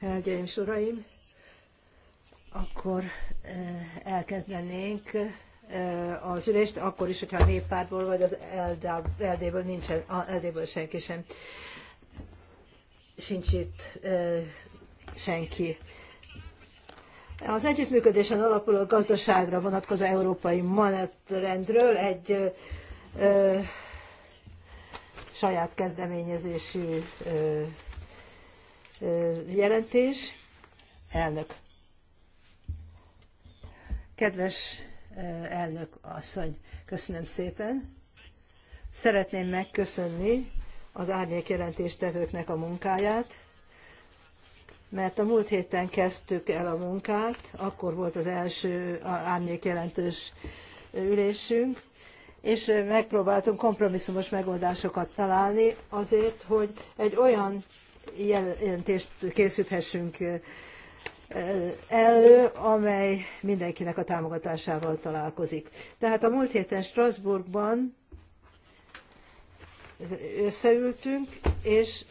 Hölgyeim és uraim, akkor eh, elkezdenénk eh, az ülést, akkor is, hogyha a néppártból vagy az LD-ből nincsen, LD-ből senki sem. Sincs itt eh, senki. Az együttműködésen alapuló gazdaságra vonatkozó európai manetrendről egy saját kezdeményezésű jelentés. Elnök. Kedves elnök asszony, köszönöm szépen. Szeretném megköszönni az árnyék jelentéstevőknek a munkáját, mert a múlt héten kezdtük el a munkát, akkor volt az első árnyék jelentős ülésünk, és megpróbáltunk kompromisszumos megoldásokat találni azért, hogy egy olyan jelentést készíthessünk elő, amely mindenkinek a támogatásával találkozik. Tehát a múlt héten Strasbourgban összeültünk, és,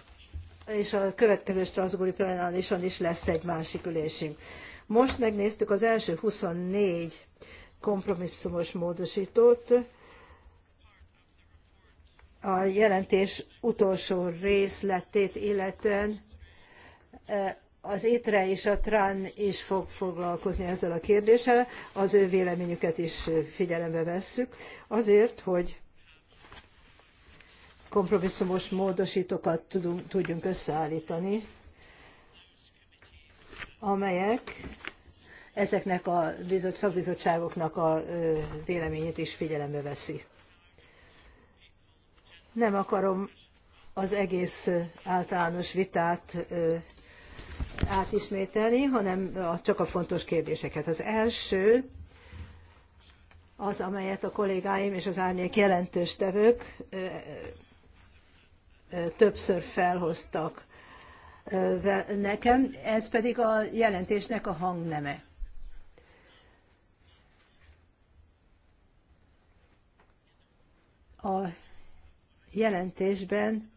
és a következő Strasbourgi plenárison is lesz egy másik ülésünk. Most megnéztük az első 24 kompromisszumos módosítót, a jelentés utolsó részletét illetően e, az ITRE és a TRAN is fog foglalkozni ezzel a kérdéssel, az ő véleményüket is figyelembe vesszük, azért, hogy kompromisszumos módosítókat tudunk, tudjunk összeállítani, amelyek ezeknek a szakbizottságoknak a véleményét is figyelembe veszi. Nem akarom az egész általános vitát átismételni, hanem csak a fontos kérdéseket. Az első az, amelyet a kollégáim és az árnyék jelentős tevők többször felhoztak nekem, ez pedig a jelentésnek a hangneme. A jelentésben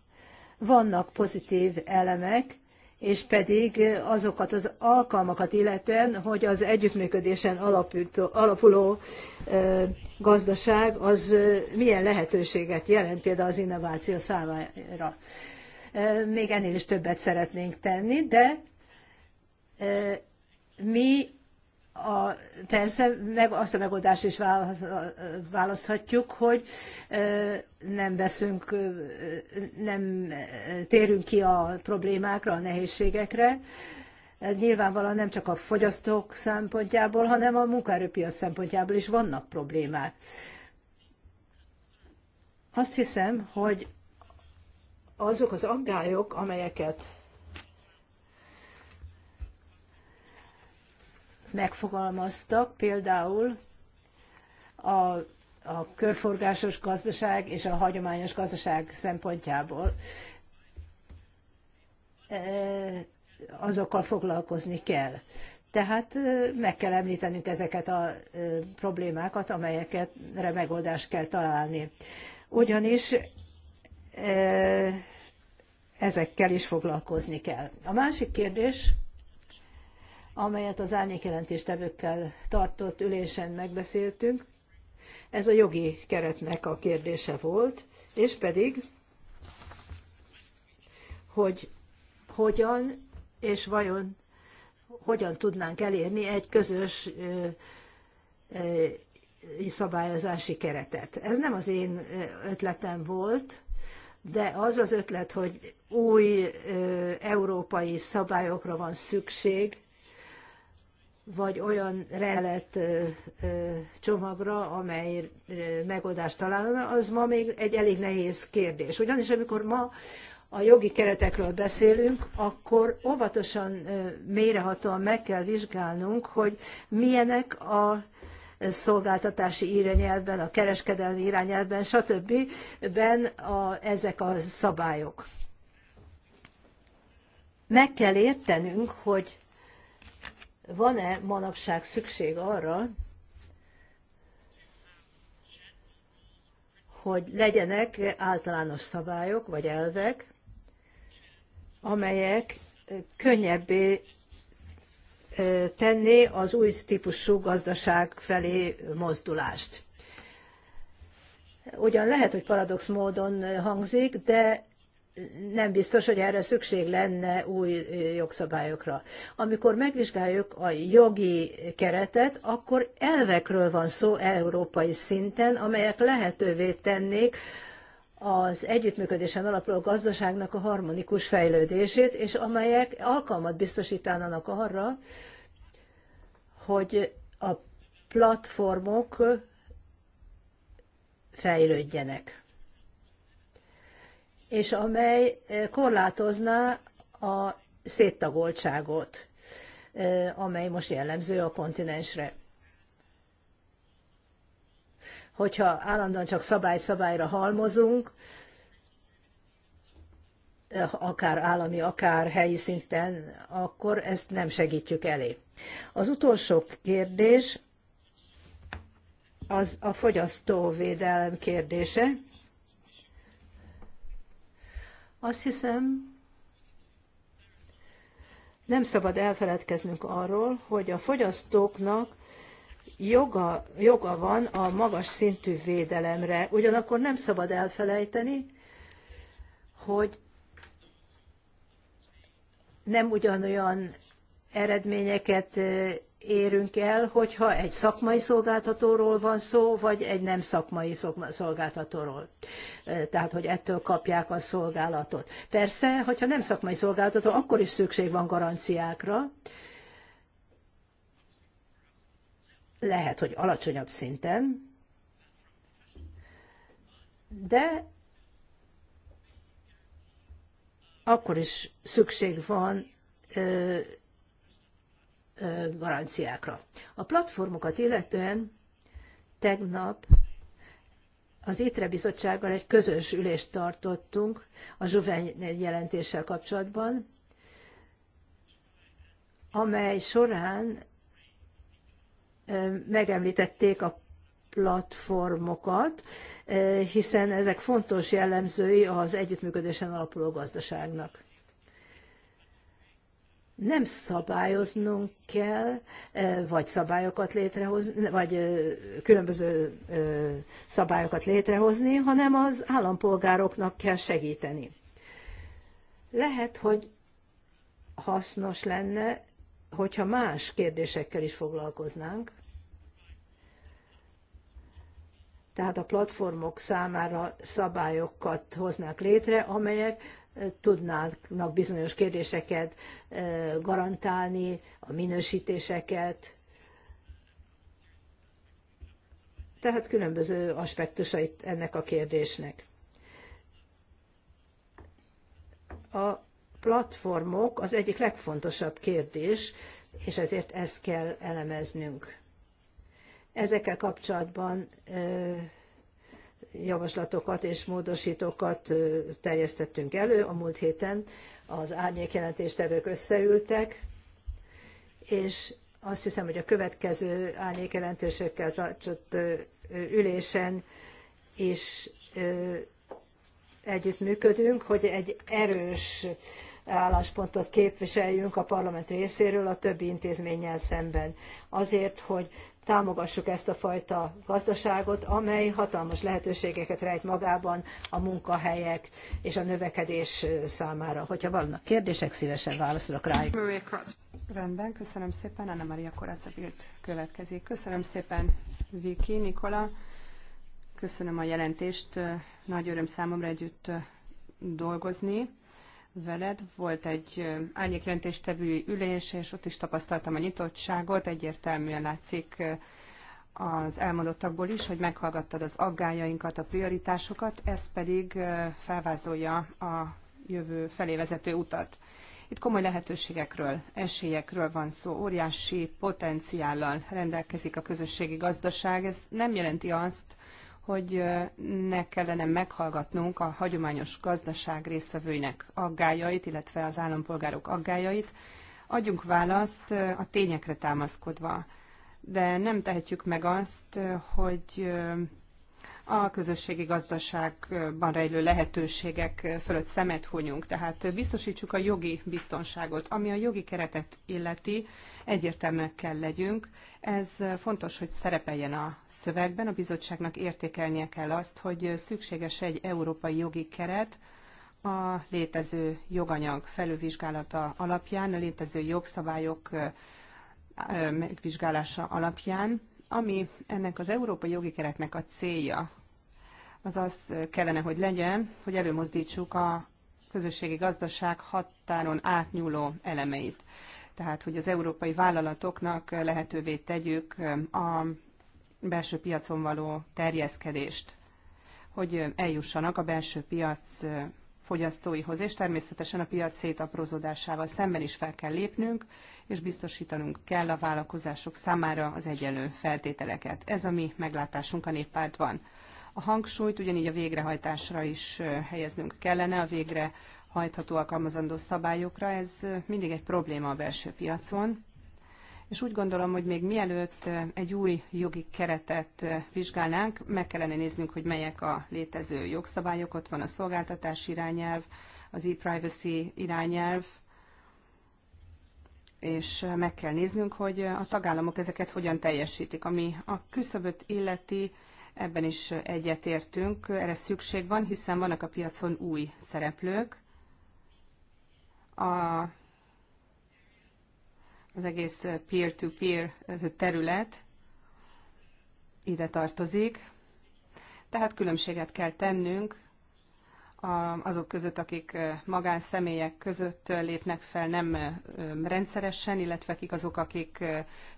vannak pozitív elemek, és pedig azokat az alkalmakat illetően, hogy az együttműködésen alapuló gazdaság az milyen lehetőséget jelent például az innováció számára. Még ennél is többet szeretnénk tenni, de mi a, persze meg azt a megoldást is választhatjuk, hogy nem veszünk, nem térünk ki a problémákra, a nehézségekre. Nyilvánvalóan nem csak a fogyasztók szempontjából, hanem a munkaerőpiac szempontjából is vannak problémák. Azt hiszem, hogy azok az aggályok, amelyeket megfogalmaztak, például a, a körforgásos gazdaság és a hagyományos gazdaság szempontjából e, azokkal foglalkozni kell. Tehát e, meg kell említenünk ezeket a e, problémákat, amelyekre megoldást kell találni. Ugyanis ezekkel is foglalkozni kell. A másik kérdés, amelyet az árnyékjelentéstevőkkel tartott ülésen megbeszéltünk. Ez a jogi keretnek a kérdése volt, és pedig, hogy hogyan és vajon hogyan tudnánk elérni egy közös szabályozási keretet. Ez nem az én ötletem volt, de az az ötlet, hogy új európai szabályokra van szükség, vagy olyan rendelet csomagra, amely megoldást találna, az ma még egy elég nehéz kérdés. Ugyanis amikor ma a jogi keretekről beszélünk, akkor óvatosan, mérehatóan meg kell vizsgálnunk, hogy milyenek a szolgáltatási irányelvben, a kereskedelmi irányelvben, stb. Ben a, ezek a szabályok. Meg kell értenünk, hogy van-e manapság szükség arra, hogy legyenek általános szabályok vagy elvek, amelyek könnyebbé tenni az új típusú gazdaság felé mozdulást. Ugyan lehet, hogy paradox módon hangzik, de nem biztos, hogy erre szükség lenne új jogszabályokra. Amikor megvizsgáljuk a jogi keretet, akkor elvekről van szó európai szinten, amelyek lehetővé tennék az együttműködésen alapuló gazdaságnak a harmonikus fejlődését, és amelyek alkalmat biztosítanának arra, hogy a platformok fejlődjenek és amely eh, korlátozná a széttagoltságot, eh, amely most jellemző a kontinensre. Hogyha állandóan csak szabály-szabályra halmozunk, eh, akár állami, akár helyi szinten, akkor ezt nem segítjük elé. Az utolsó kérdés az a fogyasztóvédelem kérdése azt hiszem, nem szabad elfeledkeznünk arról, hogy a fogyasztóknak joga, joga van a magas szintű védelemre. Ugyanakkor nem szabad elfelejteni, hogy nem ugyanolyan eredményeket érünk el, hogyha egy szakmai szolgáltatóról van szó, vagy egy nem szakmai szolgáltatóról. Tehát, hogy ettől kapják a szolgálatot. Persze, hogyha nem szakmai szolgáltató, akkor is szükség van garanciákra. Lehet, hogy alacsonyabb szinten, de akkor is szükség van garanciákra. A platformokat illetően tegnap az ITRE bizottsággal egy közös ülést tartottunk a Zsuvány jelentéssel kapcsolatban, amely során megemlítették a platformokat, hiszen ezek fontos jellemzői az együttműködésen alapuló gazdaságnak nem szabályoznunk kell, e, vagy szabályokat létrehozni, vagy e, különböző e, szabályokat létrehozni, hanem az állampolgároknak kell segíteni. Lehet, hogy hasznos lenne, hogyha más kérdésekkel is foglalkoznánk. Tehát a platformok számára szabályokat hoznák létre, amelyek tudnának bizonyos kérdéseket eh, garantálni, a minősítéseket. Tehát különböző aspektusait ennek a kérdésnek. A platformok az egyik legfontosabb kérdés, és ezért ezt kell elemeznünk. Ezekkel kapcsolatban eh, javaslatokat és módosítókat terjesztettünk elő a múlt héten. Az árnyékjelentéstevők összeültek, és azt hiszem, hogy a következő árnyékjelentésekkel tartott ülésen is együttműködünk, hogy egy erős álláspontot képviseljünk a parlament részéről a többi intézménnyel szemben. Azért, hogy támogassuk ezt a fajta gazdaságot, amely hatalmas lehetőségeket rejt magában a munkahelyek és a növekedés számára. Hogyha vannak kérdések, szívesen válaszolok rájuk. Rendben, köszönöm szépen. Anna Maria Koracabilt következik. Köszönöm szépen, Viki, Nikola. Köszönöm a jelentést. Nagy öröm számomra együtt dolgozni veled. Volt egy árnyékjelentéstevői ülés, és ott is tapasztaltam a nyitottságot. Egyértelműen látszik az elmondottakból is, hogy meghallgattad az aggájainkat, a prioritásokat, ez pedig felvázolja a jövő felé vezető utat. Itt komoly lehetőségekről, esélyekről van szó, óriási potenciállal rendelkezik a közösségi gazdaság. Ez nem jelenti azt, hogy ne kellene meghallgatnunk a hagyományos gazdaság résztvevőinek aggájait, illetve az állampolgárok aggájait. Adjunk választ a tényekre támaszkodva. De nem tehetjük meg azt, hogy a közösségi gazdaságban rejlő lehetőségek fölött szemet hunyunk. Tehát biztosítsuk a jogi biztonságot. Ami a jogi keretet illeti, egyértelműek kell legyünk. Ez fontos, hogy szerepeljen a szövegben. A bizottságnak értékelnie kell azt, hogy szükséges egy európai jogi keret, a létező joganyag felülvizsgálata alapján, a létező jogszabályok megvizsgálása alapján, ami ennek az európai jogi keretnek a célja, az az kellene, hogy legyen, hogy előmozdítsuk a közösségi gazdaság határon átnyúló elemeit. Tehát, hogy az európai vállalatoknak lehetővé tegyük a belső piacon való terjeszkedést, hogy eljussanak a belső piac fogyasztóihoz, és természetesen a piac szétaprózódásával szemben is fel kell lépnünk, és biztosítanunk kell a vállalkozások számára az egyenlő feltételeket. Ez a mi meglátásunk a néppártban. A hangsúlyt ugyanígy a végrehajtásra is helyeznünk kellene, a végre hajtható alkalmazandó szabályokra. Ez mindig egy probléma a belső piacon és úgy gondolom, hogy még mielőtt egy új jogi keretet vizsgálnánk, meg kellene néznünk, hogy melyek a létező jogszabályok. Ott van a szolgáltatás irányelv, az e-privacy irányelv, és meg kell néznünk, hogy a tagállamok ezeket hogyan teljesítik. Ami a küszöböt illeti, ebben is egyetértünk, erre szükség van, hiszen vannak a piacon új szereplők, a az egész peer-to-peer -peer terület ide tartozik. Tehát különbséget kell tennünk azok között, akik magánszemélyek között lépnek fel nem rendszeresen, illetve akik azok, akik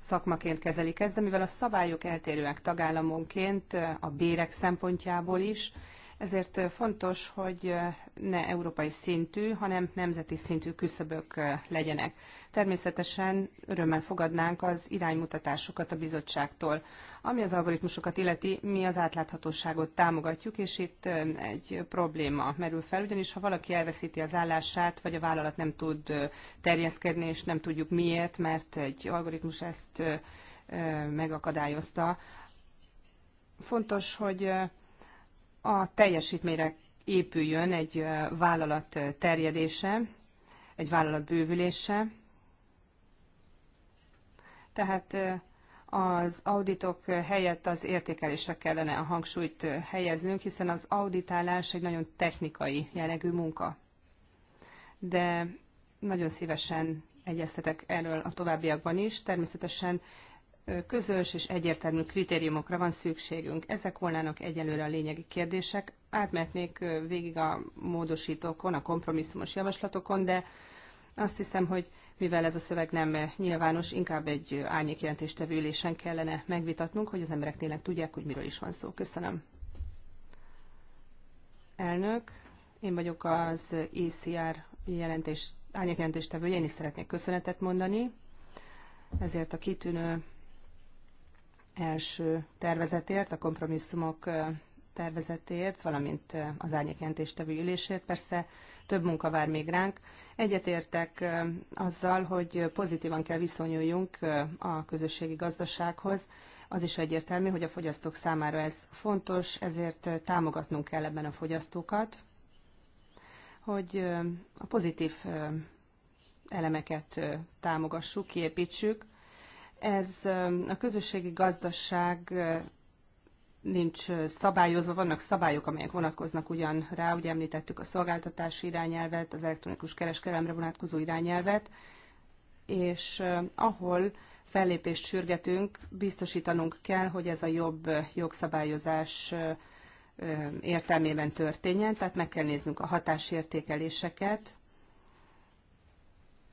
szakmaként kezelik ezt, de mivel a szabályok eltérőek tagállamonként, a bérek szempontjából is, ezért fontos, hogy ne európai szintű, hanem nemzeti szintű küszöbök legyenek. Természetesen örömmel fogadnánk az iránymutatásokat a bizottságtól. Ami az algoritmusokat illeti, mi az átláthatóságot támogatjuk, és itt egy probléma merül fel, ugyanis ha valaki elveszíti az állását, vagy a vállalat nem tud terjeszkedni, és nem tudjuk miért, mert egy algoritmus ezt megakadályozta, fontos, hogy a teljesítményre épüljön egy vállalat terjedése, egy vállalat bővülése. Tehát az auditok helyett az értékelésre kellene a hangsúlyt helyeznünk, hiszen az auditálás egy nagyon technikai jellegű munka. De nagyon szívesen egyeztetek erről a továbbiakban is. Természetesen közös és egyértelmű kritériumokra van szükségünk. Ezek volnának egyelőre a lényegi kérdések. Átmetnék végig a módosítókon, a kompromisszumos javaslatokon, de azt hiszem, hogy mivel ez a szöveg nem nyilvános, inkább egy árnyékjelentéstevő ülésen kellene megvitatnunk, hogy az emberek tényleg tudják, hogy miről is van szó. Köszönöm. Elnök, én vagyok az ECR jelentés, árnyékjelentéstevője, én is szeretnék köszönetet mondani ezért a kitűnő első tervezetért, a kompromisszumok tervezetért, valamint az árnyékjelentéstevő ülésért. Persze több munka vár még ránk. Egyetértek azzal, hogy pozitívan kell viszonyuljunk a közösségi gazdasághoz. Az is egyértelmű, hogy a fogyasztók számára ez fontos, ezért támogatnunk kell ebben a fogyasztókat, hogy a pozitív elemeket támogassuk, kiépítsük, ez a közösségi gazdaság nincs szabályozva, vannak szabályok, amelyek vonatkoznak ugyan rá, ugye említettük a szolgáltatási irányelvet, az elektronikus kereskedelemre vonatkozó irányelvet, és ahol fellépést sürgetünk, biztosítanunk kell, hogy ez a jobb jogszabályozás értelmében történjen, tehát meg kell néznünk a hatásértékeléseket,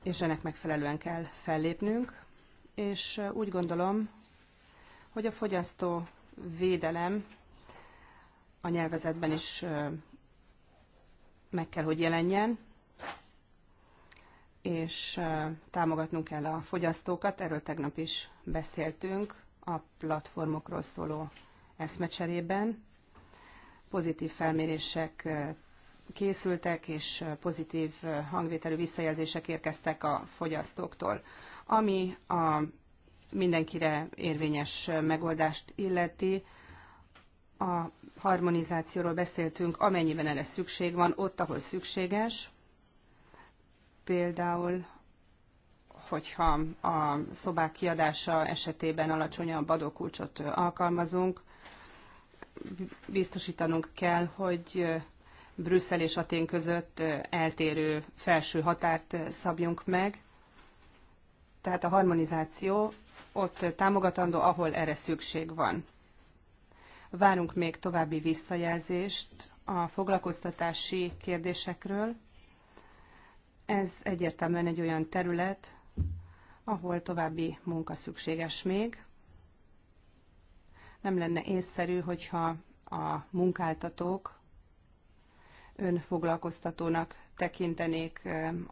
és ennek megfelelően kell fellépnünk és úgy gondolom, hogy a fogyasztó védelem a nyelvezetben is meg kell, hogy jelenjen, és támogatnunk kell a fogyasztókat. Erről tegnap is beszéltünk a platformokról szóló eszmecserében. Pozitív felmérések készültek, és pozitív hangvételű visszajelzések érkeztek a fogyasztóktól. Ami a mindenkire érvényes megoldást illeti, a harmonizációról beszéltünk, amennyiben erre szükség van, ott, ahol szükséges, például hogyha a szobák kiadása esetében alacsonyabb adókulcsot alkalmazunk, biztosítanunk kell, hogy Brüsszel és Atén között eltérő felső határt szabjunk meg. Tehát a harmonizáció ott támogatandó, ahol erre szükség van. Várunk még további visszajelzést a foglalkoztatási kérdésekről. Ez egyértelműen egy olyan terület, ahol további munka szükséges még. Nem lenne észszerű, hogyha a munkáltatók önfoglalkoztatónak tekintenék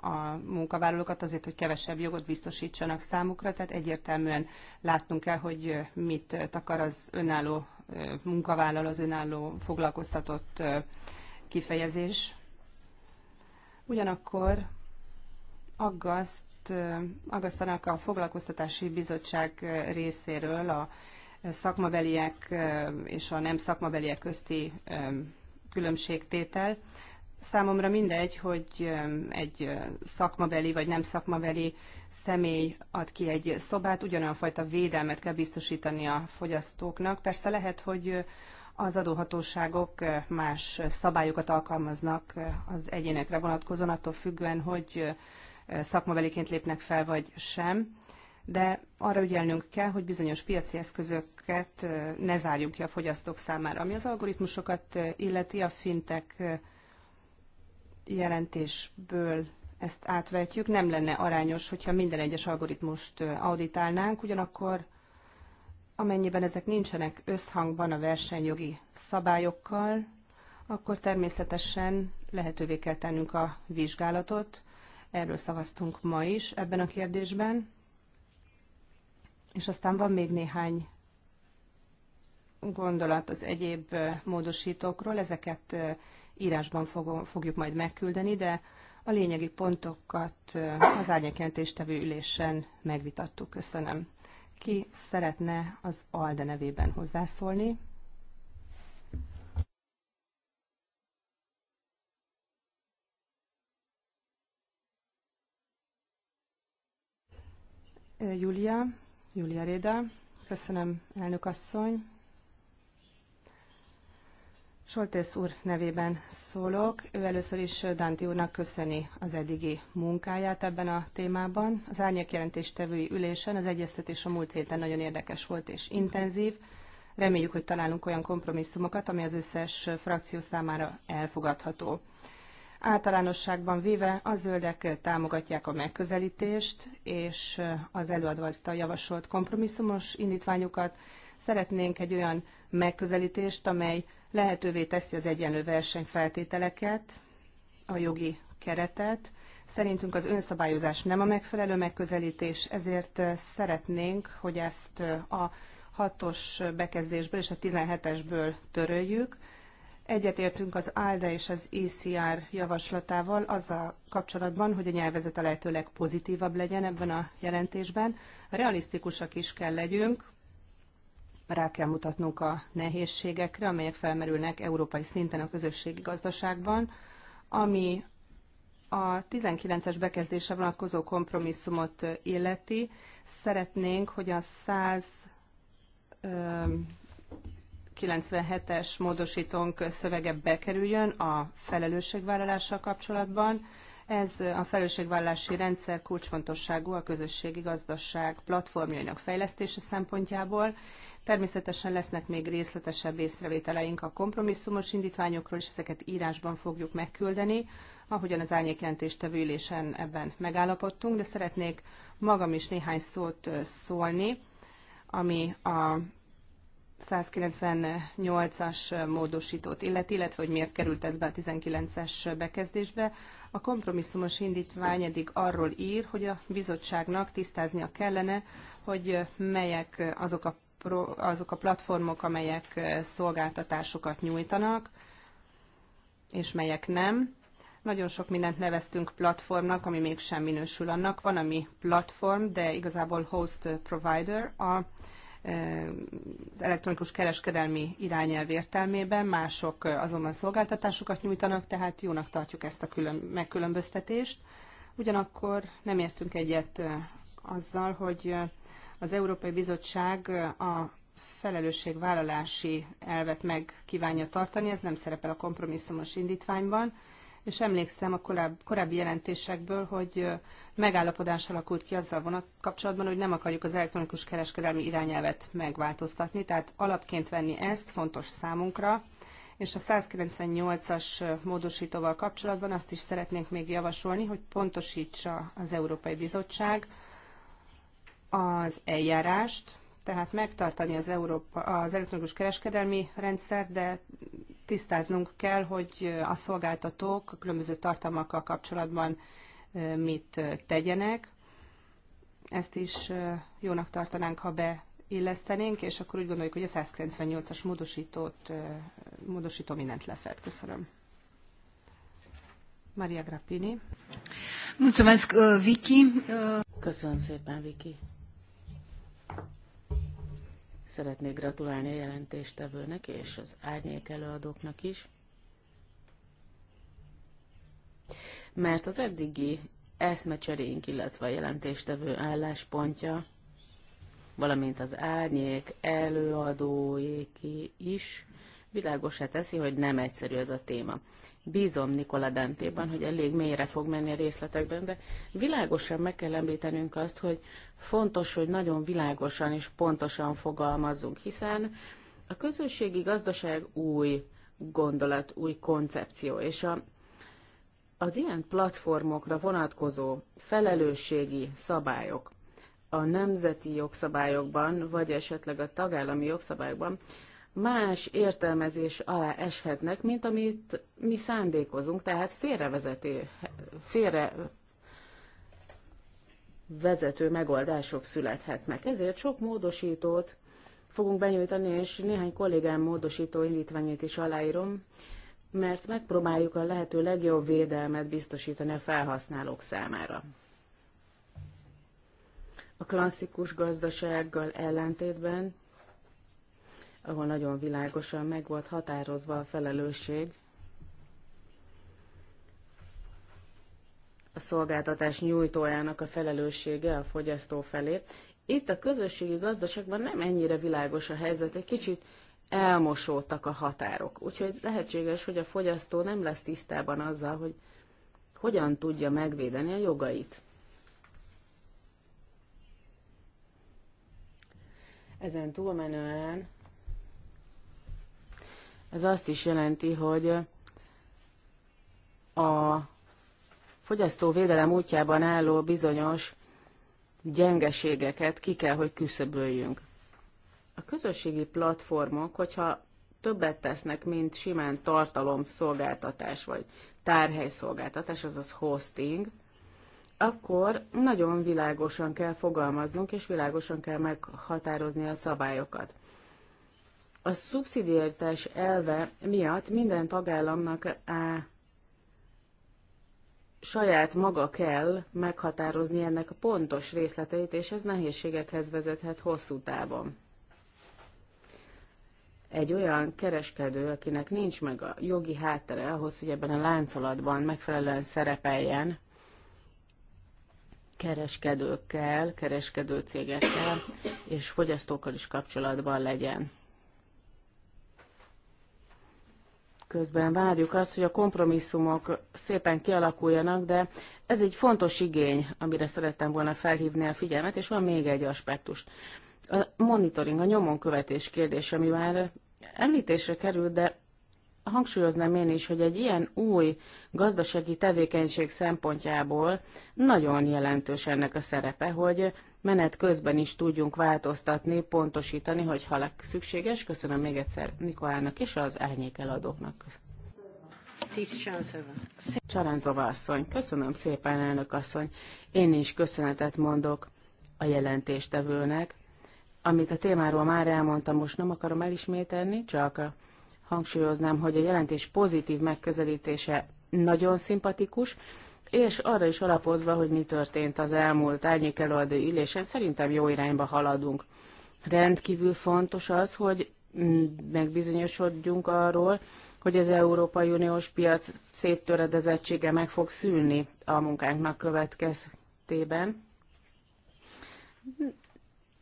a munkavállalókat azért, hogy kevesebb jogot biztosítsanak számukra, tehát egyértelműen látnunk kell, hogy mit takar az önálló munkavállaló, az önálló foglalkoztatott kifejezés. Ugyanakkor aggaszt, aggasztanak a foglalkoztatási bizottság részéről a szakmabeliek és a nem szakmabeliek közti különbségtétel. Számomra mindegy, hogy um, egy uh, szakmabeli vagy nem szakmabeli személy ad ki egy szobát, ugyanolyan fajta védelmet kell biztosítani a fogyasztóknak. Persze lehet, hogy uh, az adóhatóságok uh, más szabályokat alkalmaznak az egyénekre vonatkozóan, attól függően, hogy szakmabeliként lépnek fel, vagy sem de arra ügyelnünk kell, hogy bizonyos piaci eszközöket ne zárjunk ki a fogyasztók számára. Ami az algoritmusokat illeti, a fintek jelentésből ezt átvetjük. Nem lenne arányos, hogyha minden egyes algoritmust auditálnánk, ugyanakkor amennyiben ezek nincsenek összhangban a versenyjogi szabályokkal, akkor természetesen lehetővé kell tennünk a vizsgálatot. Erről szavaztunk ma is ebben a kérdésben és aztán van még néhány gondolat az egyéb módosítókról, ezeket írásban fogjuk majd megküldeni, de a lényegi pontokat az árnyékjelentéstevő ülésen megvitattuk. Köszönöm. Ki szeretne az ALDE nevében hozzászólni? Julia Julia Réda. Köszönöm, elnök asszony. Soltész úr nevében szólok. Ő először is Dánti úrnak köszöni az eddigi munkáját ebben a témában. Az árnyék jelentéstevői ülésen az egyeztetés a múlt héten nagyon érdekes volt és intenzív. Reméljük, hogy találunk olyan kompromisszumokat, ami az összes frakció számára elfogadható. Általánosságban véve a zöldek támogatják a megközelítést, és az előadó által javasolt kompromisszumos indítványokat. Szeretnénk egy olyan megközelítést, amely lehetővé teszi az egyenlő versenyfeltételeket, a jogi keretet. Szerintünk az önszabályozás nem a megfelelő megközelítés, ezért szeretnénk, hogy ezt a 6-os bekezdésből és a 17-esből töröljük, Egyetértünk az ALDA és az ECR javaslatával azzal kapcsolatban, hogy a nyelvezet a lehetőleg pozitívabb legyen ebben a jelentésben. Realisztikusak is kell legyünk, rá kell mutatnunk a nehézségekre, amelyek felmerülnek európai szinten a közösségi gazdaságban, ami a 19-es bekezdésre vonatkozó kompromisszumot illeti. Szeretnénk, hogy a 100 97-es módosítónk szövege bekerüljön a felelősségvállalással kapcsolatban. Ez a felelősségvállalási rendszer kulcsfontosságú a közösségi gazdaság platformjainak fejlesztése szempontjából. Természetesen lesznek még részletesebb észrevételeink a kompromisszumos indítványokról, és ezeket írásban fogjuk megküldeni, ahogyan az árnyékjelentéstevő tevőülésen ebben megállapodtunk, de szeretnék magam is néhány szót szólni, ami a 198-as módosítót illet, illetve hogy miért került ez be a 19-es bekezdésbe. A kompromisszumos indítvány eddig arról ír, hogy a bizottságnak tisztáznia kellene, hogy melyek azok a, pro, azok a platformok, amelyek szolgáltatásokat nyújtanak, és melyek nem. Nagyon sok mindent neveztünk platformnak, ami mégsem minősül annak. Van, ami platform, de igazából host provider. A az elektronikus kereskedelmi irányelv értelmében, mások azonban szolgáltatásokat nyújtanak, tehát jónak tartjuk ezt a külön, megkülönböztetést. Ugyanakkor nem értünk egyet azzal, hogy az Európai Bizottság a felelősségvállalási elvet meg kívánja tartani, ez nem szerepel a kompromisszumos indítványban, és emlékszem a korábbi jelentésekből, hogy megállapodás alakult ki azzal vonat kapcsolatban, hogy nem akarjuk az elektronikus kereskedelmi irányelvet megváltoztatni, tehát alapként venni ezt fontos számunkra, és a 198-as módosítóval kapcsolatban azt is szeretnénk még javasolni, hogy pontosítsa az Európai Bizottság az eljárást, tehát megtartani az, Európa, az elektronikus kereskedelmi rendszer, de tisztáznunk kell, hogy a szolgáltatók a különböző tartalmakkal kapcsolatban mit tegyenek. Ezt is jónak tartanánk, ha beillesztenénk, és akkor úgy gondoljuk, hogy a 198-as módosítót, módosító mindent lefed. Köszönöm. Maria Grappini. Mulțumesc, Viki. Köszönöm szépen, Viki. Szeretnék gratulálni a jelentéstevőnek és az árnyék előadóknak is, mert az eddigi eszmecserénk, illetve a jelentéstevő álláspontja, valamint az árnyék előadóéki is világosá teszi, hogy nem egyszerű ez a téma. Bízom Nikola Dentéban, hogy elég mélyre fog menni a részletekben, de világosan meg kell említenünk azt, hogy fontos, hogy nagyon világosan és pontosan fogalmazzunk, hiszen a közösségi gazdaság új gondolat, új koncepció, és a, az ilyen platformokra vonatkozó felelősségi szabályok a nemzeti jogszabályokban, vagy esetleg a tagállami jogszabályokban más értelmezés alá eshetnek, mint amit mi szándékozunk, tehát félrevezető, félrevezető megoldások születhetnek. Ezért sok módosítót fogunk benyújtani, és néhány kollégám módosító indítványét is aláírom, mert megpróbáljuk a lehető legjobb védelmet biztosítani a felhasználók számára. A klasszikus gazdasággal ellentétben ahol nagyon világosan meg volt határozva a felelősség a szolgáltatás nyújtójának a felelőssége a fogyasztó felé. Itt a közösségi gazdaságban nem ennyire világos a helyzet, egy kicsit elmosódtak a határok. Úgyhogy lehetséges, hogy a fogyasztó nem lesz tisztában azzal, hogy hogyan tudja megvédeni a jogait. Ezen túlmenően ez azt is jelenti, hogy a fogyasztóvédelem útjában álló bizonyos gyengeségeket ki kell, hogy küszöböljünk. A közösségi platformok, hogyha többet tesznek, mint simán tartalomszolgáltatás vagy tárhelyszolgáltatás, azaz hosting, akkor nagyon világosan kell fogalmaznunk, és világosan kell meghatározni a szabályokat. A szubszidiertes elve miatt minden tagállamnak á, saját maga kell meghatározni ennek a pontos részleteit, és ez nehézségekhez vezethet hosszú távon. Egy olyan kereskedő, akinek nincs meg a jogi háttere ahhoz, hogy ebben a láncolatban megfelelően szerepeljen, kereskedőkkel, kereskedőcégekkel és fogyasztókkal is kapcsolatban legyen. közben várjuk azt, hogy a kompromisszumok szépen kialakuljanak, de ez egy fontos igény, amire szerettem volna felhívni a figyelmet, és van még egy aspektus. A monitoring, a nyomonkövetés kérdés, ami már említésre került, de hangsúlyoznám én is, hogy egy ilyen új gazdasági tevékenység szempontjából nagyon jelentős ennek a szerepe, hogy menet közben is tudjunk változtatni, pontosítani, hogy ha szükséges. Köszönöm még egyszer Nikolának és az árnyék eladóknak. Csaranzova asszony, köszönöm szépen, elnök asszony. Én is köszönetet mondok a jelentéstevőnek. Amit a témáról már elmondtam, most nem akarom elismételni, csak hangsúlyoznám, hogy a jelentés pozitív megközelítése nagyon szimpatikus, és arra is alapozva, hogy mi történt az elmúlt árnyékelőadó ülésen, szerintem jó irányba haladunk. Rendkívül fontos az, hogy megbizonyosodjunk arról, hogy az Európai Uniós piac széttöredezettsége meg fog szűnni a munkánknak következtében.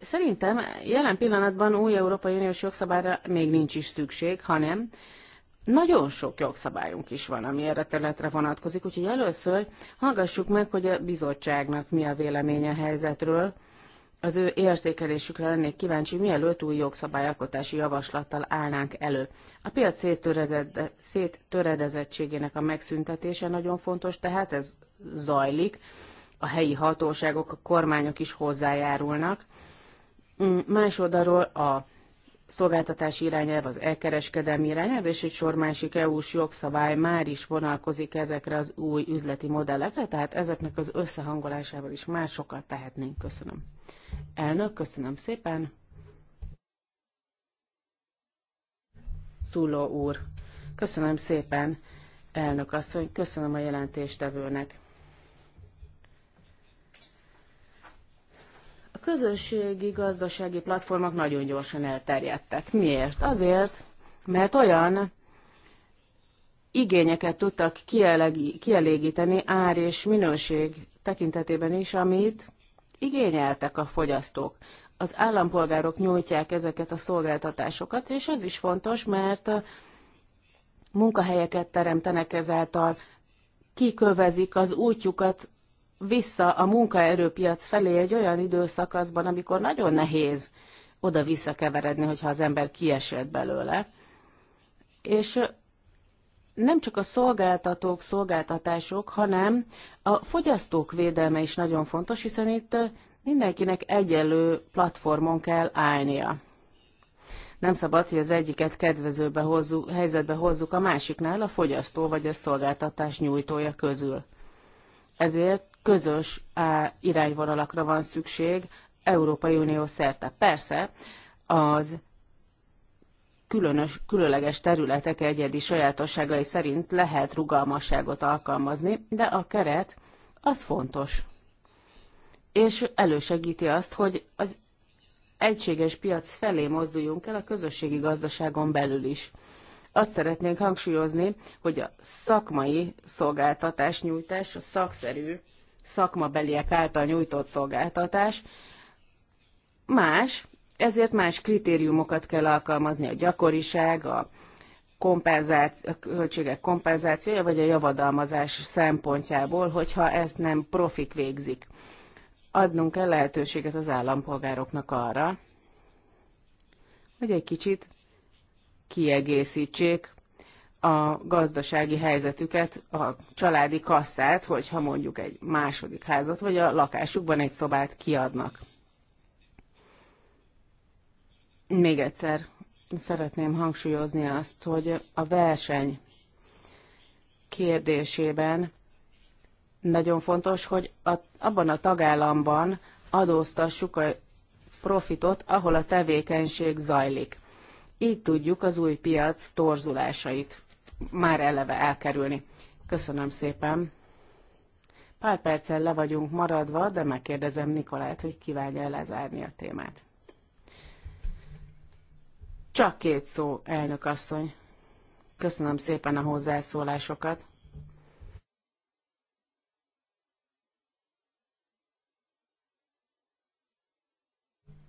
Szerintem jelen pillanatban új Európai Uniós jogszabályra még nincs is szükség, hanem nagyon sok jogszabályunk is van, ami erre területre vonatkozik, úgyhogy először hallgassuk meg, hogy a bizottságnak mi a véleménye a helyzetről. Az ő értékelésükre lennék kíváncsi, mielőtt új jogszabályalkotási javaslattal állnánk elő. A piac széttöredezettségének a megszüntetése nagyon fontos, tehát ez zajlik. A helyi hatóságok, a kormányok is hozzájárulnak. Mm, Másodarról a szolgáltatási irányelv, az elkereskedelmi irányelv, és egy sor másik EU-s jogszabály már is vonalkozik ezekre az új üzleti modellekre, tehát ezeknek az összehangolásával is már sokat tehetnénk. Köszönöm. Elnök, köszönöm szépen. Szúló úr, köszönöm szépen, elnök asszony, köszönöm a jelentéstevőnek. közösségi gazdasági platformok nagyon gyorsan elterjedtek. Miért? Azért, mert olyan igényeket tudtak kielégíteni ár és minőség tekintetében is, amit igényeltek a fogyasztók. Az állampolgárok nyújtják ezeket a szolgáltatásokat, és ez is fontos, mert munkahelyeket teremtenek ezáltal, kikövezik az útjukat vissza a munkaerőpiac felé egy olyan időszakaszban, amikor nagyon nehéz oda visszakeveredni, hogyha az ember kiesett belőle. És nem csak a szolgáltatók, szolgáltatások, hanem a fogyasztók védelme is nagyon fontos, hiszen itt mindenkinek egyenlő platformon kell állnia. Nem szabad, hogy az egyiket kedvezőbe hozzuk, helyzetbe hozzuk a másiknál, a fogyasztó vagy a szolgáltatás nyújtója közül. Ezért közös irányvonalakra van szükség Európai Unió szerte. Persze az különös, különleges területek egyedi sajátosságai szerint lehet rugalmasságot alkalmazni, de a keret az fontos. És elősegíti azt, hogy az egységes piac felé mozduljunk el a közösségi gazdaságon belül is. Azt szeretnénk hangsúlyozni, hogy a szakmai szolgáltatás nyújtás, a szakszerű szakmabeliek által nyújtott szolgáltatás más, ezért más kritériumokat kell alkalmazni, a gyakoriság, a, kompenzáció, a költségek kompenzációja, vagy a javadalmazás szempontjából, hogyha ezt nem profik végzik. Adnunk kell lehetőséget az állampolgároknak arra, hogy egy kicsit kiegészítsék a gazdasági helyzetüket, a családi kasszát, hogyha mondjuk egy második házat, vagy a lakásukban egy szobát kiadnak. Még egyszer szeretném hangsúlyozni azt, hogy a verseny kérdésében nagyon fontos, hogy a, abban a tagállamban adóztassuk a profitot, ahol a tevékenység zajlik. Így tudjuk az új piac torzulásait már eleve elkerülni. Köszönöm szépen. Pár perccel le vagyunk maradva, de megkérdezem Nikolát, hogy kívánja lezárni a témát. Csak két szó, elnök asszony. Köszönöm szépen a hozzászólásokat.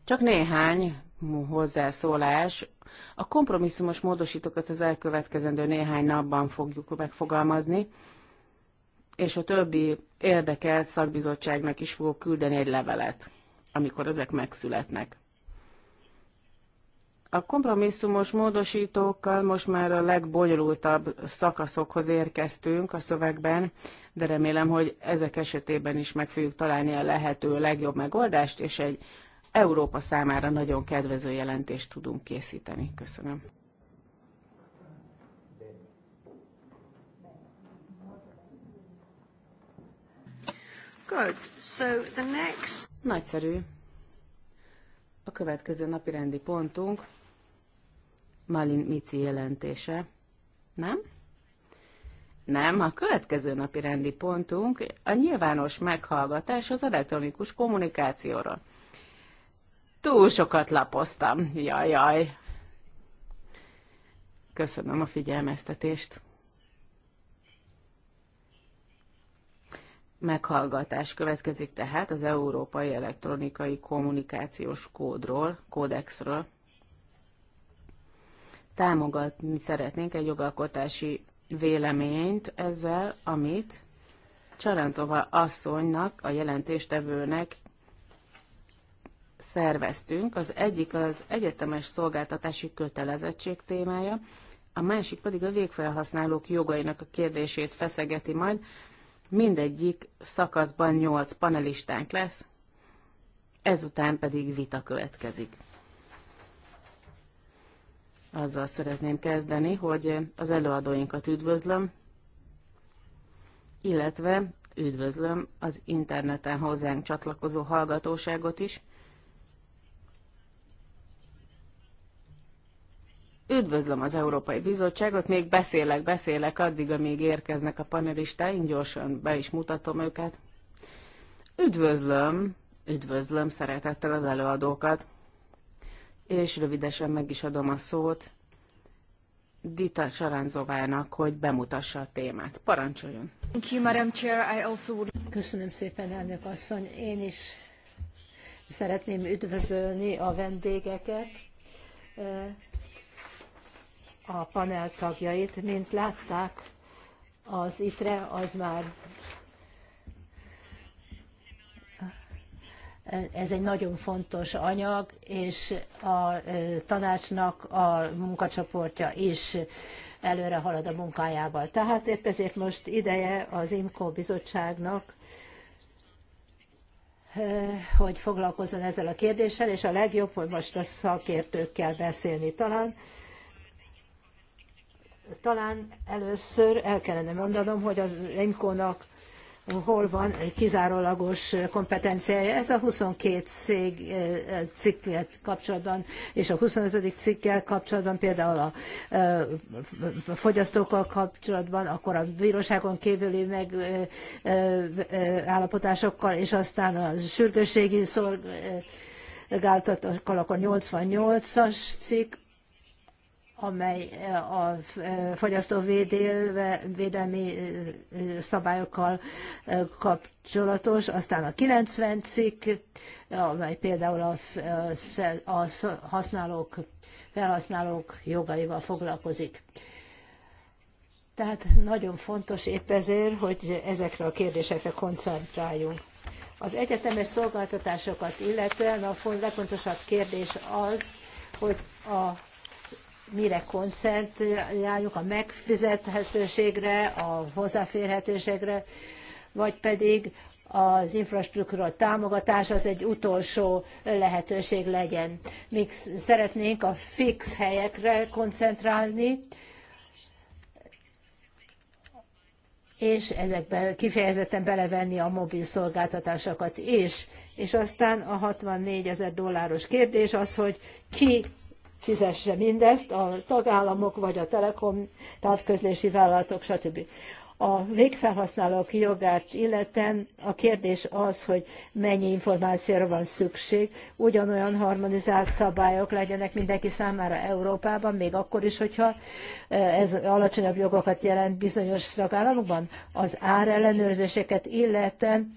Csak néhány hozzászólás. A kompromisszumos módosítókat az elkövetkezendő néhány napban fogjuk megfogalmazni, és a többi érdekelt szakbizottságnak is fogok küldeni egy levelet, amikor ezek megszületnek. A kompromisszumos módosítókkal most már a legbonyolultabb szakaszokhoz érkeztünk a szövegben, de remélem, hogy ezek esetében is meg fogjuk találni a lehető legjobb megoldást, és egy Európa számára nagyon kedvező jelentést tudunk készíteni. Köszönöm. Good. So the next... Nagyszerű. A következő napi rendi pontunk Malin Mici jelentése. Nem? Nem, a következő napi rendi pontunk a nyilvános meghallgatás az elektronikus kommunikációról. Túl sokat lapoztam. Jaj, jaj. Köszönöm a figyelmeztetést. Meghallgatás következik tehát az Európai Elektronikai Kommunikációs Kódról, Kódexről. Támogatni szeretnénk egy jogalkotási véleményt ezzel, amit Csarantova asszonynak, a jelentéstevőnek szerveztünk. Az egyik az egyetemes szolgáltatási kötelezettség témája, a másik pedig a végfelhasználók jogainak a kérdését feszegeti majd. Mindegyik szakaszban nyolc panelistánk lesz, ezután pedig vita következik. Azzal szeretném kezdeni, hogy az előadóinkat üdvözlöm, illetve üdvözlöm az interneten hozzánk csatlakozó hallgatóságot is, Üdvözlöm az Európai Bizottságot, még beszélek, beszélek addig, amíg érkeznek a panelistáink, gyorsan be is mutatom őket. Üdvözlöm, üdvözlöm szeretettel az előadókat, és rövidesen meg is adom a szót Dita Saranzovának, hogy bemutassa a témát. Parancsoljon! Köszönöm szépen, elnök asszony. Én is szeretném üdvözölni a vendégeket a panel tagjait, mint látták, az ITRE az már ez egy nagyon fontos anyag, és a tanácsnak a munkacsoportja is előre halad a munkájával. Tehát épp ezért most ideje az IMCO bizottságnak, hogy foglalkozzon ezzel a kérdéssel, és a legjobb, hogy most a szakértőkkel beszélni talán talán először el kellene mondanom, hogy az Imkónak hol van kizárólagos kompetenciája. Ez a 22 cég eh, cikkel kapcsolatban, és a 25. cikkel kapcsolatban, például a, eh, fogyasztókkal kapcsolatban, akkor a bíróságon kívüli megállapotásokkal, eh, és aztán a sürgősségi szolgáltatókkal, akkor 88-as cikk, amely eh, a eh, fogyasztóvédelmi eh, szabályokkal kapcsolatos, aztán a 90 cikk, amely például a, a használók, felhasználók jogaival foglalkozik. Tehát nagyon fontos épp ezért, hogy ezekre a kérdésekre koncentráljunk. Az egyetemes szolgáltatásokat illetően a legfontosabb kérdés az, hogy a mire koncentráljuk, a megfizethetőségre, a hozzáférhetőségre, vagy pedig az infrastruktúra támogatás az egy utolsó lehetőség legyen. Mi szeretnénk a fix helyekre koncentrálni, és ezekbe kifejezetten belevenni a mobil szolgáltatásokat is. És aztán a 64 ezer dolláros kérdés az, hogy ki fizesse mindezt a tagállamok vagy a telekom távközlési vállalatok, stb. A végfelhasználók jogát illeten a kérdés az, hogy mennyi információra van szükség, ugyanolyan harmonizált szabályok legyenek mindenki számára Európában, még akkor is, hogyha e, ez alacsonyabb jogokat jelent bizonyos tagállamokban. Az árellenőrzéseket illeten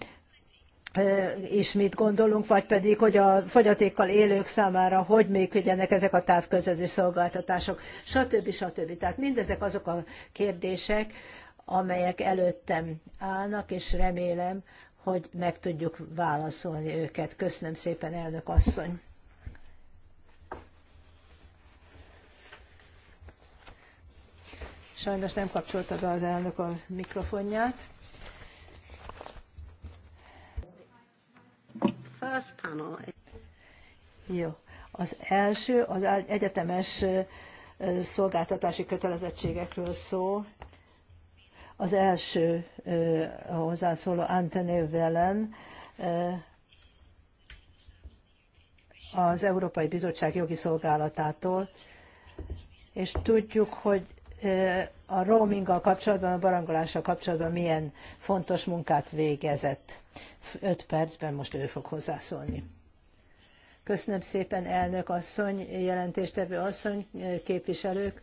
és mit gondolunk, vagy pedig, hogy a fogyatékkal élők számára hogy működjenek ezek a távközlési szolgáltatások, stb. stb. Tehát mindezek azok a kérdések, amelyek előttem állnak, és remélem, hogy meg tudjuk válaszolni őket. Köszönöm szépen, elnök asszony! Sajnos nem kapcsolta be az elnök a mikrofonját. first panel. Jó. Az első az egyetemes szolgáltatási kötelezettségekről szó. Az első hozzászóló Antené Velen az Európai Bizottság jogi szolgálatától, és tudjuk, hogy a roaminggal kapcsolatban, a barangolással kapcsolatban milyen fontos munkát végezett. Öt percben most ő fog hozzászólni. Köszönöm szépen, elnök asszony, jelentéstevő asszony, képviselők.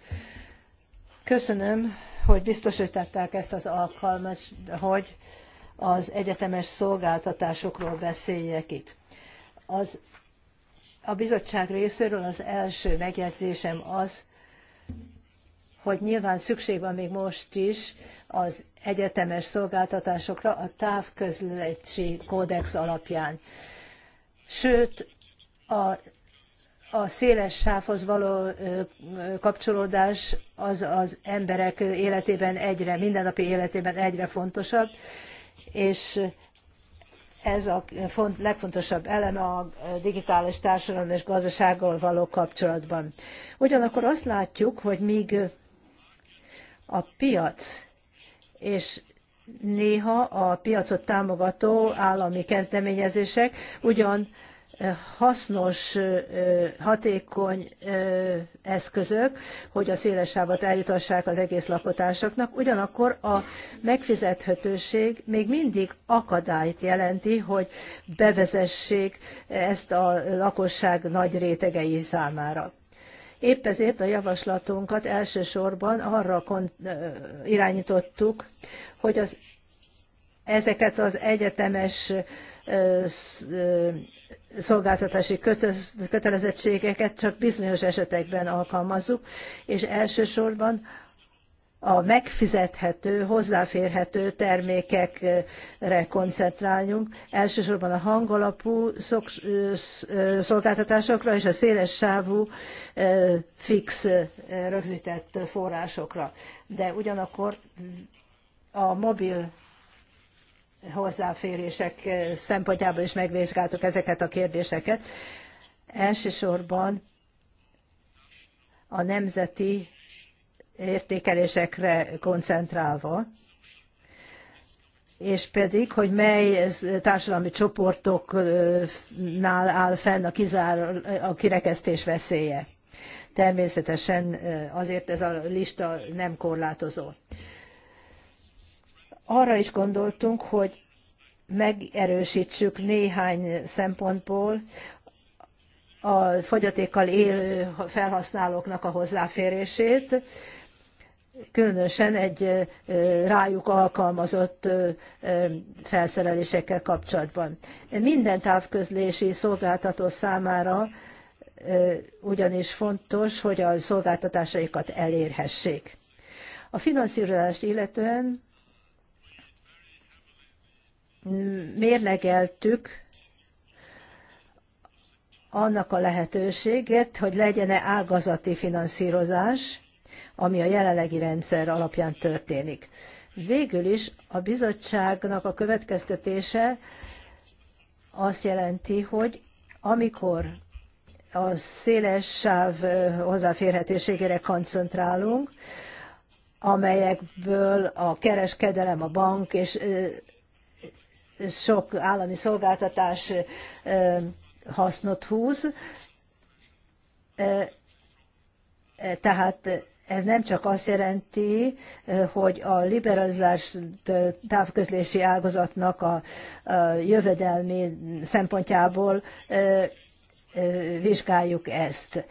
Köszönöm, hogy biztosították ezt az alkalmat, hogy az egyetemes szolgáltatásokról beszéljek itt. Az, a bizottság részéről az első megjegyzésem az, hogy nyilván szükség van még most is az egyetemes szolgáltatásokra a távközlési kódex alapján. Sőt, a, a széles sávhoz való kapcsolódás az az emberek életében egyre, mindennapi életében egyre fontosabb, és ez a legfontosabb eleme a digitális társadalom és gazdasággal való kapcsolatban. Ugyanakkor azt látjuk, hogy míg a piac, és néha a piacot támogató állami kezdeményezések ugyan hasznos, hatékony eszközök, hogy a szélesávot eljutassák az egész lakotásoknak, ugyanakkor a megfizethetőség még mindig akadályt jelenti, hogy bevezessék ezt a lakosság nagy rétegei számára. Épp ezért a javaslatunkat elsősorban arra irányítottuk, hogy az, ezeket az egyetemes szolgáltatási kötelezettségeket csak bizonyos esetekben alkalmazzuk, és elsősorban a megfizethető, hozzáférhető termékekre koncentráljunk, elsősorban a hangalapú szolgáltatásokra és a széles sávú fix rögzített forrásokra. De ugyanakkor a mobil hozzáférések szempontjából is megvizsgáltuk ezeket a kérdéseket. Elsősorban a nemzeti értékelésekre koncentrálva, és pedig, hogy mely társadalmi csoportoknál áll fenn a, kizár, a kirekesztés veszélye. Természetesen eh, azért ez a lista nem korlátozó. Arra is gondoltunk, hogy megerősítsük néhány szempontból a fogyatékkal élő felhasználóknak a hozzáférését, különösen egy rájuk alkalmazott felszerelésekkel kapcsolatban. Minden távközlési szolgáltató számára ugyanis fontos, hogy a szolgáltatásaikat elérhessék. A finanszírozást illetően mérlegeltük annak a lehetőséget, hogy legyen-e ágazati finanszírozás, ami a jelenlegi rendszer alapján történik. Végül is a bizottságnak a következtetése azt jelenti, hogy amikor a széles sáv hozzáférhetőségére koncentrálunk, amelyekből a kereskedelem, a bank és sok állami szolgáltatás hasznot húz. Tehát ez nem csak azt jelenti, hogy a liberalizás távközlési ágazatnak a jövedelmi szempontjából vizsgáljuk ezt.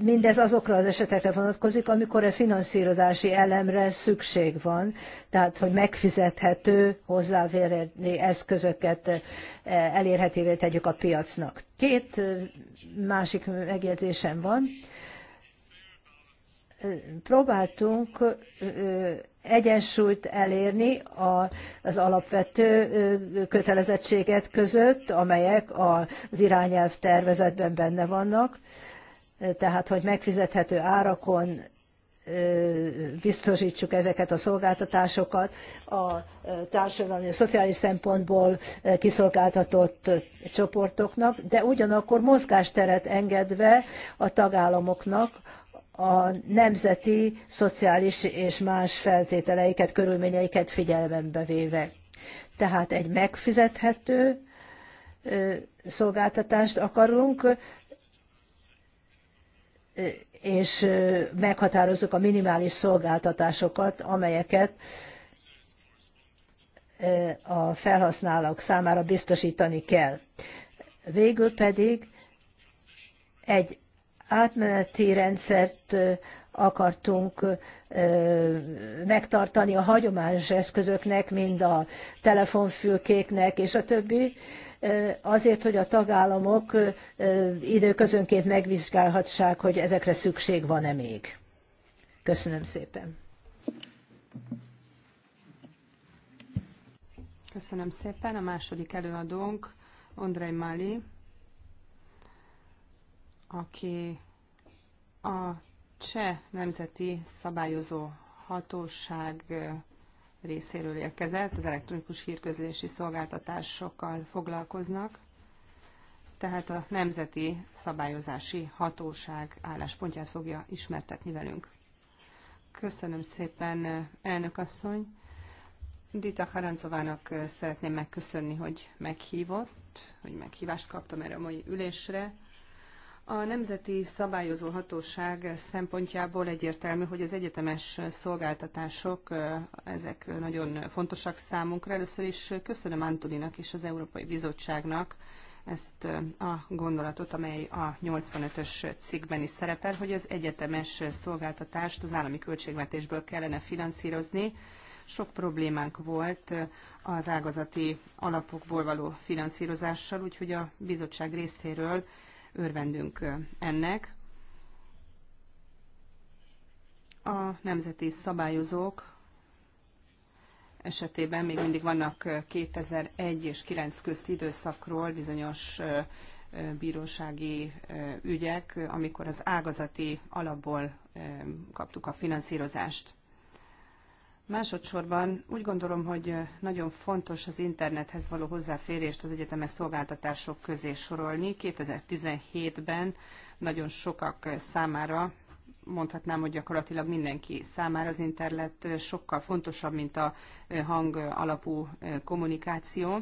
Mindez azokra az esetekre vonatkozik, amikor a finanszírozási elemre szükség van, tehát hogy megfizethető hozzáférni eszközöket elérhetővé tegyük a piacnak. Két másik megjegyzésem van próbáltunk egyensúlyt elérni az alapvető kötelezettséget között, amelyek az irányelv tervezetben benne vannak, tehát hogy megfizethető árakon biztosítsuk ezeket a szolgáltatásokat a társadalmi a szociális szempontból kiszolgáltatott csoportoknak, de ugyanakkor mozgásteret engedve a tagállamoknak a nemzeti, szociális és más feltételeiket, körülményeiket figyelembe véve. Tehát egy megfizethető szolgáltatást akarunk, és meghatározzuk a minimális szolgáltatásokat, amelyeket a felhasználók számára biztosítani kell. Végül pedig egy átmeneti rendszert akartunk megtartani a hagyományos eszközöknek, mind a telefonfülkéknek és a többi, azért, hogy a tagállamok időközönként megvizsgálhassák, hogy ezekre szükség van-e még. Köszönöm szépen. Köszönöm szépen. A második előadónk Andrei Mali, aki a Cseh Nemzeti Szabályozó Hatóság részéről érkezett, az elektronikus hírközlési szolgáltatásokkal foglalkoznak, tehát a Nemzeti Szabályozási Hatóság álláspontját fogja ismertetni velünk. Köszönöm szépen, elnök asszony. Dita Haranzovának szeretném megköszönni, hogy meghívott, hogy meghívást kaptam erre a mai ülésre. A Nemzeti Szabályozó Hatóság szempontjából egyértelmű, hogy az egyetemes szolgáltatások, ezek nagyon fontosak számunkra. Először is köszönöm Antoninak és az Európai Bizottságnak ezt a gondolatot, amely a 85-ös cikkben is szerepel, hogy az egyetemes szolgáltatást az állami költségvetésből kellene finanszírozni. Sok problémánk volt az ágazati alapokból való finanszírozással, úgyhogy a bizottság részéről örvendünk ennek. A nemzeti szabályozók esetében még mindig vannak 2001 és 9 közti időszakról bizonyos bírósági ügyek, amikor az ágazati alapból kaptuk a finanszírozást. Másodszorban úgy gondolom, hogy nagyon fontos az internethez való hozzáférést az egyetemes szolgáltatások közé sorolni. 2017-ben nagyon sokak számára, mondhatnám, hogy gyakorlatilag mindenki számára az internet sokkal fontosabb, mint a hang alapú kommunikáció.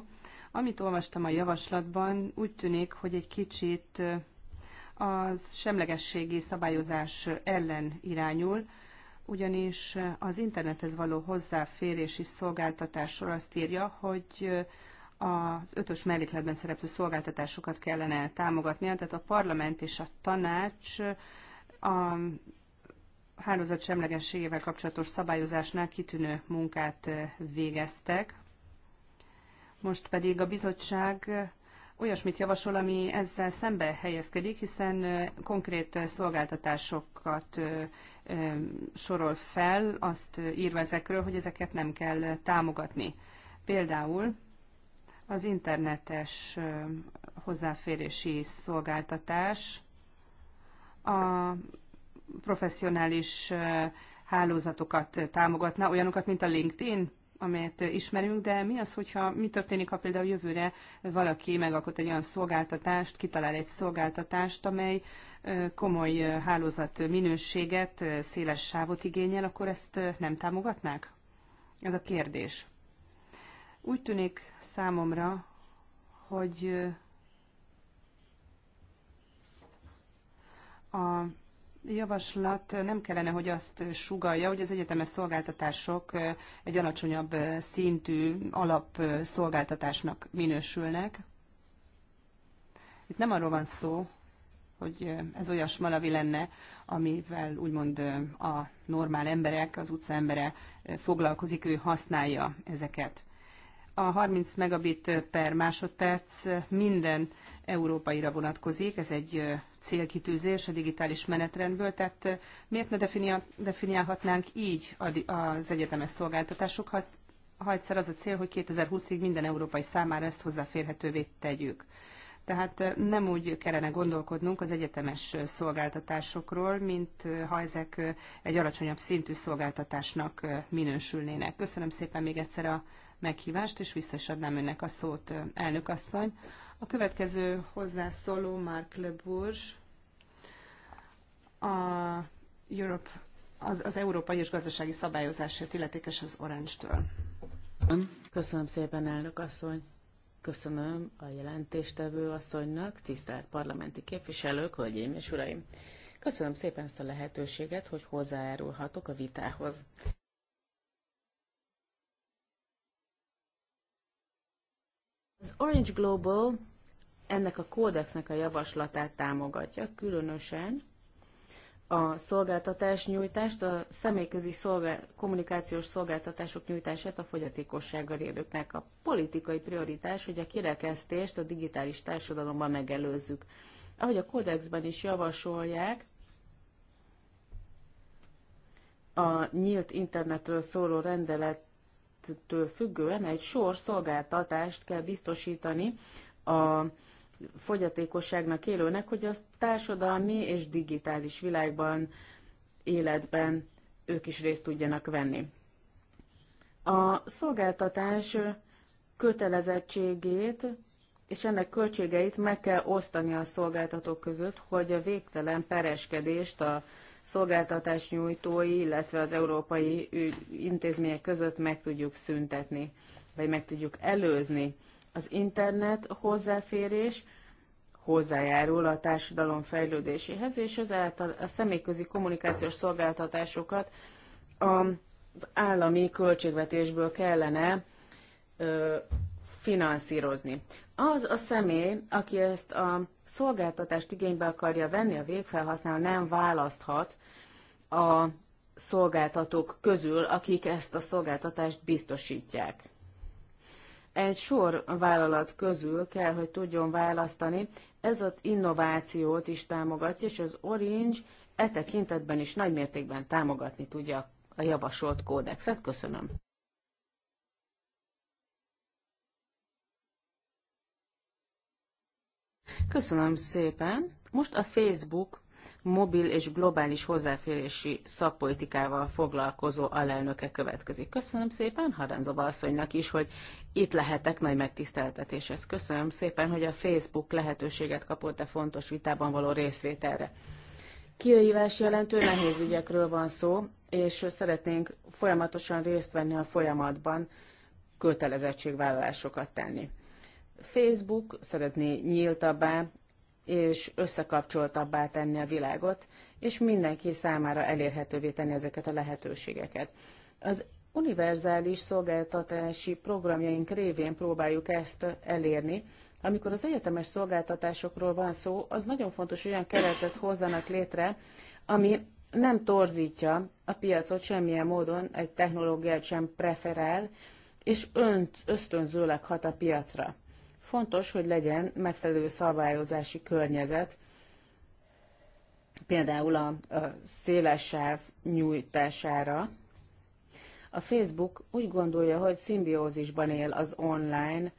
Amit olvastam a javaslatban, úgy tűnik, hogy egy kicsit az semlegességi szabályozás ellen irányul, ugyanis az internethez való hozzáférési szolgáltatásról azt írja, hogy az ötös mellékletben szereplő szolgáltatásokat kellene támogatnia, tehát a parlament és a tanács a hálózat semlegességével kapcsolatos szabályozásnál kitűnő munkát végeztek. Most pedig a bizottság olyasmit javasol, ami ezzel szembe helyezkedik, hiszen konkrét szolgáltatásokat sorol fel, azt írva ezekről, hogy ezeket nem kell támogatni. Például az internetes hozzáférési szolgáltatás, a professzionális hálózatokat támogatná, olyanokat, mint a LinkedIn, amelyet ismerünk, de mi az, hogyha mi történik, ha például jövőre valaki megalkot egy olyan szolgáltatást, kitalál egy szolgáltatást, amely komoly hálózat minőséget, széles sávot igényel, akkor ezt nem támogatnák? Ez a kérdés. Úgy tűnik számomra, hogy a javaslat nem kellene, hogy azt sugalja, hogy az egyetemes szolgáltatások egy alacsonyabb szintű alapszolgáltatásnak minősülnek. Itt nem arról van szó, hogy ez olyas malavi lenne, amivel úgymond a normál emberek, az utca embere foglalkozik, ő használja ezeket a 30 megabit per másodperc minden európaira vonatkozik, ez egy célkitűzés a digitális menetrendből, tehát miért ne definiálhatnánk így az egyetemes szolgáltatásokat, ha egyszer az a cél, hogy 2020-ig minden európai számára ezt hozzáférhetővé tegyük. Tehát nem úgy kellene gondolkodnunk az egyetemes szolgáltatásokról, mint ha ezek egy alacsonyabb szintű szolgáltatásnak minősülnének. Köszönöm szépen még egyszer a meghívást, és vissza is adnám önnek a szót, elnök asszony. A következő hozzászóló Mark Le Bourge, a Europe, az, az Európai és Gazdasági Szabályozásért illetékes az Orange-től. Köszönöm szépen, elnök asszony. Köszönöm a jelentéstevő asszonynak, tisztelt parlamenti képviselők, hölgyeim és uraim. Köszönöm szépen ezt a lehetőséget, hogy hozzájárulhatok a vitához. Az Orange Global ennek a kódexnek a javaslatát támogatja, különösen a szolgáltatás nyújtást, a személyközi szolgál, kommunikációs szolgáltatások nyújtását a fogyatékossággal élőknek. A politikai prioritás, hogy a kirekesztést a digitális társadalomban megelőzzük. Ahogy a kódexben is javasolják, a nyílt internetről szóló rendelet helyzettől függően egy sor szolgáltatást kell biztosítani a fogyatékosságnak élőnek, hogy a társadalmi és digitális világban, életben ők is részt tudjanak venni. A szolgáltatás kötelezettségét és ennek költségeit meg kell osztani a szolgáltatók között, hogy a végtelen pereskedést a szolgáltatás nyújtói, illetve az európai intézmények között meg tudjuk szüntetni, vagy meg tudjuk előzni. Az internet hozzáférés hozzájárul a társadalom fejlődéséhez, és az által a személyközi kommunikációs szolgáltatásokat az állami költségvetésből kellene finanszírozni. Az a személy, aki ezt a szolgáltatást igénybe akarja venni, a végfelhasználó nem választhat a szolgáltatók közül, akik ezt a szolgáltatást biztosítják. Egy sor vállalat közül kell, hogy tudjon választani, ez az innovációt is támogatja, és az Orange e tekintetben is nagymértékben támogatni tudja a javasolt kódexet. Köszönöm. Köszönöm szépen. Most a Facebook mobil és globális hozzáférési szakpolitikával foglalkozó alelnöke következik. Köszönöm szépen Haranzova Balszonynak is, hogy itt lehetek, nagy megtiszteltetés Köszönöm szépen, hogy a Facebook lehetőséget kapott a fontos vitában való részvételre. Kihívás jelentő nehéz ügyekről van szó, és szeretnénk folyamatosan részt venni a folyamatban, kötelezettségvállalásokat tenni. Facebook szeretné nyíltabbá és összekapcsoltabbá tenni a világot, és mindenki számára elérhetővé tenni ezeket a lehetőségeket. Az univerzális szolgáltatási programjaink révén próbáljuk ezt elérni. Amikor az egyetemes szolgáltatásokról van szó, az nagyon fontos, hogy olyan keretet hozzanak létre, ami nem torzítja a piacot semmilyen módon, egy technológiát sem preferál, és önt ösztönzőleg hat a piacra. Fontos, hogy legyen megfelelő szabályozási környezet, például a, a széles sáv nyújtására. A Facebook úgy gondolja, hogy szimbiózisban él az online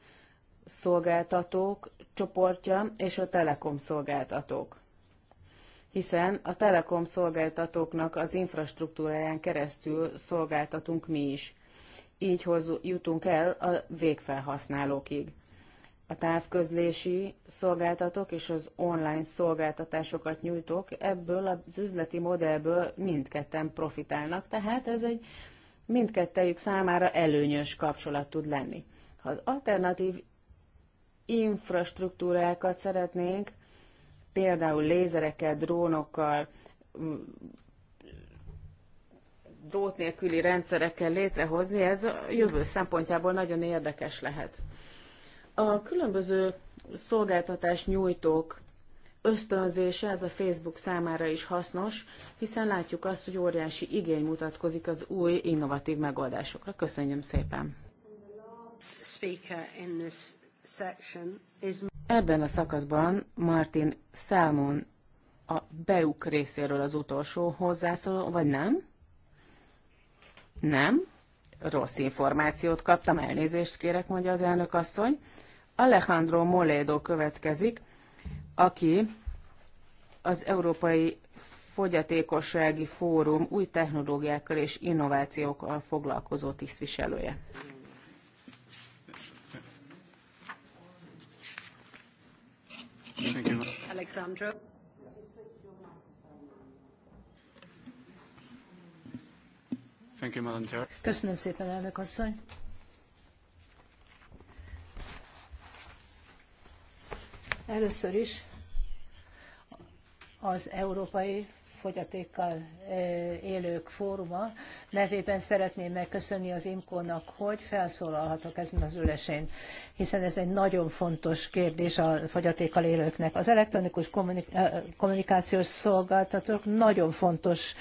szolgáltatók csoportja és a telekom szolgáltatók hiszen a telekom szolgáltatóknak az infrastruktúráján keresztül szolgáltatunk mi is. Így hoz, jutunk el a végfelhasználókig a távközlési szolgáltatók és az online szolgáltatásokat nyújtók ebből az üzleti modellből mindketten profitálnak, tehát ez egy mindkettejük számára előnyös kapcsolat tud lenni. Ha az alternatív infrastruktúrákat szeretnénk, például lézerekkel, drónokkal, drót nélküli rendszerekkel létrehozni, ez a jövő szempontjából nagyon érdekes lehet. A különböző szolgáltatás nyújtók ösztönzése, ez a Facebook számára is hasznos, hiszen látjuk azt, hogy óriási igény mutatkozik az új innovatív megoldásokra. Köszönjöm szépen! Ebben a szakaszban Martin Salmon a BEUK részéről az utolsó hozzászóló, vagy nem? Nem? Rossz információt kaptam, elnézést kérek, mondja az elnök asszony. Alejandro Moledo következik, aki az Európai Fogyatékossági Fórum új technológiákkal és innovációkkal foglalkozó tisztviselője. Alexandra. Thank you, Madam Chair. Köszönöm szépen, elnök asszony. Először is az Európai Fogyatékkal Élők Fóruma nevében szeretném megköszönni az imco nak hogy felszólalhatok ezen az ülésén, hiszen ez egy nagyon fontos kérdés a fogyatékkal élőknek. Az elektronikus kommunikációs szolgáltatók nagyon fontos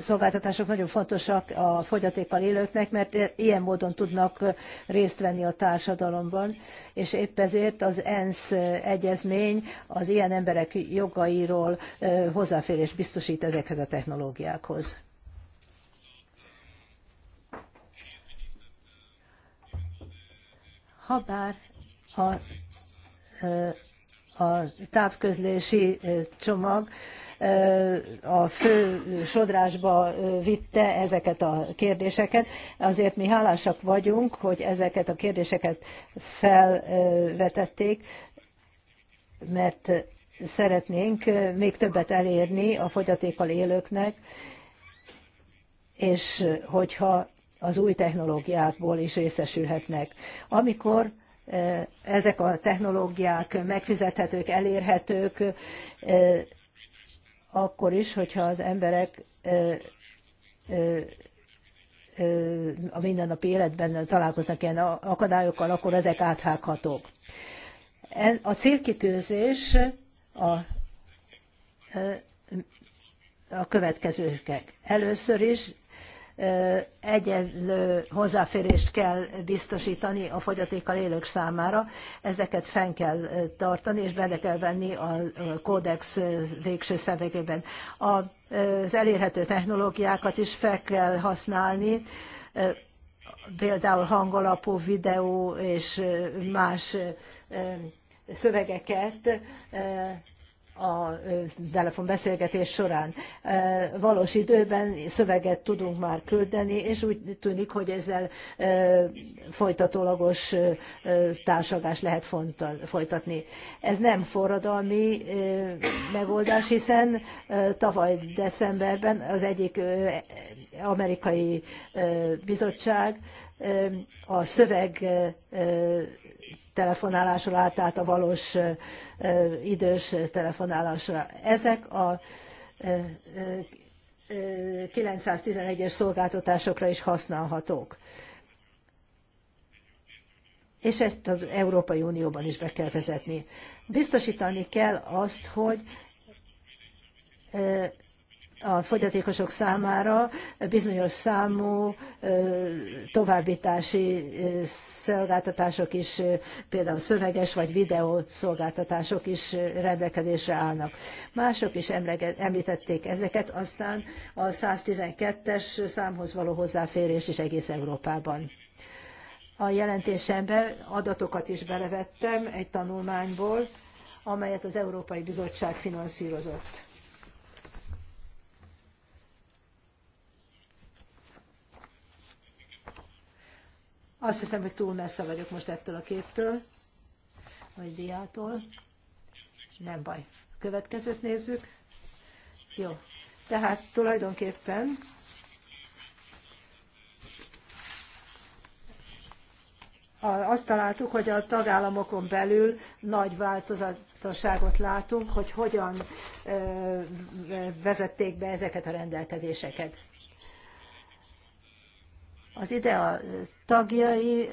szolgáltatások nagyon fontosak a fogyatékkal élőknek, mert ilyen módon tudnak részt venni a társadalomban, és épp ezért az ENSZ egyezmény az ilyen emberek jogairól hozzáférést biztosít ezekhez a technológiákhoz. Habár a, a távközlési csomag a fő sodrásba vitte ezeket a kérdéseket. Azért mi hálásak vagyunk, hogy ezeket a kérdéseket felvetették, mert szeretnénk még többet elérni a fogyatékkal élőknek, és hogyha az új technológiákból is részesülhetnek. Amikor ezek a technológiák megfizethetők, elérhetők, akkor is, hogyha az emberek a mindennapi életben találkoznak ilyen akadályokkal, akkor ezek áthághatók. A célkitűzés a, a következőkek. Először is egyenlő hozzáférést kell biztosítani a fogyatékkal élők számára. Ezeket fenn kell tartani, és bele kell venni a kódex végső szövegében. Az elérhető technológiákat is fel kell használni, például hangalapú videó és más szövegeket a telefonbeszélgetés során. Valós időben szöveget tudunk már küldeni, és úgy tűnik, hogy ezzel folytatólagos társadalás lehet folytatni. Ez nem forradalmi megoldás, hiszen tavaly decemberben az egyik amerikai bizottság a szöveg telefonálásról átállt a valós idős telefonálásra. Ezek a 911-es szolgáltatásokra is használhatók. És ezt az Európai Unióban is be kell vezetni. Biztosítani kell azt, hogy a fogyatékosok számára bizonyos számú továbbítási szolgáltatások is, például szöveges vagy videó szolgáltatások is rendelkezésre állnak. Mások is említették ezeket, aztán a 112-es számhoz való hozzáférés is egész Európában. A jelentésembe adatokat is belevettem egy tanulmányból, amelyet az Európai Bizottság finanszírozott Azt hiszem, hogy túl messze vagyok most ettől a képtől, vagy diától. Nem baj. A következőt nézzük. Jó. Tehát tulajdonképpen azt találtuk, hogy a tagállamokon belül nagy változatosságot látunk, hogy hogyan vezették be ezeket a rendelkezéseket. Az IDEA tagjai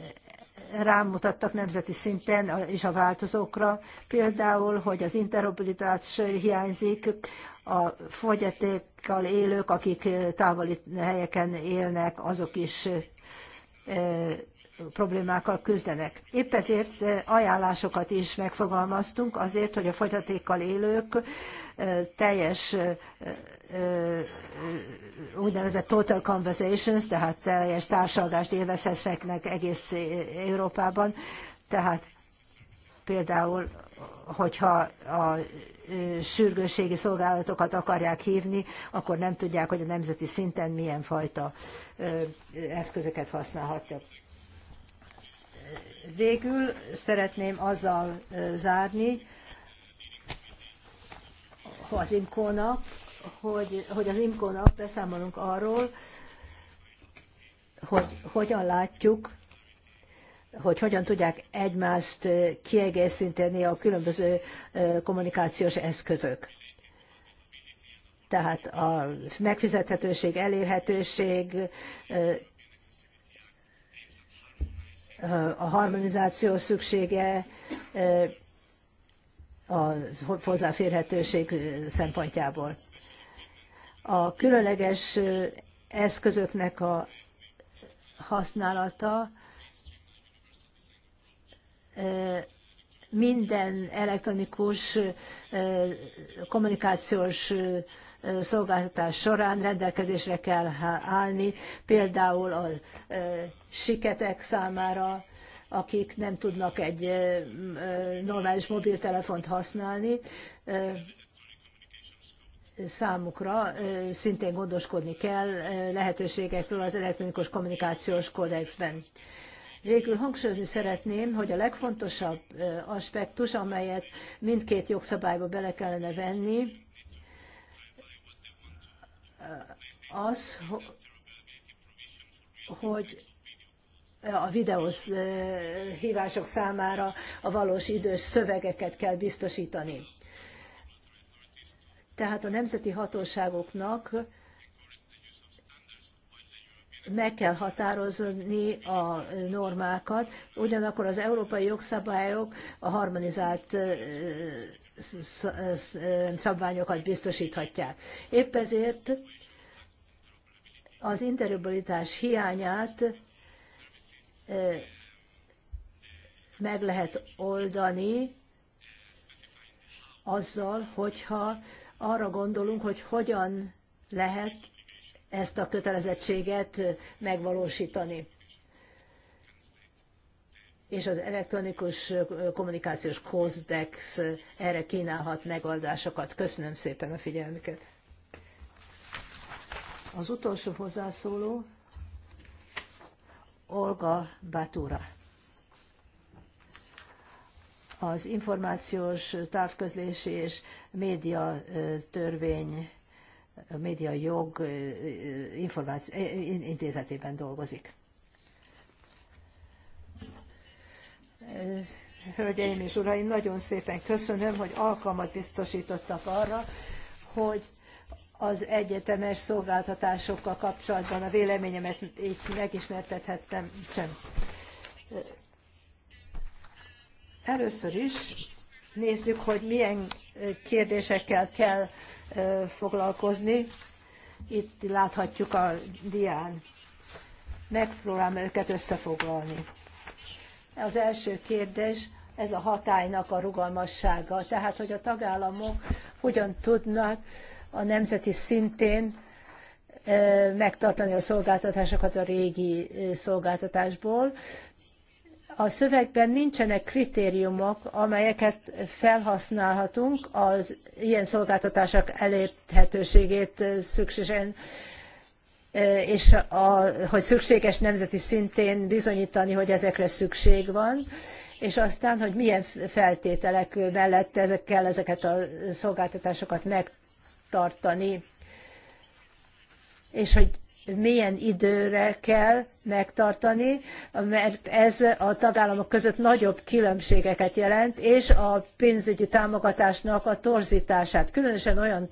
rámutattak nemzeti szinten és a változókra, például, hogy az interoperabilitás hiányzik, a fogyatékkal élők, akik távoli helyeken élnek, azok is problémákkal küzdenek. Épp ezért ajánlásokat is megfogalmaztunk azért, hogy a fogyatékkal élők teljes úgynevezett total conversations, tehát teljes társalgást élvezhesseknek egész Európában. Tehát például, hogyha a sürgősségi szolgálatokat akarják hívni, akkor nem tudják, hogy a nemzeti szinten milyen fajta eszközöket használhatjuk. Végül szeretném azzal zárni az imkónak, hogy, hogy az IMCO-nak beszámolunk arról, hogy hogyan látjuk, hogy hogyan tudják egymást kiegészíteni a különböző kommunikációs eszközök. Tehát a megfizethetőség, elérhetőség, a harmonizáció szüksége, a hozzáférhetőség szempontjából. A különleges eszközöknek a használata minden elektronikus kommunikációs szolgáltatás során rendelkezésre kell állni, például a siketek számára, akik nem tudnak egy normális mobiltelefont használni, számukra szintén gondoskodni kell lehetőségekről az elektronikus kommunikációs kódexben. Végül hangsúlyozni szeretném, hogy a legfontosabb aspektus, amelyet mindkét jogszabályba bele kellene venni, az, hogy a videós hívások számára a valós idős szövegeket kell biztosítani tehát a nemzeti hatóságoknak meg kell határozni a normákat, ugyanakkor az európai jogszabályok a harmonizált szabványokat biztosíthatják. Épp ezért az interoperabilitás hiányát meg lehet oldani azzal, hogyha arra gondolunk, hogy hogyan lehet ezt a kötelezettséget megvalósítani. És az elektronikus kommunikációs kozdex erre kínálhat megoldásokat. Köszönöm szépen a figyelmüket. Az utolsó hozzászóló Olga Batura az információs távközlési és média törvény, média jog intézetében dolgozik. Hölgyeim és uraim, nagyon szépen köszönöm, hogy alkalmat biztosítottak arra, hogy az egyetemes szolgáltatásokkal kapcsolatban a véleményemet így megismertethettem. Sem Először is nézzük, hogy milyen kérdésekkel kell foglalkozni. Itt láthatjuk a dián. Megpróbálom őket összefoglalni. Az első kérdés, ez a hatálynak a rugalmassága. Tehát, hogy a tagállamok hogyan tudnak a nemzeti szintén megtartani a szolgáltatásokat a régi szolgáltatásból, a szövegben nincsenek kritériumok, amelyeket felhasználhatunk az ilyen szolgáltatások elérhetőségét szükségesen e, és a, hogy szükséges nemzeti szintén bizonyítani, hogy ezekre szükség van, és aztán, hogy milyen feltételek mellett ezek kell ezeket a szolgáltatásokat megtartani, és hogy milyen időre kell megtartani, mert ez a tagállamok között nagyobb különbségeket jelent, és a pénzügyi támogatásnak a torzítását, különösen olyan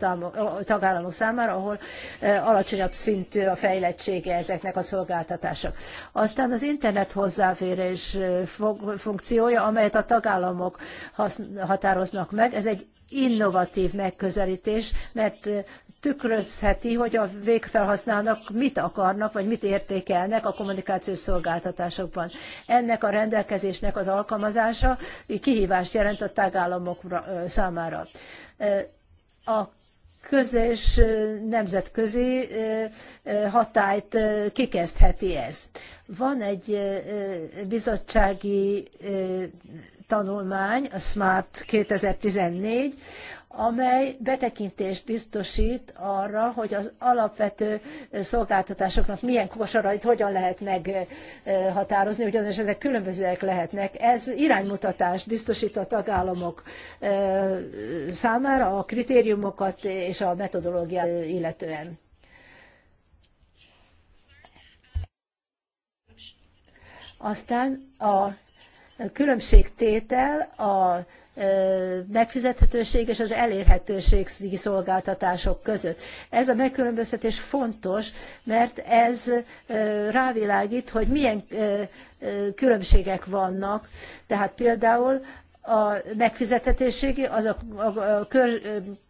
tagállamok számára, ahol e, alacsonyabb szintű a fejlettsége ezeknek a szolgáltatások. Aztán az internet hozzáférés e, funkciója, amelyet a tagállamok határoznak meg, ez egy innovatív megközelítés, mert tükrözheti, hogy a végfelhasználók mit akarnak, vagy mit értékelnek a kommunikációs szolgáltatásokban. Ennek a rendelkezésnek az alkalmazása kihívást jelent a tagállamok számára. A közös nemzetközi hatályt kikezdheti ez. Van egy bizottsági tanulmány, a SMART 2014, amely betekintést biztosít arra, hogy az alapvető szolgáltatásoknak milyen kosarait hogyan lehet meghatározni, ugyanis ezek különbözőek lehetnek. Ez iránymutatást biztosít a tagállamok számára a kritériumokat és a metodológiát illetően. Aztán a különbségtétel a megfizethetőség és az elérhetőség szolgáltatások között. Ez a megkülönböztetés fontos, mert ez rávilágít, hogy milyen különbségek vannak. Tehát például a megfizethetőségi, az a,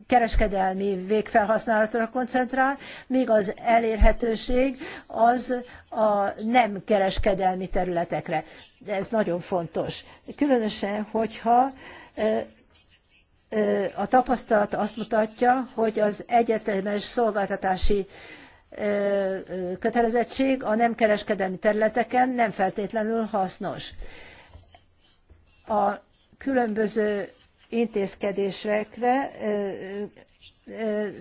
kereskedelmi végfelhasználatra koncentrál, míg az elérhetőség az a nem kereskedelmi területekre. De ez nagyon fontos. Különösen, hogyha a tapasztalat azt mutatja, hogy az egyetemes szolgáltatási kötelezettség a nem kereskedelmi területeken nem feltétlenül hasznos. A különböző intézkedésekre,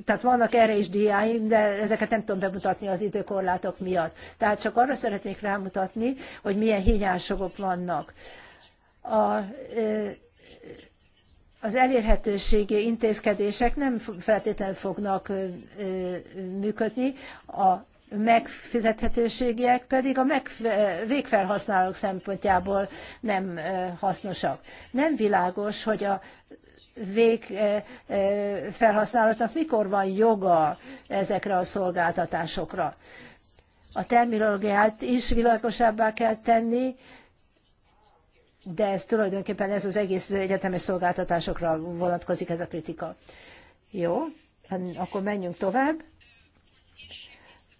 tehát vannak erre is diáim, de ezeket nem tudom bemutatni az időkorlátok miatt. Tehát csak arra szeretnék rámutatni, hogy milyen hiányosságok vannak. A az elérhetőségi intézkedések nem feltétlenül fognak működni, a megfizethetőségiek pedig a végfelhasználók szempontjából nem hasznosak. Nem világos, hogy a végfelhasználóknak mikor van joga ezekre a szolgáltatásokra. A terminológiát is világosabbá kell tenni, de ez tulajdonképpen ez az egész egyetemes szolgáltatásokra vonatkozik ez a kritika. Jó, hát akkor menjünk tovább.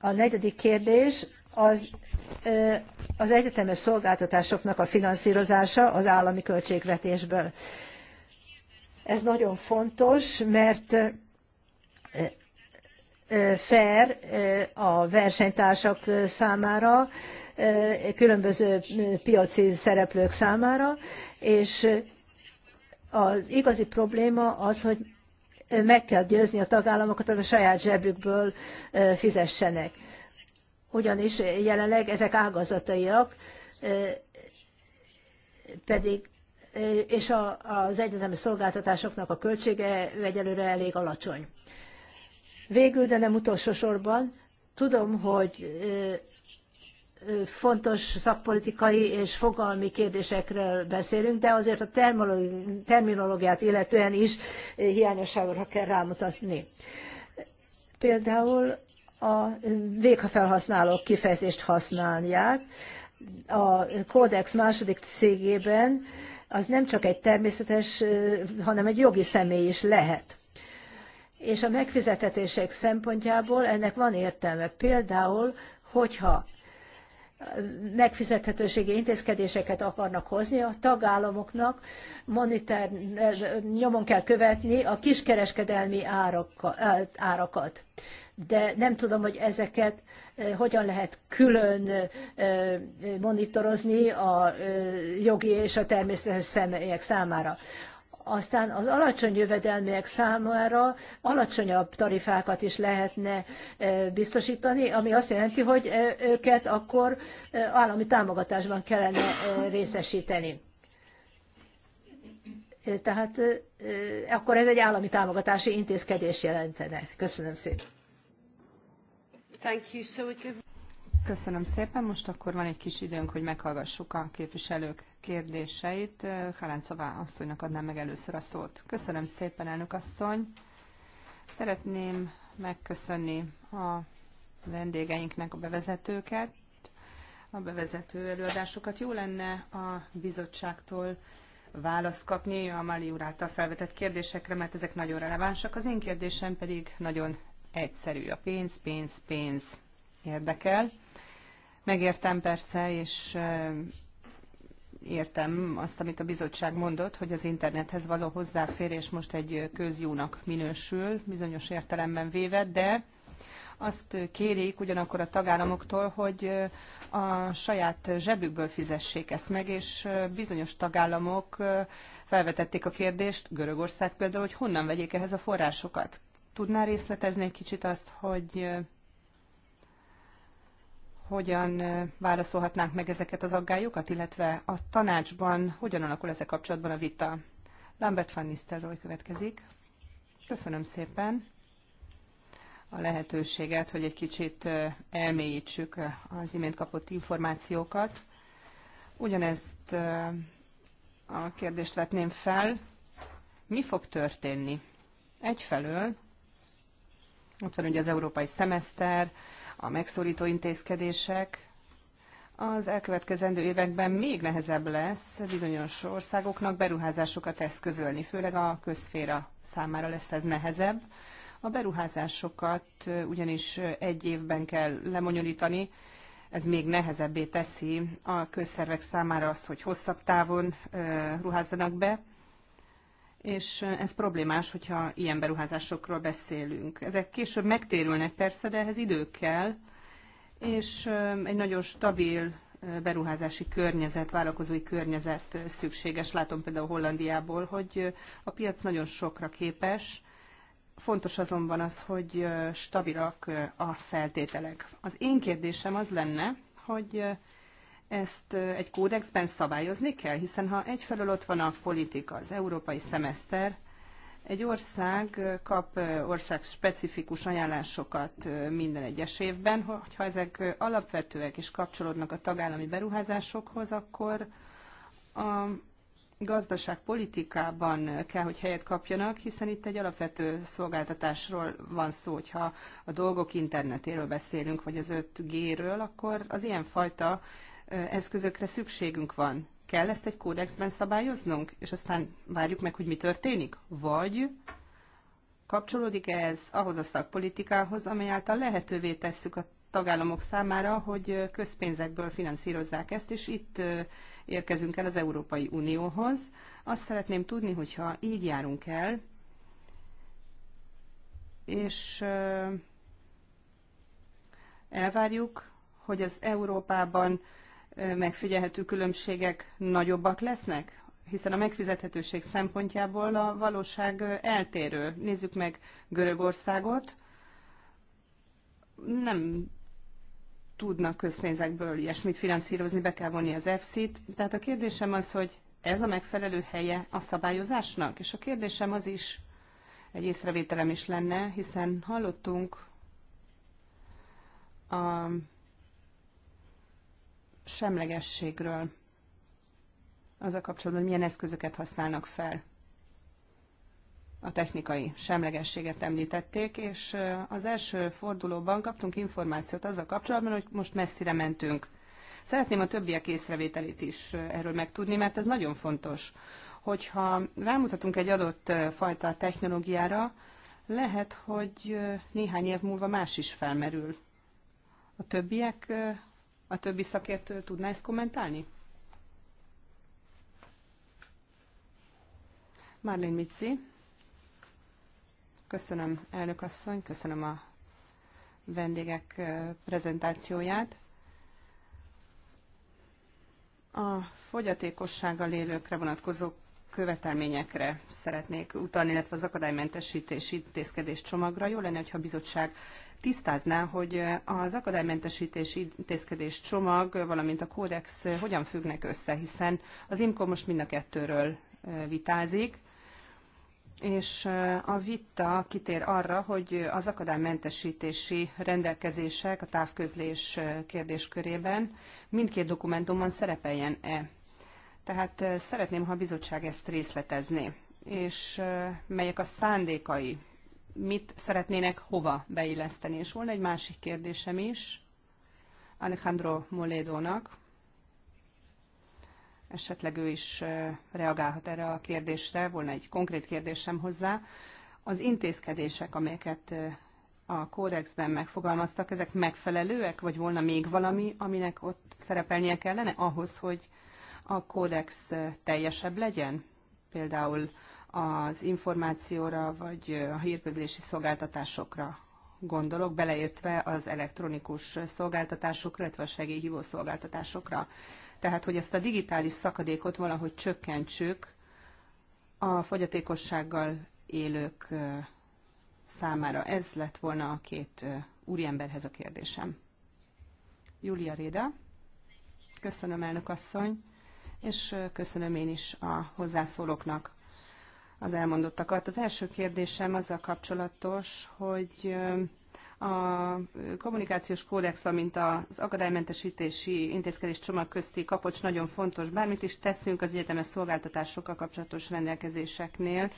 A negyedik kérdés az, az egyetemes szolgáltatásoknak a finanszírozása az állami költségvetésből. Ez nagyon fontos, mert fair a versenytársak számára, különböző piaci szereplők számára, és az igazi probléma az, hogy meg kell győzni a tagállamokat, hogy a saját zsebükből fizessenek. Ugyanis jelenleg ezek ágazataiak, pedig és a, az egyetemi szolgáltatásoknak a költsége egyelőre elég alacsony. Végül, de nem utolsó sorban, tudom, hogy fontos szakpolitikai és fogalmi kérdésekről beszélünk, de azért a terminológiát illetően is hiányosságokra kell rámutatni. Például a végfelhasználók kifejezést használják. A kódex második cégében az nem csak egy természetes, hanem egy jogi személy is lehet. És a megfizetetések szempontjából ennek van értelme. Például, hogyha megfizethetőségi intézkedéseket akarnak hozni, a tagállamoknak monitor, nyomon kell követni a kiskereskedelmi árakat. De nem tudom, hogy ezeket hogyan lehet külön monitorozni a jogi és a természetes személyek számára. Aztán az alacsony jövedelműek számára alacsonyabb tarifákat is lehetne e, biztosítani, ami azt jelenti, hogy e, őket akkor e, állami támogatásban kellene részesíteni. Tehát akkor ez egy állami támogatási intézkedés jelentene. Köszönöm szépen. Köszönöm szépen. Most akkor van egy kis időnk, hogy meghallgassuk a képviselők kérdéseit. Szová asszonynak adnám meg először a szót. Köszönöm szépen, elnök asszony. Szeretném megköszönni a vendégeinknek a bevezetőket, a bevezető előadásokat. Jó lenne a bizottságtól választ kapni a Mali úr által felvetett kérdésekre, mert ezek nagyon relevánsak. Az én kérdésem pedig nagyon egyszerű. A pénz, pénz, pénz érdekel. Megértem persze, és értem azt, amit a bizottság mondott, hogy az internethez való hozzáférés most egy közjónak minősül, bizonyos értelemben véve, de azt kérik ugyanakkor a tagállamoktól, hogy a saját zsebükből fizessék ezt meg, és bizonyos tagállamok felvetették a kérdést, Görögország például, hogy honnan vegyék ehhez a forrásokat. Tudná részletezni egy kicsit azt, hogy hogyan válaszolhatnánk meg ezeket az aggályokat, illetve a tanácsban hogyan alakul ezek kapcsolatban a vita. Lambert van Nistelrooy következik. Köszönöm szépen a lehetőséget, hogy egy kicsit elmélyítsük az imént kapott információkat. Ugyanezt a kérdést vetném fel, mi fog történni? Egyfelől, ott van ugye az európai szemeszter, a megszorító intézkedések az elkövetkezendő években még nehezebb lesz bizonyos országoknak beruházásokat eszközölni, főleg a közféra számára lesz ez nehezebb. A beruházásokat ugyanis egy évben kell lemonyolítani, ez még nehezebbé teszi a közszervek számára azt, hogy hosszabb távon ruházzanak be, és ez problémás, hogyha ilyen beruházásokról beszélünk. Ezek később megtérülnek persze, de ehhez idő kell, és egy nagyon stabil beruházási környezet, vállalkozói környezet szükséges. Látom például Hollandiából, hogy a piac nagyon sokra képes, Fontos azonban az, hogy stabilak a feltételek. Az én kérdésem az lenne, hogy ezt egy kódexben szabályozni kell, hiszen ha egyfelől ott van a politika, az európai szemeszter, egy ország kap ország specifikus ajánlásokat minden egyes évben, hogyha ezek alapvetőek és kapcsolódnak a tagállami beruházásokhoz, akkor a gazdaságpolitikában kell, hogy helyet kapjanak, hiszen itt egy alapvető szolgáltatásról van szó, hogyha a dolgok internetéről beszélünk, vagy az 5G-ről, akkor az ilyenfajta eszközökre szükségünk van. Kell ezt egy kódexben szabályoznunk, és aztán várjuk meg, hogy mi történik? Vagy kapcsolódik -e ez ahhoz a szakpolitikához, amely által lehetővé tesszük a tagállamok számára, hogy közpénzekből finanszírozzák ezt, és itt érkezünk el az Európai Unióhoz. Azt szeretném tudni, hogyha így járunk el, és elvárjuk, hogy az Európában megfigyelhető különbségek nagyobbak lesznek? Hiszen a megfizethetőség szempontjából a valóság eltérő. Nézzük meg Görögországot. Nem tudnak közpénzekből ilyesmit finanszírozni, be kell vonni az EFSZ-t. Tehát a kérdésem az, hogy ez a megfelelő helye a szabályozásnak? És a kérdésem az is, egy észrevételem is lenne, hiszen hallottunk a semlegességről, az a kapcsolatban, hogy milyen eszközöket használnak fel. A technikai semlegességet említették, és az első fordulóban kaptunk információt az a kapcsolatban, hogy most messzire mentünk. Szeretném a többiek észrevételét is erről megtudni, mert ez nagyon fontos. Hogyha rámutatunk egy adott fajta technológiára, lehet, hogy néhány év múlva más is felmerül. A többiek a többi szakértő tudná ezt kommentálni? Marlene Mitzi. Köszönöm, elnök asszony, köszönöm a vendégek prezentációját. A fogyatékossággal élőkre vonatkozó követelményekre szeretnék utalni, illetve az akadálymentesítési intézkedés csomagra. Jó lenne, hogyha a bizottság tisztázná, hogy az akadálymentesítési intézkedés csomag, valamint a kódex hogyan függnek össze, hiszen az IMCO most mind a kettőről vitázik, és a vita kitér arra, hogy az akadálymentesítési rendelkezések a távközlés kérdéskörében mindkét dokumentumon szerepeljen-e. Tehát szeretném, ha a bizottság ezt részletezné, és melyek a szándékai mit szeretnének hova beilleszteni. És volna egy másik kérdésem is Alejandro Moledónak. Esetleg ő is reagálhat erre a kérdésre, volna egy konkrét kérdésem hozzá. Az intézkedések, amelyeket a kódexben megfogalmaztak, ezek megfelelőek, vagy volna még valami, aminek ott szerepelnie kellene ahhoz, hogy a kódex teljesebb legyen? Például az információra vagy a hírközlési szolgáltatásokra gondolok, beleértve az elektronikus szolgáltatásokra, illetve a segélyhívó szolgáltatásokra. Tehát, hogy ezt a digitális szakadékot valahogy csökkentsük a fogyatékossággal élők számára. Ez lett volna a két úriemberhez a kérdésem. Julia Réda. Köszönöm, elnök asszony, és köszönöm én is a hozzászólóknak az elmondottakat. Az első kérdésem azzal kapcsolatos, hogy a kommunikációs kódex, amint az akadálymentesítési intézkedés csomag közti kapocs nagyon fontos. Bármit is teszünk az egyetemes szolgáltatásokkal kapcsolatos rendelkezéseknél,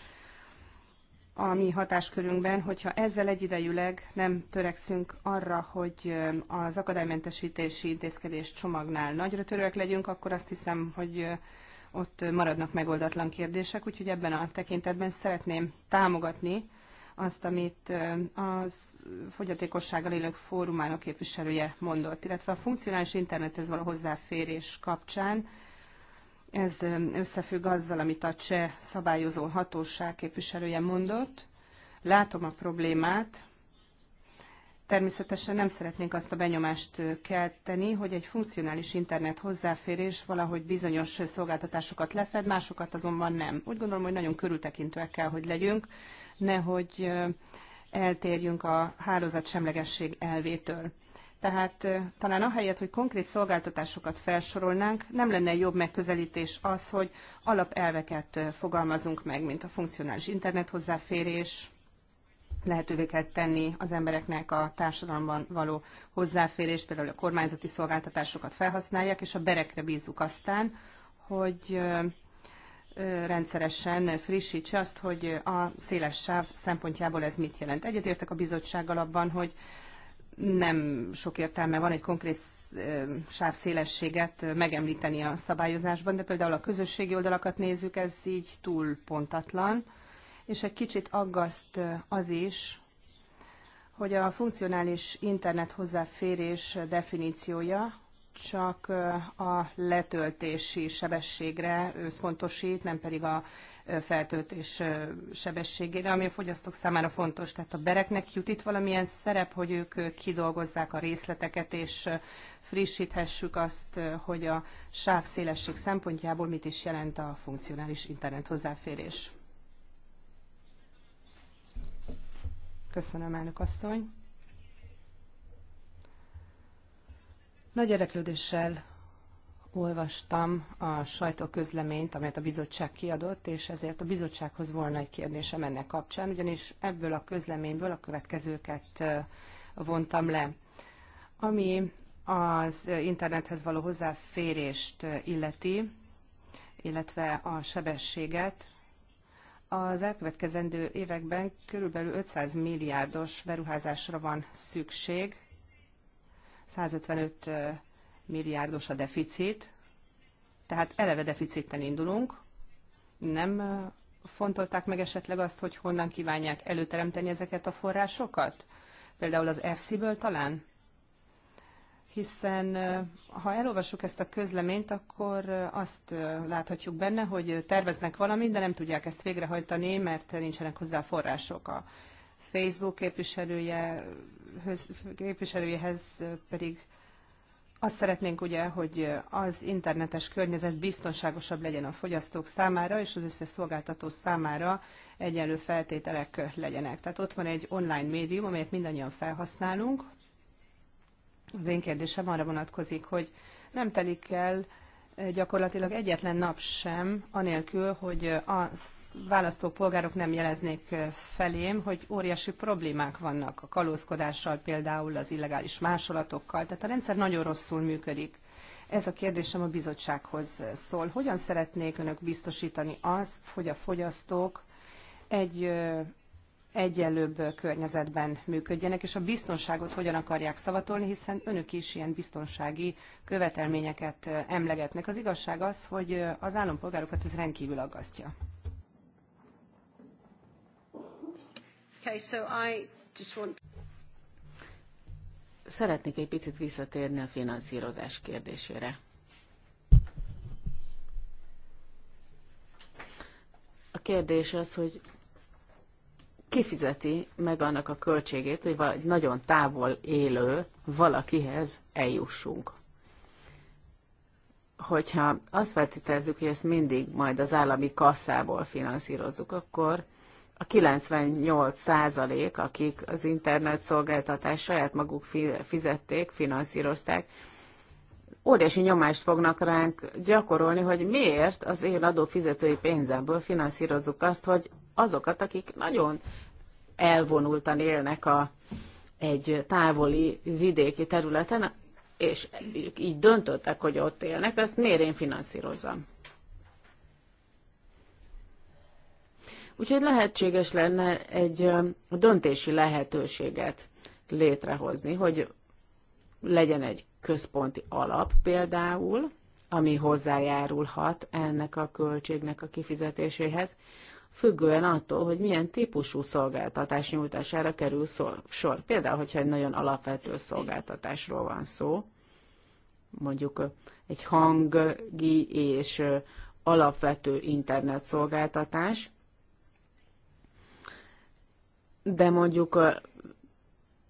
a mi hatáskörünkben, hogyha ezzel egyidejűleg nem törekszünk arra, hogy az akadálymentesítési intézkedés csomagnál nagyra törőek legyünk, akkor azt hiszem, hogy ott maradnak megoldatlan kérdések, úgyhogy ebben a tekintetben szeretném támogatni azt, amit az fogyatékossággal élők fórumának képviselője mondott, illetve a funkcionális internethez való hozzáférés kapcsán ez összefügg azzal, amit a cseh szabályozó hatóság képviselője mondott. Látom a problémát, Természetesen nem szeretnénk azt a benyomást kelteni, hogy egy funkcionális internet hozzáférés valahogy bizonyos szolgáltatásokat lefed, másokat azonban nem. Úgy gondolom, hogy nagyon körültekintőek kell, hogy legyünk, nehogy eltérjünk a hálózat semlegesség elvétől. Tehát talán ahelyett, hogy konkrét szolgáltatásokat felsorolnánk, nem lenne jobb megközelítés az, hogy alapelveket fogalmazunk meg, mint a funkcionális internet hozzáférés, lehetővé kell tenni az embereknek a társadalomban való hozzáférés, például a kormányzati szolgáltatásokat felhasználják, és a berekre bízzuk aztán, hogy rendszeresen frissítse azt, hogy a széles sáv szempontjából ez mit jelent. Egyetértek a bizottsággal abban, hogy nem sok értelme van egy konkrét sávszélességet megemlíteni a szabályozásban, de például a közösségi oldalakat nézzük, ez így túl pontatlan és egy kicsit aggaszt az is, hogy a funkcionális internet hozzáférés definíciója csak a letöltési sebességre összpontosít, nem pedig a feltöltés sebességére, ami a fogyasztók számára fontos. Tehát a bereknek jut itt valamilyen szerep, hogy ők kidolgozzák a részleteket, és frissíthessük azt, hogy a sávszélesség szempontjából mit is jelent a funkcionális internet hozzáférés. Köszönöm, elnök asszony. Nagy érdeklődéssel olvastam a sajtóközleményt, amelyet a bizottság kiadott, és ezért a bizottsághoz volna egy kérdésem ennek kapcsán, ugyanis ebből a közleményből a következőket vontam le. Ami az internethez való hozzáférést illeti, illetve a sebességet, az elkövetkezendő években körülbelül 500 milliárdos beruházásra van szükség, 155 milliárdos a deficit, tehát eleve deficitten indulunk. Nem fontolták meg esetleg azt, hogy honnan kívánják előteremteni ezeket a forrásokat? Például az FC-ből talán? hiszen eh, ha elolvassuk ezt a közleményt, akkor eh, azt eh, láthatjuk benne, hogy terveznek valamit, de nem tudják ezt végrehajtani, mert nincsenek hozzá források. A Facebook képviselője, képviselőjehez pedig azt szeretnénk ugye, hogy az internetes környezet biztonságosabb legyen a fogyasztók számára, és az összes szolgáltató számára egyenlő feltételek legyenek. Tehát ott van egy online médium, amelyet mindannyian felhasználunk, az én kérdésem arra vonatkozik, hogy nem telik el eh, gyakorlatilag egyetlen nap sem, anélkül, hogy eh, a választópolgárok nem jeleznék eh, felém, hogy óriási problémák vannak a kalózkodással, például az illegális másolatokkal. Tehát a rendszer nagyon rosszul működik. Ez a kérdésem a bizottsághoz szól. Hogyan szeretnék önök biztosítani azt, hogy a fogyasztók egy egyenlőbb környezetben működjenek, és a biztonságot hogyan akarják szavatolni, hiszen önök is ilyen biztonsági követelményeket emlegetnek. Az igazság az, hogy az állampolgárokat ez rendkívül aggasztja. Okay, so I just want... Szeretnék egy picit visszatérni a finanszírozás kérdésére. A kérdés az, hogy kifizeti meg annak a költségét, hogy egy nagyon távol élő valakihez eljussunk. Hogyha azt feltételezzük, hogy ezt mindig majd az állami kasszából finanszírozzuk, akkor a 98 százalék, akik az internet szolgáltatást saját maguk fizették, finanszírozták, óriási nyomást fognak ránk gyakorolni, hogy miért az én adófizetői pénzemből finanszírozzuk azt, hogy azokat, akik nagyon elvonultan élnek a, egy távoli vidéki területen, és így döntöttek, hogy ott élnek, ezt miért én finanszírozzam? Úgyhogy lehetséges lenne egy döntési lehetőséget létrehozni, hogy legyen egy központi alap például, ami hozzájárulhat ennek a költségnek a kifizetéséhez, függően attól, hogy milyen típusú szolgáltatás nyújtására kerül sor. Például, hogyha egy nagyon alapvető szolgáltatásról van szó, mondjuk egy hangi és alapvető internet szolgáltatás, de mondjuk a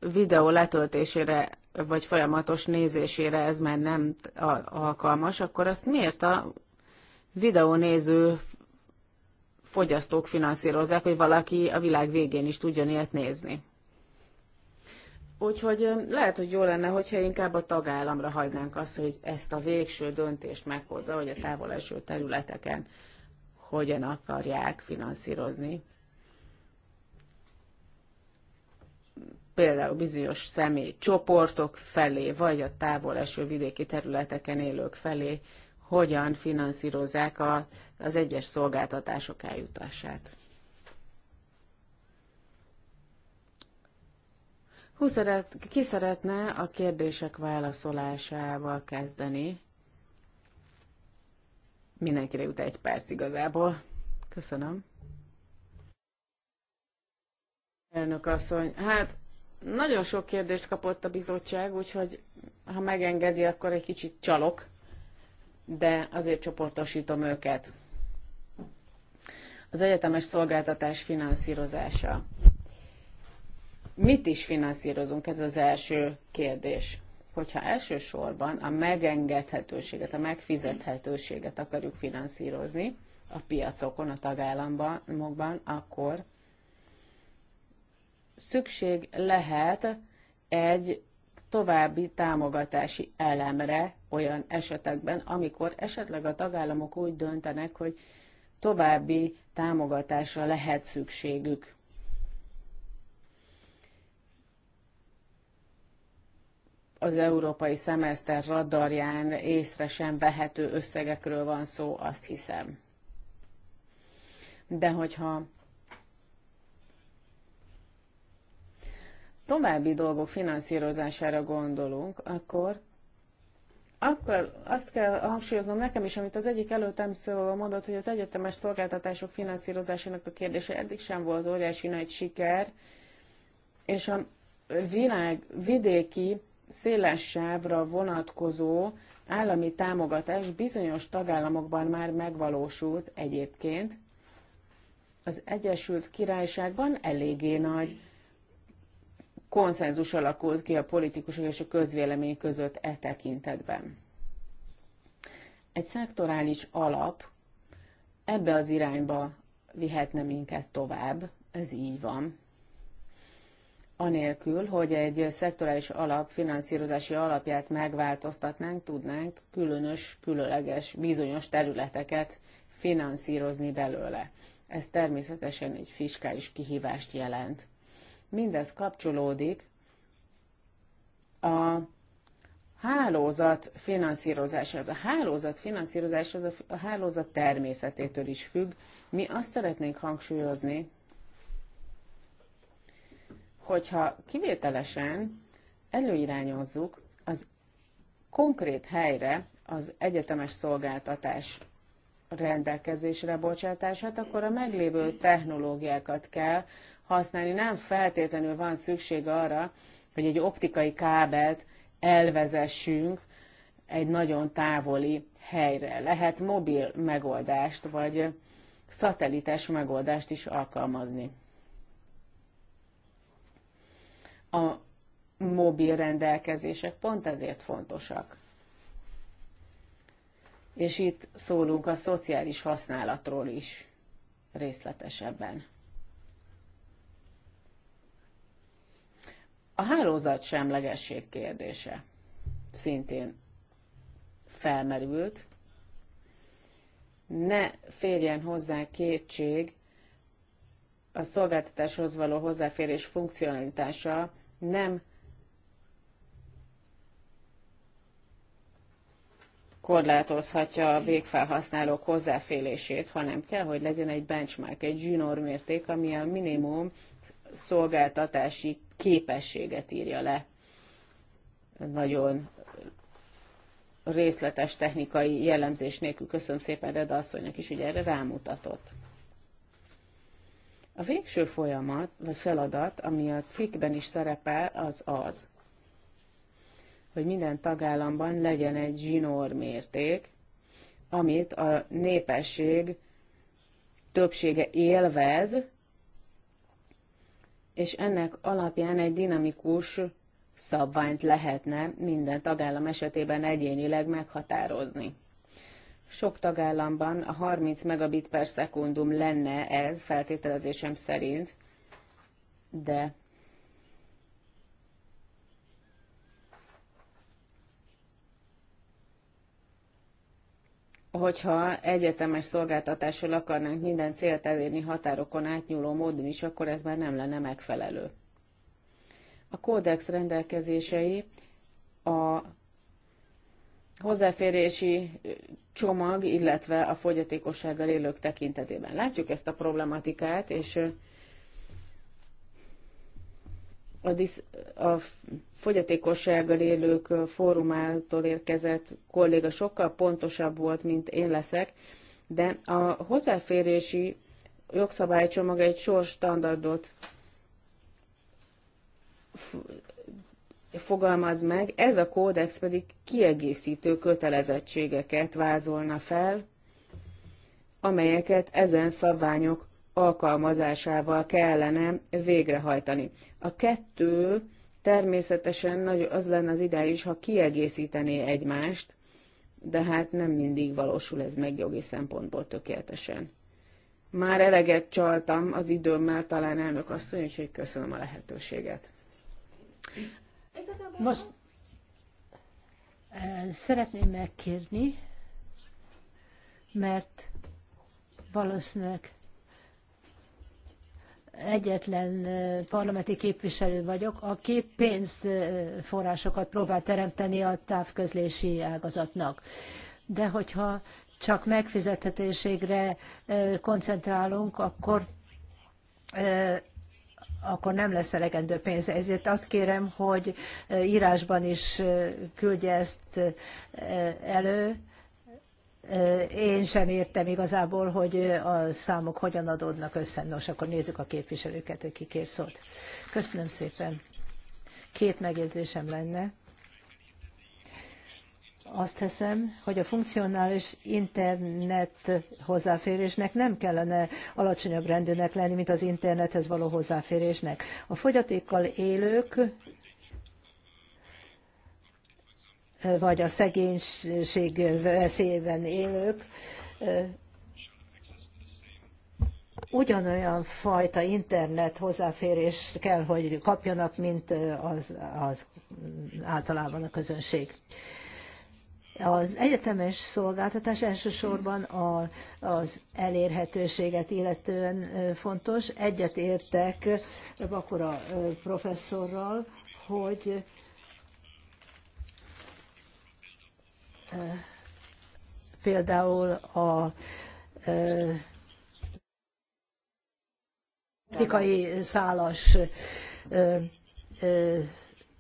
videó letöltésére vagy folyamatos nézésére ez már nem alkalmas, akkor azt miért a videónéző fogyasztók finanszírozzák, hogy valaki a világ végén is tudjon ilyet nézni. Úgyhogy lehet, hogy jó lenne, hogyha inkább a tagállamra hagynánk azt, hogy ezt a végső döntést meghozza, hogy a távol eső területeken hogyan akarják finanszírozni. Például bizonyos személy csoportok felé, vagy a távol eső vidéki területeken élők felé hogyan finanszírozzák a, az egyes szolgáltatások eljutását. 20 szeret, ki szeretne a kérdések válaszolásával kezdeni? Mindenkire jut egy perc igazából. Köszönöm. Elnök asszony, hát nagyon sok kérdést kapott a bizottság, úgyhogy ha megengedi, akkor egy kicsit csalok de azért csoportosítom őket. Az egyetemes szolgáltatás finanszírozása. Mit is finanszírozunk? Ez az első kérdés. Hogyha elsősorban a megengedhetőséget, a megfizethetőséget akarjuk finanszírozni a piacokon, a tagállamokban, akkor szükség lehet egy további támogatási elemre, olyan esetekben, amikor esetleg a tagállamok úgy döntenek, hogy további támogatásra lehet szükségük. Az európai szemeszter radarján észre sem vehető összegekről van szó, azt hiszem. De hogyha további dolgok finanszírozására gondolunk, akkor akkor azt kell hangsúlyoznom nekem is, amit az egyik előttem szóló mondott, hogy az egyetemes szolgáltatások finanszírozásának a kérdése eddig sem volt óriási nagy siker, és a világ vidéki széles sávra vonatkozó állami támogatás bizonyos tagállamokban már megvalósult egyébként. Az Egyesült Királyságban eléggé nagy konszenzus alakult ki a politikusok és a közvélemény között e tekintetben. Egy szektorális alap ebbe az irányba vihetne minket tovább, ez így van. Anélkül, hogy egy szektorális alap, finanszírozási alapját megváltoztatnánk, tudnánk különös, különleges, bizonyos területeket finanszírozni belőle. Ez természetesen egy fiskális kihívást jelent Mindez kapcsolódik a hálózat finanszírozásához. A hálózat finanszírozásához a hálózat természetétől is függ. Mi azt szeretnénk hangsúlyozni, hogyha kivételesen előirányozzuk az konkrét helyre az egyetemes szolgáltatás rendelkezésre bocsátását, akkor a meglévő technológiákat kell használni. Nem feltétlenül van szükség arra, hogy egy optikai kábelt elvezessünk egy nagyon távoli helyre. Lehet mobil megoldást, vagy szatelites megoldást is alkalmazni. A mobil rendelkezések pont ezért fontosak. És itt szólunk a szociális használatról is részletesebben. A hálózat semlegesség kérdése szintén felmerült. Ne férjen hozzá kétség a szolgáltatáshoz való hozzáférés funkcionalitása nem korlátozhatja a végfelhasználók hozzáférését, hanem kell, hogy legyen egy benchmark, egy zsinórmérték, ami a minimum szolgáltatási képességet írja le. Nagyon részletes technikai jellemzés nélkül köszönöm szépen Reda asszonynak is, hogy erre rámutatott. A végső folyamat, vagy feladat, ami a cikkben is szerepel, az az, hogy minden tagállamban legyen egy zsinór mérték, amit a népesség többsége élvez, és ennek alapján egy dinamikus szabványt lehetne minden tagállam esetében egyénileg meghatározni. Sok tagállamban a 30 megabit per szekundum lenne ez feltételezésem szerint, de hogyha egyetemes szolgáltatással akarnánk minden célt elérni határokon átnyúló módon is, akkor ez már nem lenne megfelelő. A kódex rendelkezései a hozzáférési csomag, illetve a fogyatékossággal élők tekintetében. Látjuk ezt a problematikát, és a, disz, a fogyatékossággal élők fórumától érkezett kolléga sokkal pontosabb volt, mint én leszek, de a hozzáférési jogszabálycsomag egy sor standardot fogalmaz meg, ez a kódex pedig kiegészítő kötelezettségeket vázolna fel, amelyeket ezen szabványok alkalmazásával kellene végrehajtani. A kettő természetesen nagy, az lenne az ideális, ha kiegészítené egymást, de hát nem mindig valósul ez meg jogi szempontból tökéletesen. Már eleget csaltam az időmmel, talán elnök asszony, úgyhogy köszönöm a lehetőséget. Most szeretném megkérni, mert valószínűleg egyetlen parlamenti képviselő vagyok, aki pénzforrásokat próbál teremteni a távközlési ágazatnak. De hogyha csak megfizethetőségre koncentrálunk, akkor akkor nem lesz elegendő pénz. Ezért azt kérem, hogy írásban is küldje ezt elő, én sem értem igazából, hogy a számok hogyan adódnak össze. Nos, akkor nézzük a képviselőket, hogy ki kér szót. Köszönöm szépen. Két megjegyzésem lenne. Azt hiszem, hogy a funkcionális internet hozzáférésnek nem kellene alacsonyabb rendűnek lenni, mint az internethez való hozzáférésnek. A fogyatékkal élők vagy a szegénység veszélyben élők ugyanolyan fajta internet hozzáférést kell, hogy kapjanak, mint az, az általában a közönség. Az egyetemes szolgáltatás elsősorban a, az elérhetőséget illetően fontos. Egyet értek Bakura professzorral, hogy például a politikai szálas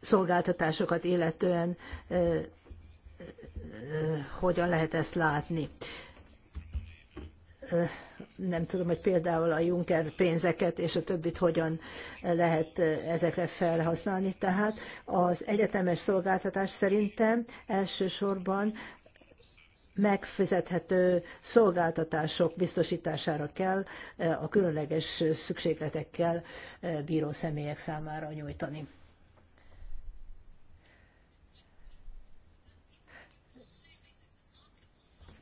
szolgáltatásokat illetően hogyan lehet ezt látni nem tudom, hogy például a Juncker pénzeket és a többit hogyan lehet ezekre felhasználni. Tehát az egyetemes szolgáltatás szerintem elsősorban megfizethető szolgáltatások biztosítására kell a különleges szükségletekkel bíró személyek számára nyújtani.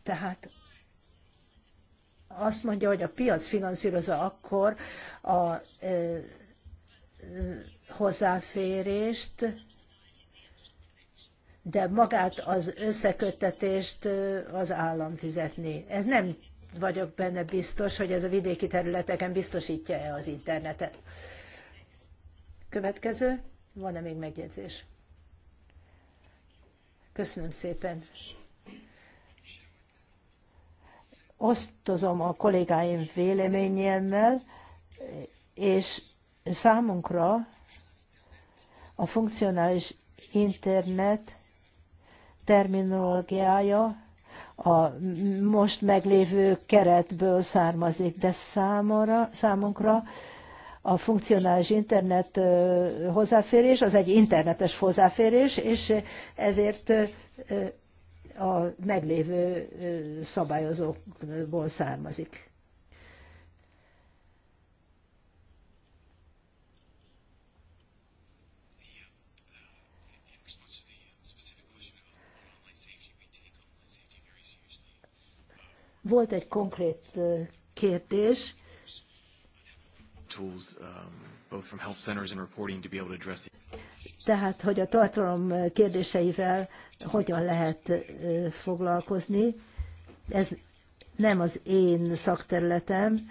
Tehát azt mondja, hogy a piac finanszírozza akkor a hozzáférést, de magát az összeköttetést az állam fizetni. Ez nem vagyok benne biztos, hogy ez a vidéki területeken biztosítja-e az internetet. Következő, van-e még megjegyzés? Köszönöm szépen osztozom a kollégáim véleményemmel, és számunkra a funkcionális internet terminológiája a most meglévő keretből származik, de számomra, számunkra a funkcionális internet hozzáférés, az egy internetes hozzáférés, és ezért a meglévő szabályozókból származik. Volt egy konkrét kérdés tools, um, both from help centers and reporting, to be able to address it. Tehát, hogy a tartalom kérdéseivel hogyan lehet foglalkozni, ez nem az én szakterületem,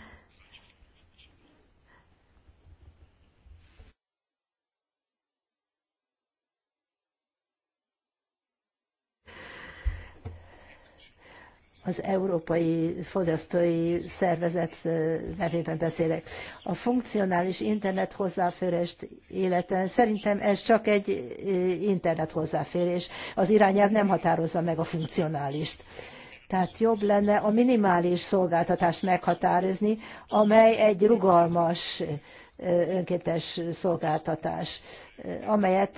az Európai Fogyasztói Szervezet nevében beszélek. A funkcionális internet hozzáférést életen szerintem ez csak egy internet hozzáférés. Az irányelv nem határozza meg a funkcionálist. Tehát jobb lenne a minimális szolgáltatást meghatározni, amely egy rugalmas önkéntes szolgáltatás, amelyet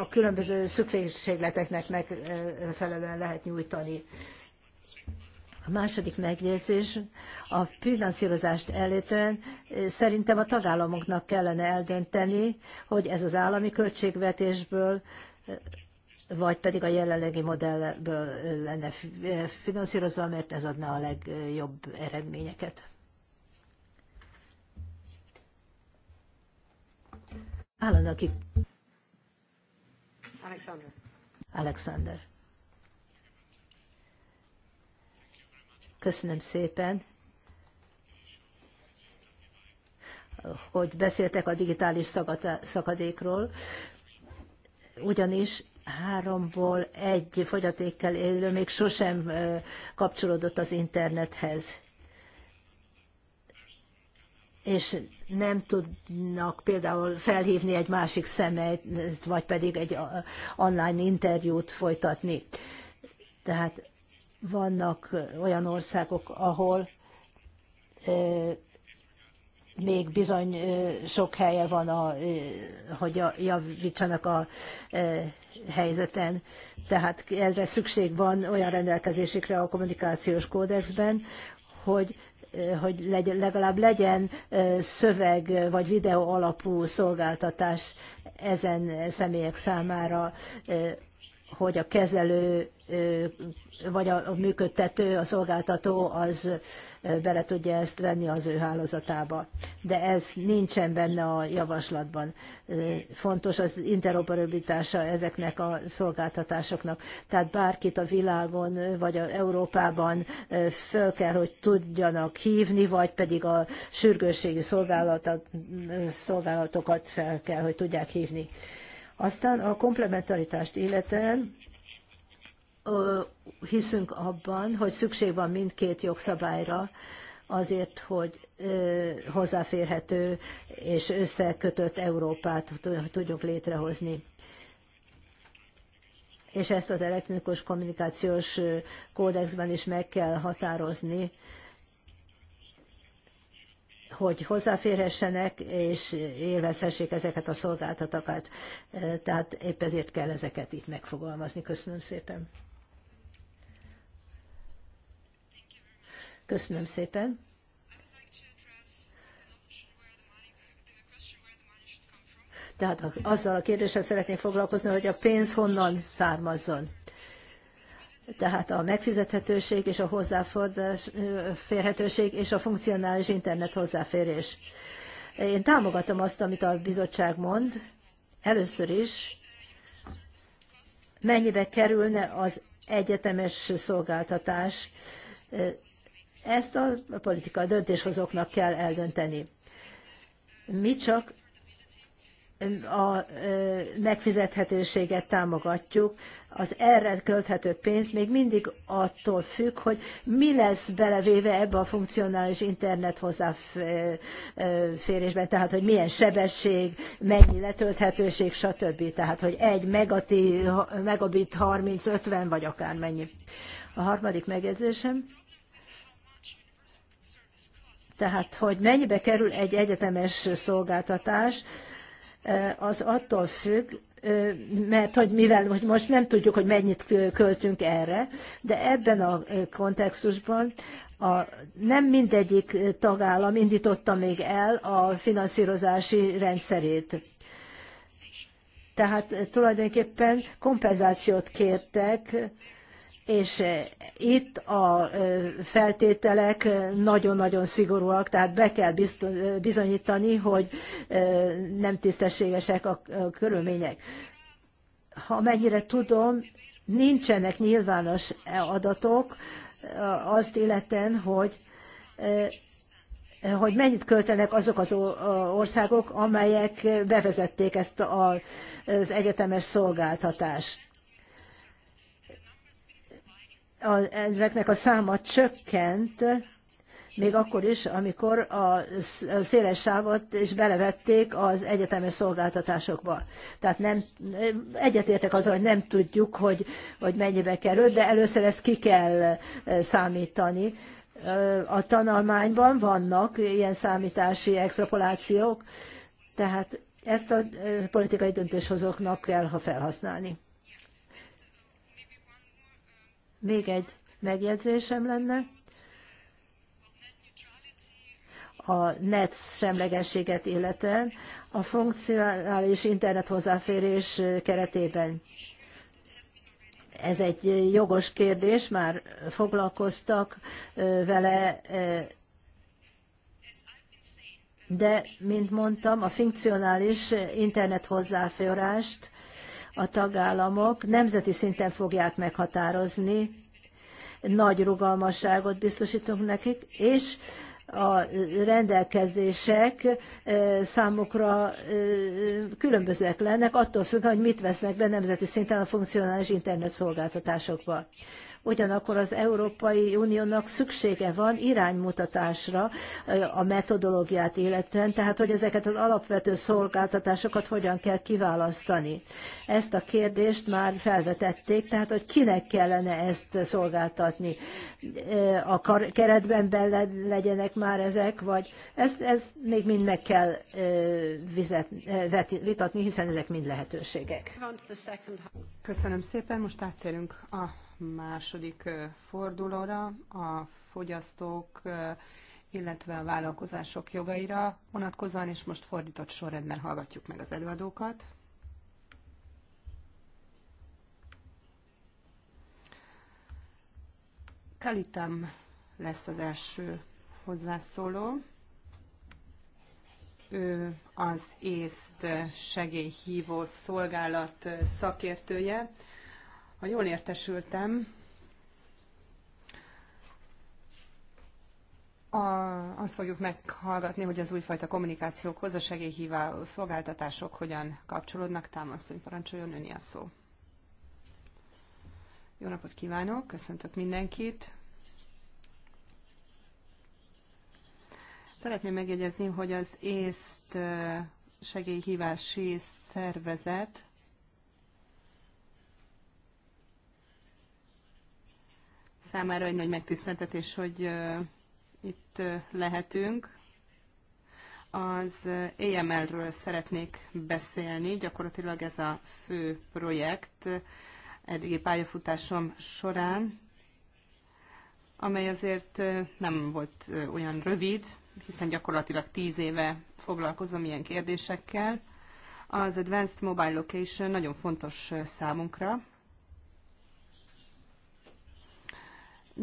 a különböző szükségleteknek megfelelően lehet nyújtani. A második megjegyzés a finanszírozást előtön eh, szerintem a tagállamoknak kellene eldönteni, hogy ez az állami költségvetésből eh, vagy pedig a jelenlegi modellből eh, lenne finanszírozva, mert ez adná a legjobb eredményeket. Állandó ki. Alexander. Alexander. Köszönöm szépen, hogy beszéltek a digitális szakadékról, ugyanis háromból egy fogyatékkel élő még sosem kapcsolódott az internethez és nem tudnak például felhívni egy másik szemet, vagy pedig egy online interjút folytatni. Tehát vannak olyan országok, ahol még bizony sok helye van, a, hogy javítsanak a helyzeten. Tehát erre szükség van olyan rendelkezésekre a kommunikációs kódexben, hogy hogy legalább legyen szöveg vagy videó alapú szolgáltatás ezen személyek számára, hogy a kezelő vagy a működtető, a szolgáltató az bele tudja ezt venni az ő hálózatába. De ez nincsen benne a javaslatban. Fontos az interoperabilitása ezeknek a szolgáltatásoknak. Tehát bárkit a világon vagy a Európában föl kell, hogy tudjanak hívni, vagy pedig a sürgősségi szolgálatokat fel kell, hogy tudják hívni aztán a komplementaritást illetően hiszünk abban, hogy szükség van mindkét jogszabályra azért, hogy hozzáférhető és összekötött Európát tudjuk létrehozni és ezt az elektronikus kommunikációs kódexben is meg kell határozni, hogy hozzáférhessenek és élvezhessék ezeket a szolgáltatokat. Tehát épp ezért kell ezeket itt megfogalmazni. Köszönöm szépen. Köszönöm szépen. Tehát azzal a kérdéssel szeretném foglalkozni, hogy a pénz honnan származzon tehát a megfizethetőség és a hozzáférhetőség és a funkcionális internet hozzáférés. Én támogatom azt, amit a bizottság mond, először is, mennyibe kerülne az egyetemes szolgáltatás. Ezt a politikai döntéshozóknak kell eldönteni. Mi csak a megfizethetőséget támogatjuk, az erre költhető pénz még mindig attól függ, hogy mi lesz belevéve ebbe a funkcionális internet hozzáférésben, tehát hogy milyen sebesség, mennyi letölthetőség, stb. Tehát, hogy egy megati, megabit 30-50 vagy akár mennyi. A harmadik megjegyzésem, tehát, hogy mennyibe kerül egy egyetemes szolgáltatás, az attól függ, mert hogy mivel hogy most nem tudjuk, hogy mennyit költünk erre, de ebben a kontextusban a, nem mindegyik tagállam indította még el a finanszírozási rendszerét. Tehát tulajdonképpen kompenzációt kértek és eh, itt a eh, feltételek eh, nagyon-nagyon szigorúak, tehát be kell bizonyítani, hogy nem tisztességesek a körülmények. Ha mennyire tudom, nincsenek nyilvános adatok azt illetően, hogy hogy mennyit költenek azok az országok, amelyek bevezették ezt az egyetemes szolgáltatást a, ezeknek a száma csökkent, még akkor is, amikor a széles sávot is belevették az egyetemes szolgáltatásokba. Tehát nem, egyetértek azzal, hogy nem tudjuk, hogy, hogy mennyibe kerül, de először ezt ki kell e, számítani. E, a tanalmányban vannak ilyen számítási extrapolációk, tehát ezt a e, politikai döntéshozóknak kell, ha felhasználni. Még egy megjegyzésem lenne. A net semlegességet illetően a funkcionális internet hozzáférés keretében. Ez egy jogos kérdés, már foglalkoztak vele de, mint mondtam, a funkcionális internet hozzáférést a tagállamok nemzeti szinten fogják meghatározni, nagy rugalmasságot biztosítunk nekik, és a rendelkezések számukra különbözőek lennek, attól függ, hogy mit vesznek be nemzeti szinten a funkcionális internet szolgáltatásokba ugyanakkor az Európai Uniónak szüksége van iránymutatásra eh, a metodológiát illetően, tehát hogy ezeket az alapvető szolgáltatásokat hogyan kell kiválasztani. Ezt a kérdést már felvetették, tehát hogy kinek kellene ezt szolgáltatni. Eh, a keretben bele legyenek már ezek, vagy ezt, ezt még mind meg kell eh, vizet, vitatni, hiszen ezek mind lehetőségek. Köszönöm szépen, most áttérünk a második fordulóra, a fogyasztók, illetve a vállalkozások jogaira vonatkozóan, és most fordított sorrendben hallgatjuk meg az előadókat. Kalitam lesz az első hozzászóló. Ő az észt segélyhívó szolgálat szakértője ha jól értesültem, a, azt fogjuk meghallgatni, hogy az újfajta kommunikációkhoz, a segélyhíváló szolgáltatások hogyan kapcsolódnak. Támaszony, parancsoljon öni a szó. Jó napot kívánok, köszöntök mindenkit. Szeretném megjegyezni, hogy az észt segélyhívási szervezet Számára egy nagy megtiszteltetés, hogy itt lehetünk. Az AML-ről szeretnék beszélni. Gyakorlatilag ez a fő projekt eddigi pályafutásom során, amely azért nem volt olyan rövid, hiszen gyakorlatilag tíz éve foglalkozom ilyen kérdésekkel. Az Advanced Mobile Location nagyon fontos számunkra,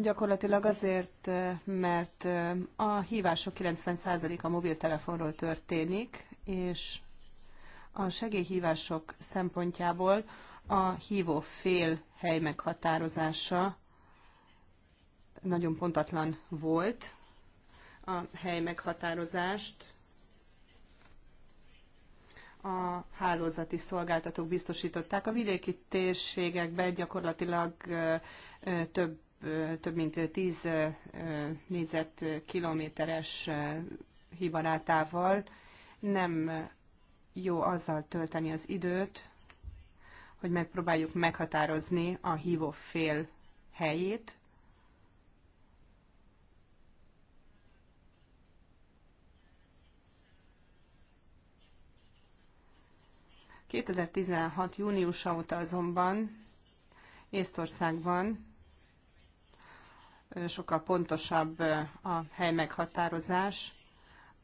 Gyakorlatilag azért, mert a hívások 90%-a mobiltelefonról történik, és a segélyhívások szempontjából a hívó fél hely meghatározása nagyon pontatlan volt. A hely meghatározást a hálózati szolgáltatók biztosították. A vidéki térségekben gyakorlatilag több több mint 10 négyzetkilométeres hibarátával nem jó azzal tölteni az időt, hogy megpróbáljuk meghatározni a hívó fél helyét, ...2016. júniusa óta azonban Észtországban sokkal pontosabb a hely meghatározás.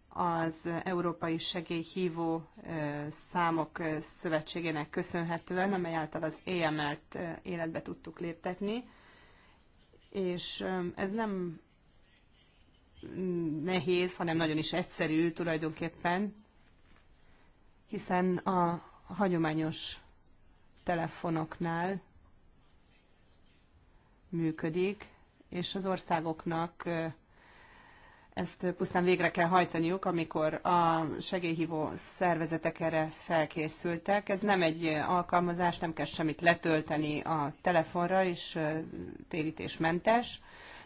Az Európai Segélyhívó Számok Szövetségének köszönhetően, amely által az EML-t életbe tudtuk léptetni, és ez nem mm, nehéz, hanem nagyon is egyszerű tulajdonképpen, hiszen a hagyományos telefonoknál működik, és az országoknak ezt pusztán végre kell hajtaniuk, amikor a segélyhívó szervezetek erre felkészültek. Ez nem egy alkalmazás, nem kell semmit letölteni a telefonra, és térítésmentes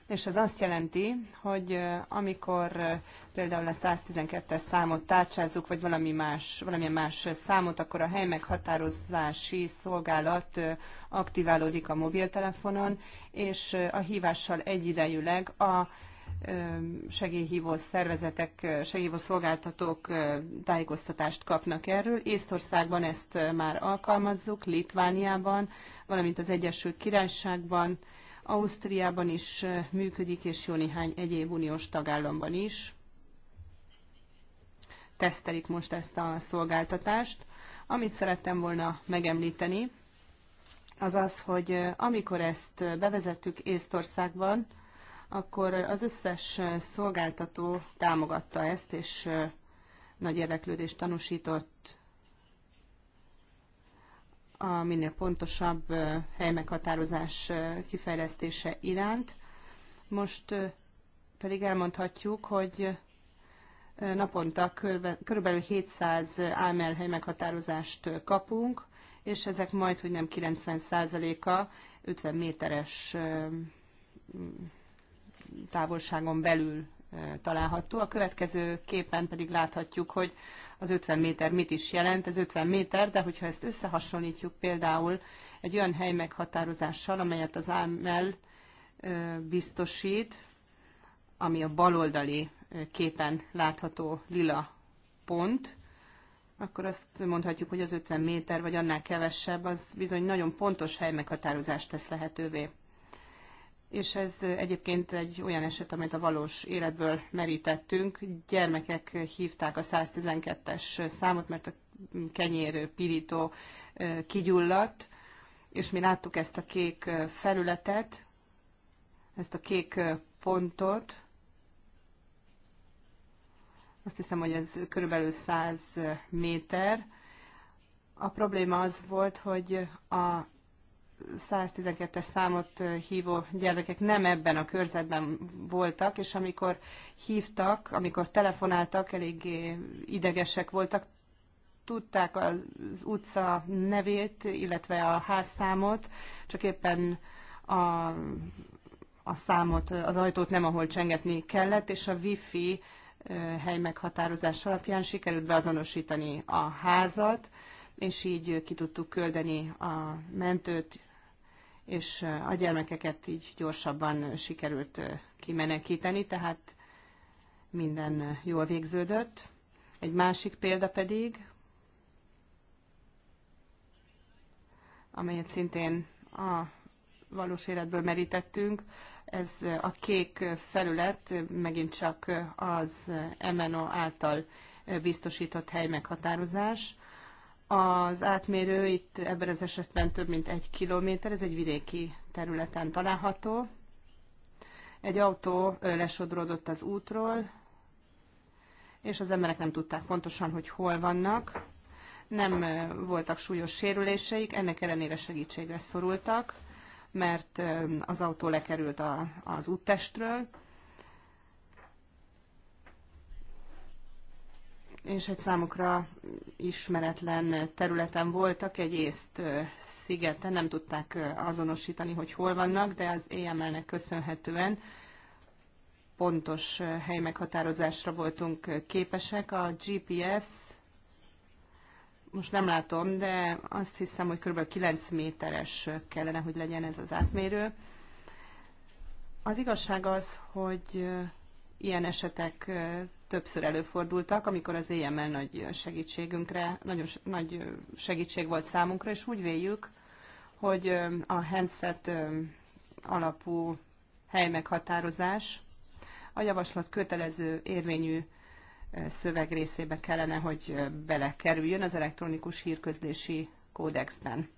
és ez azt jelenti, hogy amikor például a 112-es számot tárcsázzuk, vagy valami más, valamilyen más számot, akkor a hely meghatározási szolgálat aktiválódik a mobiltelefonon, és a hívással egyidejűleg a segélyhívó szervezetek, segélyhívó szolgáltatók tájékoztatást kapnak erről. Észtországban ezt már alkalmazzuk, Litvániában, valamint az Egyesült Királyságban, Ausztriában is működik, és jó néhány egyéb uniós tagállamban is. Tesztelik most ezt a szolgáltatást. Amit szerettem volna megemlíteni, az az, hogy amikor ezt bevezettük Észtországban, akkor az összes szolgáltató támogatta ezt, és nagy érdeklődést tanúsított a minél pontosabb helymeghatározás kifejlesztése iránt. Most pedig elmondhatjuk, hogy naponta kb. 700 AML helymeghatározást kapunk, és ezek majd, hogy nem 90%-a 50 méteres távolságon belül található. A következő képen pedig láthatjuk, hogy az 50 méter mit is jelent. Ez 50 méter, de hogyha ezt összehasonlítjuk például egy olyan hely meghatározással, amelyet az AML biztosít, ami a baloldali képen látható lila pont, akkor azt mondhatjuk, hogy az 50 méter vagy annál kevesebb, az bizony nagyon pontos helymeghatározást tesz lehetővé és ez egyébként egy olyan eset, amit a valós életből merítettünk. Gyermekek hívták a 112-es számot, mert a kenyér pirító kigyulladt, és mi láttuk ezt a kék felületet, ezt a kék pontot. Azt hiszem, hogy ez körülbelül 100 méter. A probléma az volt, hogy a 112-es számot hívó gyermekek nem ebben a körzetben voltak, és amikor hívtak, amikor telefonáltak, eléggé idegesek voltak, tudták az utca nevét, illetve a házszámot, csak éppen a, a számot, az ajtót nem, ahol csengetni kellett, és a wifi hely meghatározás alapján sikerült beazonosítani a házat, és így ki tudtuk küldeni a mentőt, és a gyermekeket így gyorsabban sikerült kimenekíteni, tehát minden jól végződött. Egy másik példa pedig, amelyet szintén a valós életből merítettünk, ez a kék felület megint csak az MNO által biztosított hely meghatározás. Az átmérő itt ebben az esetben több mint egy kilométer, ez egy vidéki területen található. Egy autó lesodródott az útról, és az emberek nem tudták pontosan, hogy hol vannak. Nem voltak súlyos sérüléseik, ennek ellenére segítségre szorultak, mert az autó lekerült az úttestről, és egy számukra ismeretlen területen voltak, egy észt szigeten nem tudták azonosítani, hogy hol vannak, de az EML-nek köszönhetően pontos hely meghatározásra voltunk képesek. A GPS, most nem látom, de azt hiszem, hogy kb. 9 méteres kellene, hogy legyen ez az átmérő. Az igazság az, hogy ilyen esetek többször előfordultak, amikor az EML nagy segítségünkre, nagyon nagy segítség volt számunkra, és úgy véljük, hogy a handset alapú helymeghatározás a javaslat kötelező érvényű részébe kellene, hogy belekerüljön az elektronikus hírközlési kódexben.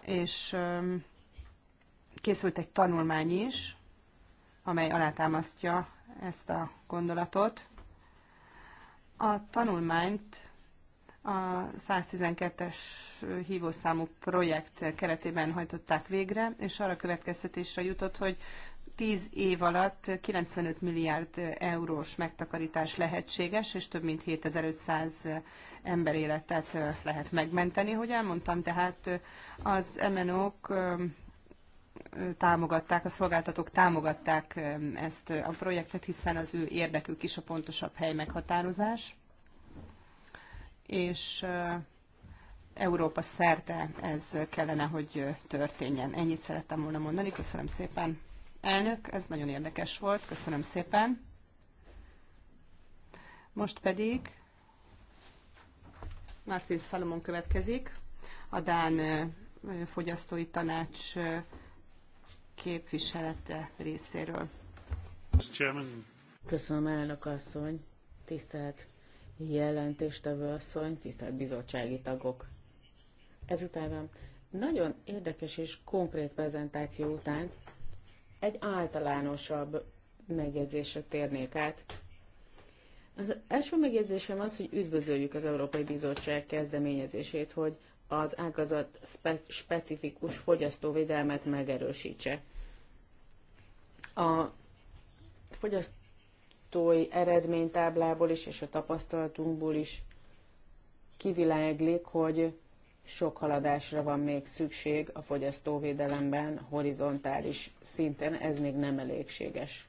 És készült egy tanulmány is, amely alátámasztja ezt a gondolatot. A tanulmányt a 112-es hívószámú projekt keretében hajtották végre, és arra következtetésre jutott, hogy 10 év alatt 95 milliárd eurós megtakarítás lehetséges, és több mint 7500 ember életet lehet megmenteni. Hogy elmondtam, tehát az MNO-k támogatták, a szolgáltatók támogatták ezt a projektet, hiszen az ő érdekük is a pontosabb hely meghatározás. És Európa szerte ez kellene, hogy történjen. Ennyit szerettem volna mondani. Köszönöm szépen. Elnök, ez nagyon érdekes volt. Köszönöm szépen. Most pedig Martin Salomon következik, a Dán fogyasztói tanács képviselete részéről. Köszönöm, elnök asszony, tisztelt jelentéstevő asszony, tisztelt bizottsági tagok. Ezután nagyon érdekes és konkrét prezentáció után egy általánosabb megjegyzésre térnék át. Az első megjegyzésem az, hogy üdvözöljük az Európai Bizottság kezdeményezését, hogy az ágazat spe- specifikus fogyasztóvédelmet megerősítse. A fogyasztói eredménytáblából is és a tapasztalatunkból is kiviláglik, hogy sok haladásra van még szükség a fogyasztóvédelemben, horizontális szinten, ez még nem elégséges.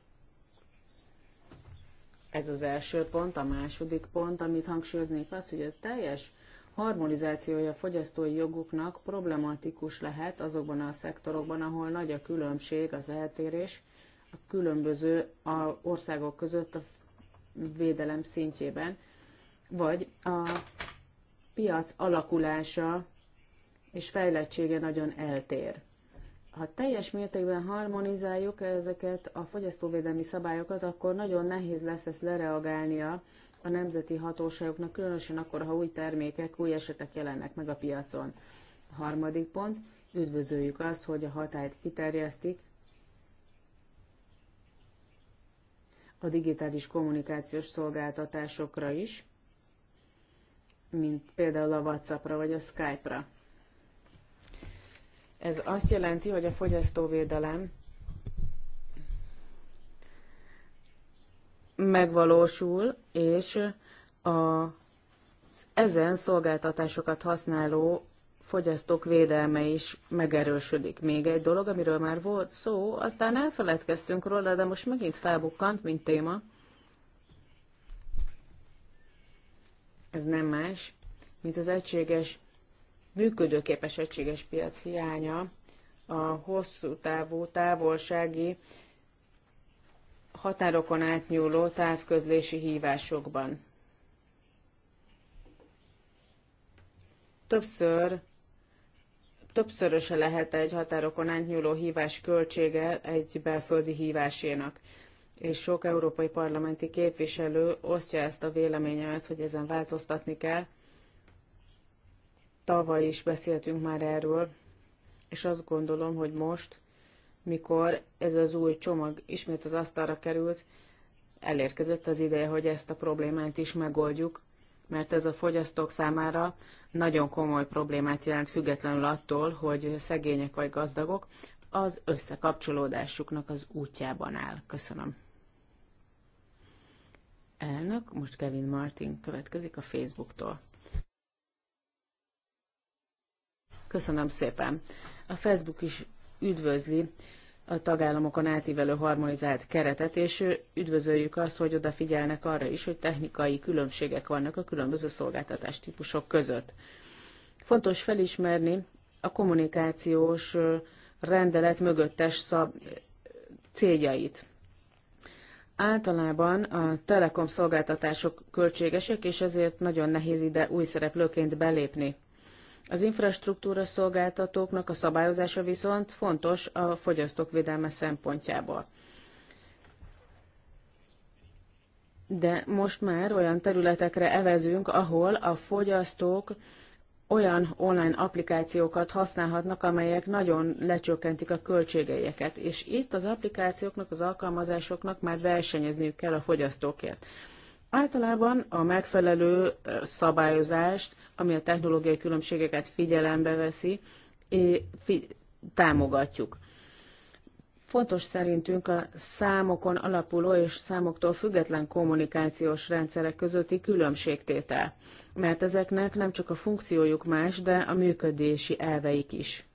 Ez az első pont, a második pont, amit hangsúlyoznék az, hogy a teljes harmonizációja a fogyasztói jogoknak problematikus lehet azokban a szektorokban, ahol nagy a különbség, az eltérés a különböző országok között a védelem szintjében, vagy a piac alakulása és fejlettsége nagyon eltér. Ha teljes mértékben harmonizáljuk ezeket a fogyasztóvédelmi szabályokat, akkor nagyon nehéz lesz ezt lereagálnia a nemzeti hatóságoknak, különösen akkor, ha új termékek, új esetek jelennek meg a piacon. A harmadik pont, üdvözöljük azt, hogy a hatályt kiterjesztik a digitális kommunikációs szolgáltatásokra is, mint például a WhatsAppra vagy a Skype-ra. Ez azt jelenti, hogy a fogyasztóvédelem megvalósul, és az ezen szolgáltatásokat használó fogyasztók védelme is megerősödik. Még egy dolog, amiről már volt szó, aztán elfeledkeztünk róla, de most megint felbukkant, mint téma. Ez nem más, mint az egységes, működőképes egységes piac hiánya, a hosszú távú távolsági határokon átnyúló távközlési hívásokban. Többször többszöröse lehet egy határokon átnyúló hívás költsége egy belföldi hívásénak. És sok európai parlamenti képviselő osztja ezt a véleményemet, hogy ezen változtatni kell. Tavaly is beszéltünk már erről, és azt gondolom, hogy most mikor ez az új csomag ismét az asztalra került, elérkezett az ideje, hogy ezt a problémát is megoldjuk, mert ez a fogyasztók számára nagyon komoly problémát jelent függetlenül attól, hogy szegények vagy gazdagok, az összekapcsolódásuknak az útjában áll. Köszönöm. Elnök, most Kevin Martin következik a Facebooktól. Köszönöm szépen. A Facebook is üdvözli a tagállamokon átívelő harmonizált keretet, és üdvözöljük azt, hogy odafigyelnek arra is, hogy technikai különbségek vannak a különböző szolgáltatás típusok között. Fontos felismerni a kommunikációs rendelet mögöttes szab céljait. Általában a telekom szolgáltatások költségesek, és ezért nagyon nehéz ide új szereplőként belépni. Az infrastruktúra szolgáltatóknak a szabályozása viszont fontos a fogyasztók védelme szempontjából. De most már olyan területekre evezünk, ahol a fogyasztók olyan online applikációkat használhatnak, amelyek nagyon lecsökkentik a költségeiket. És itt az applikációknak, az alkalmazásoknak már versenyezniük kell a fogyasztókért. Általában a megfelelő szabályozást, ami a technológiai különbségeket figyelembe veszi, támogatjuk. Fontos szerintünk a számokon alapuló és számoktól független kommunikációs rendszerek közötti különbségtétel, mert ezeknek nem csak a funkciójuk más, de a működési elveik is.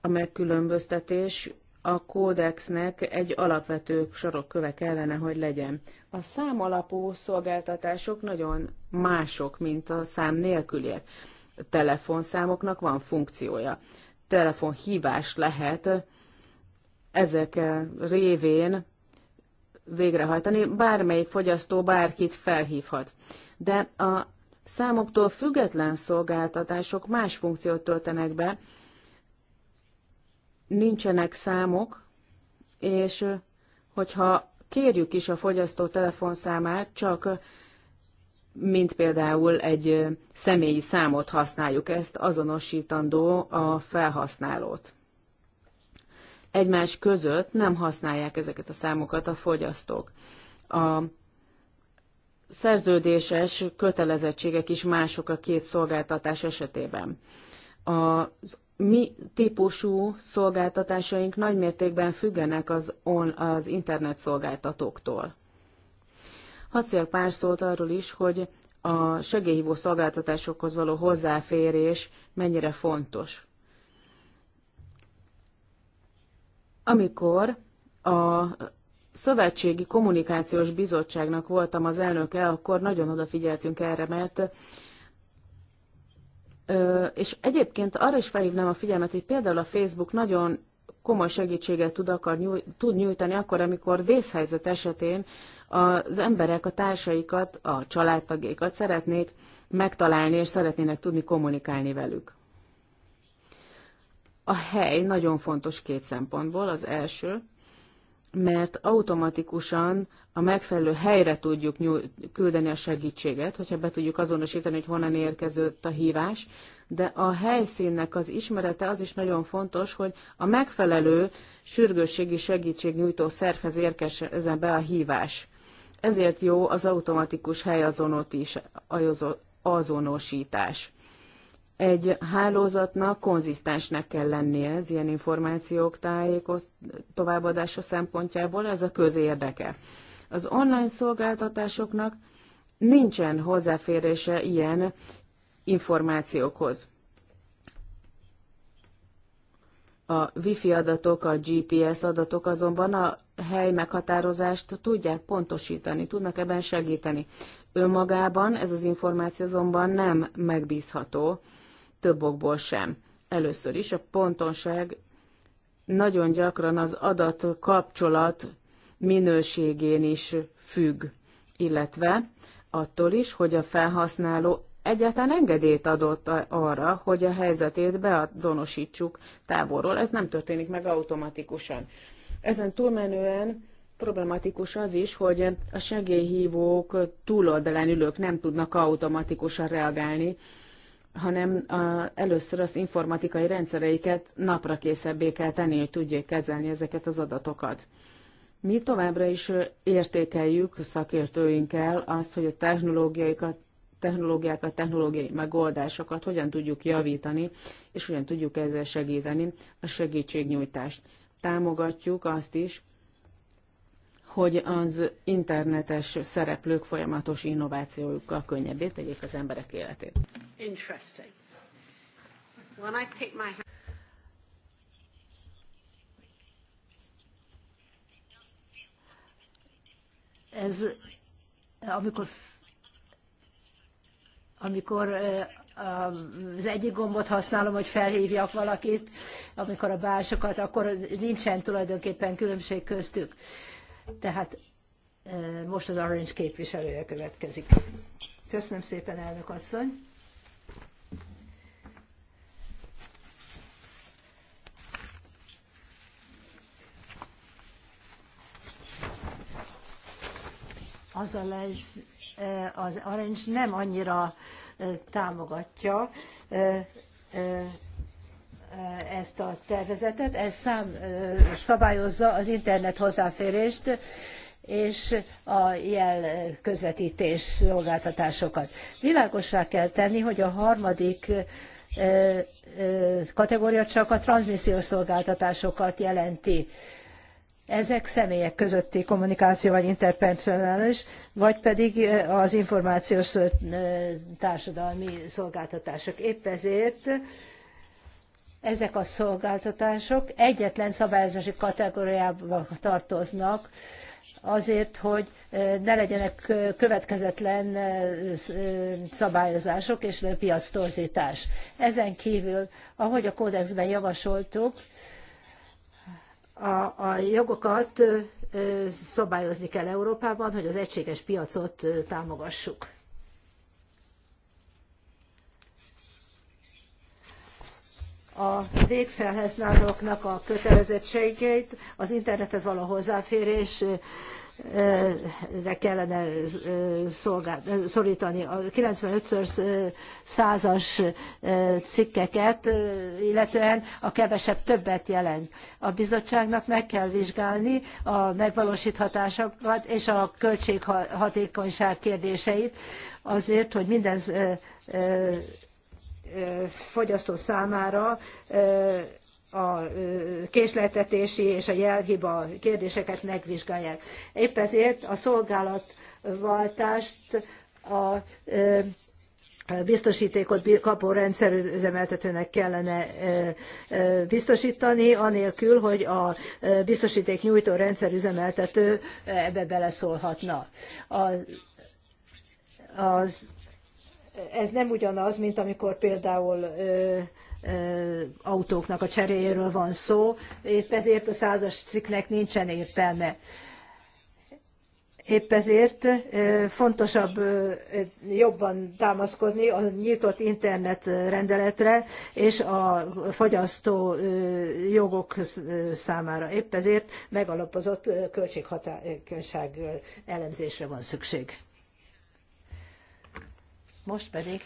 A megkülönböztetés a kódexnek egy alapvető sarokköve kellene, hogy legyen. A szám alapú szolgáltatások nagyon mások, mint a szám nélküliek. A telefonszámoknak van funkciója. Telefonhívás lehet ezek révén végrehajtani. Bármelyik fogyasztó bárkit felhívhat. De a számoktól független szolgáltatások más funkciót töltenek be, nincsenek számok, és hogyha kérjük is a fogyasztó telefonszámát, csak mint például egy személyi számot használjuk ezt, azonosítandó a felhasználót. Egymás között nem használják ezeket a számokat a fogyasztók. A szerződéses kötelezettségek is mások a két szolgáltatás esetében. Az mi típusú szolgáltatásaink nagymértékben függenek az, on, az internet szolgáltatóktól. Hadd pár szót arról is, hogy a segélyhívó szolgáltatásokhoz való hozzáférés mennyire fontos. Amikor a Szövetségi Kommunikációs Bizottságnak voltam az elnöke, akkor nagyon odafigyeltünk erre, mert és egyébként arra is felhívnám a figyelmet, hogy például a Facebook nagyon komoly segítséget tud, akar nyúj, tud nyújtani akkor, amikor vészhelyzet esetén az emberek, a társaikat, a családtagékat szeretnék megtalálni, és szeretnének tudni kommunikálni velük. A hely nagyon fontos két szempontból. Az első, mert automatikusan a megfelelő helyre tudjuk nyújt, küldeni a segítséget, hogyha be tudjuk azonosítani, hogy honnan érkezőtt a hívás, de a helyszínnek az ismerete az is nagyon fontos, hogy a megfelelő sürgősségi segítségnyújtó szervez érkezzen be a hívás. Ezért jó az automatikus helyazonosítás. Egy hálózatnak konzisztensnek kell lennie ez ilyen információk tájékoz továbbadása szempontjából, ez a közérdeke. Az online szolgáltatásoknak nincsen hozzáférése ilyen információkhoz. A wifi adatok, a GPS adatok azonban a hely meghatározást tudják pontosítani, tudnak ebben segíteni. Önmagában ez az információ azonban nem megbízható, több okból sem. Először is a pontonság nagyon gyakran az adat kapcsolat minőségén is függ, illetve attól is, hogy a felhasználó egyáltalán engedélyt adott arra, hogy a helyzetét beazonosítsuk távolról. Ez nem történik meg automatikusan. Ezen túlmenően problematikus az is, hogy a segélyhívók túloldalán ülők nem tudnak automatikusan reagálni hanem a, először az informatikai rendszereiket napra készebbé kell tenni, hogy tudjék kezelni ezeket az adatokat. Mi továbbra is értékeljük szakértőinkkel azt, hogy a technológiaikat, technológiákat, technológiai megoldásokat hogyan tudjuk javítani, és hogyan tudjuk ezzel segíteni a segítségnyújtást. Támogatjuk azt is, hogy az internetes szereplők folyamatos innovációjukkal könnyebbé tegyék az emberek életét. Interesting. When I pick my ez, amikor amikor az egyik gombot használom, hogy felhívjak valakit, amikor a másokat, akkor nincsen tulajdonképpen különbség köztük. Tehát most az Orange képviselője következik. Köszönöm szépen, elnök asszony! az a lesz, az Orange nem annyira támogatja Eh, ezt a tervezetet, ez szám, eh, szabályozza az internet hozzáférést és a jel közvetítés szolgáltatásokat. Világossá kell tenni, hogy a harmadik eh, kategória csak a transmissziós szolgáltatásokat jelenti. Ezek személyek közötti kommunikáció vagy interpersonális, vagy pedig az információs társadalmi szolgáltatások. Épp ezért ezek a szolgáltatások egyetlen szabályozási kategóriába tartoznak, azért, hogy ne legyenek következetlen szabályozások és piactorzítás. Ezen kívül, ahogy a kódexben javasoltuk, a, a jogokat szabályozni kell Európában, hogy az egységes piacot támogassuk. a végfelhasználóknak a kötelezettségeit, az internethez való hozzáférés re kellene szorítani. A 95-ször százas cikkeket, illetően a kevesebb többet jelent. A bizottságnak meg kell vizsgálni a megvalósíthatásokat és a költséghatékonyság kérdéseit azért, hogy minden fogyasztó számára a késleltetési és a jelhiba kérdéseket megvizsgálják. Épp ezért a szolgálatváltást a biztosítékot kapó rendszerüzemeltetőnek kellene biztosítani, anélkül, hogy a biztosíték nyújtó rendszerüzemeltető ebbe beleszólhatna. Az, az ez nem ugyanaz, mint amikor például ö, ö, autóknak a cseréjéről van szó, épp ezért a százas cikknek nincsen értelme. Épp ezért fontosabb jobban támaszkodni a nyitott internet rendeletre és a fogyasztó jogok számára. Épp ezért megalapozott költséghatékonyság elemzésre van szükség. Most pedig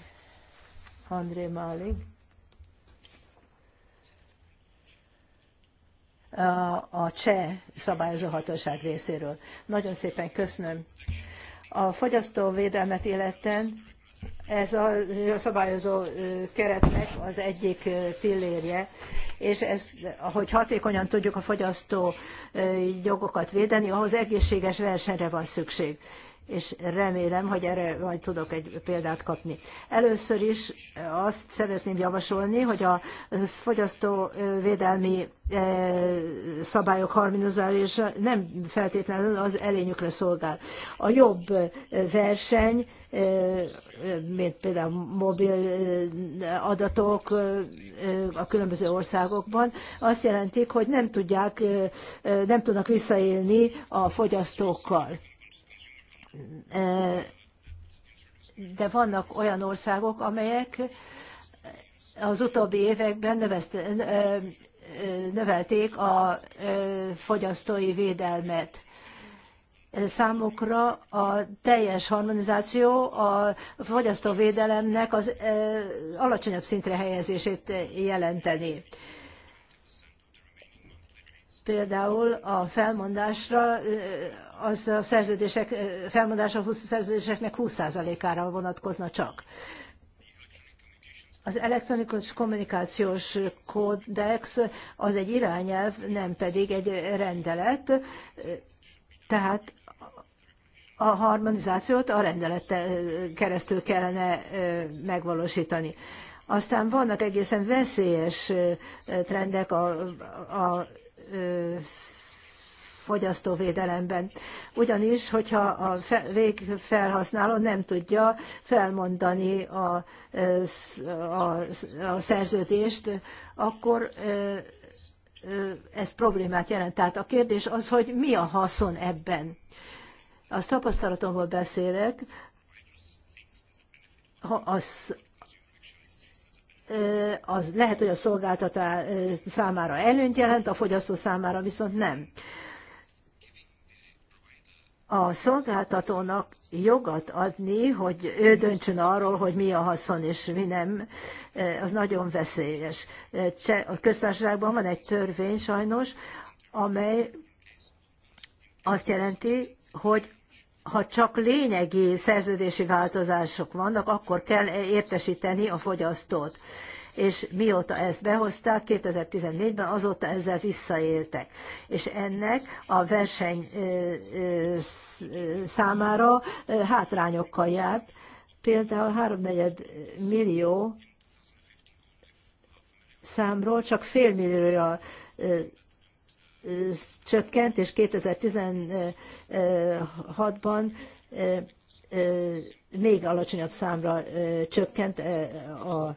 André Málig a cseh szabályozó hatóság részéről. Nagyon szépen köszönöm. A fogyasztóvédelmet életen ez a szabályozó keretnek az egyik pillérje, és ez, hogy hatékonyan tudjuk a fogyasztó jogokat védeni, ahhoz egészséges versenyre van szükség és remélem, hogy erre majd tudok egy példát kapni. Először is azt szeretném javasolni, hogy a fogyasztóvédelmi eh, szabályok harmonizálása nem feltétlenül az elényükre szolgál. A jobb eh, verseny, eh, mint például mobil adatok a különböző országokban, azt jelenti, hogy nem tudják, nem tudnak visszaélni a fogyasztókkal de vannak olyan országok, amelyek az utóbbi években növeszt, növelték a fogyasztói védelmet. Számukra a teljes harmonizáció a fogyasztóvédelemnek az alacsonyabb szintre helyezését jelenteni. Például a felmondásra az a szerződések felmondása a szerződéseknek 20%-ára vonatkozna csak. Az elektronikus kommunikációs kódex az egy irányelv, nem pedig egy rendelet, tehát a harmonizációt a rendelettel keresztül kellene megvalósítani. Aztán vannak egészen veszélyes trendek a, a fogyasztóvédelemben. Ugyanis, hogyha a végfelhasználó nem tudja felmondani a, e, a, a szerződést, akkor e, e, ez problémát jelent. Tehát a kérdés az, hogy mi a haszon ebben. Az tapasztalatomból beszélek, ha az, az lehet, hogy a szolgáltatás számára előnyt jelent, a fogyasztó számára viszont nem a szolgáltatónak jogat adni, hogy ő döntsön arról, hogy mi a haszon és mi nem, e, az nagyon veszélyes. E, a köztársaságban van egy törvény sajnos, amely azt jelenti, hogy ha csak lényegi szerződési változások vannak, akkor kell értesíteni a fogyasztót és mióta ezt behozták, 2014-ben azóta ezzel visszaéltek. És ennek a verseny számára hátrányokkal járt, például 3,4 millió számról csak fél millióra csökkent, és 2016-ban még alacsonyabb számra csökkent a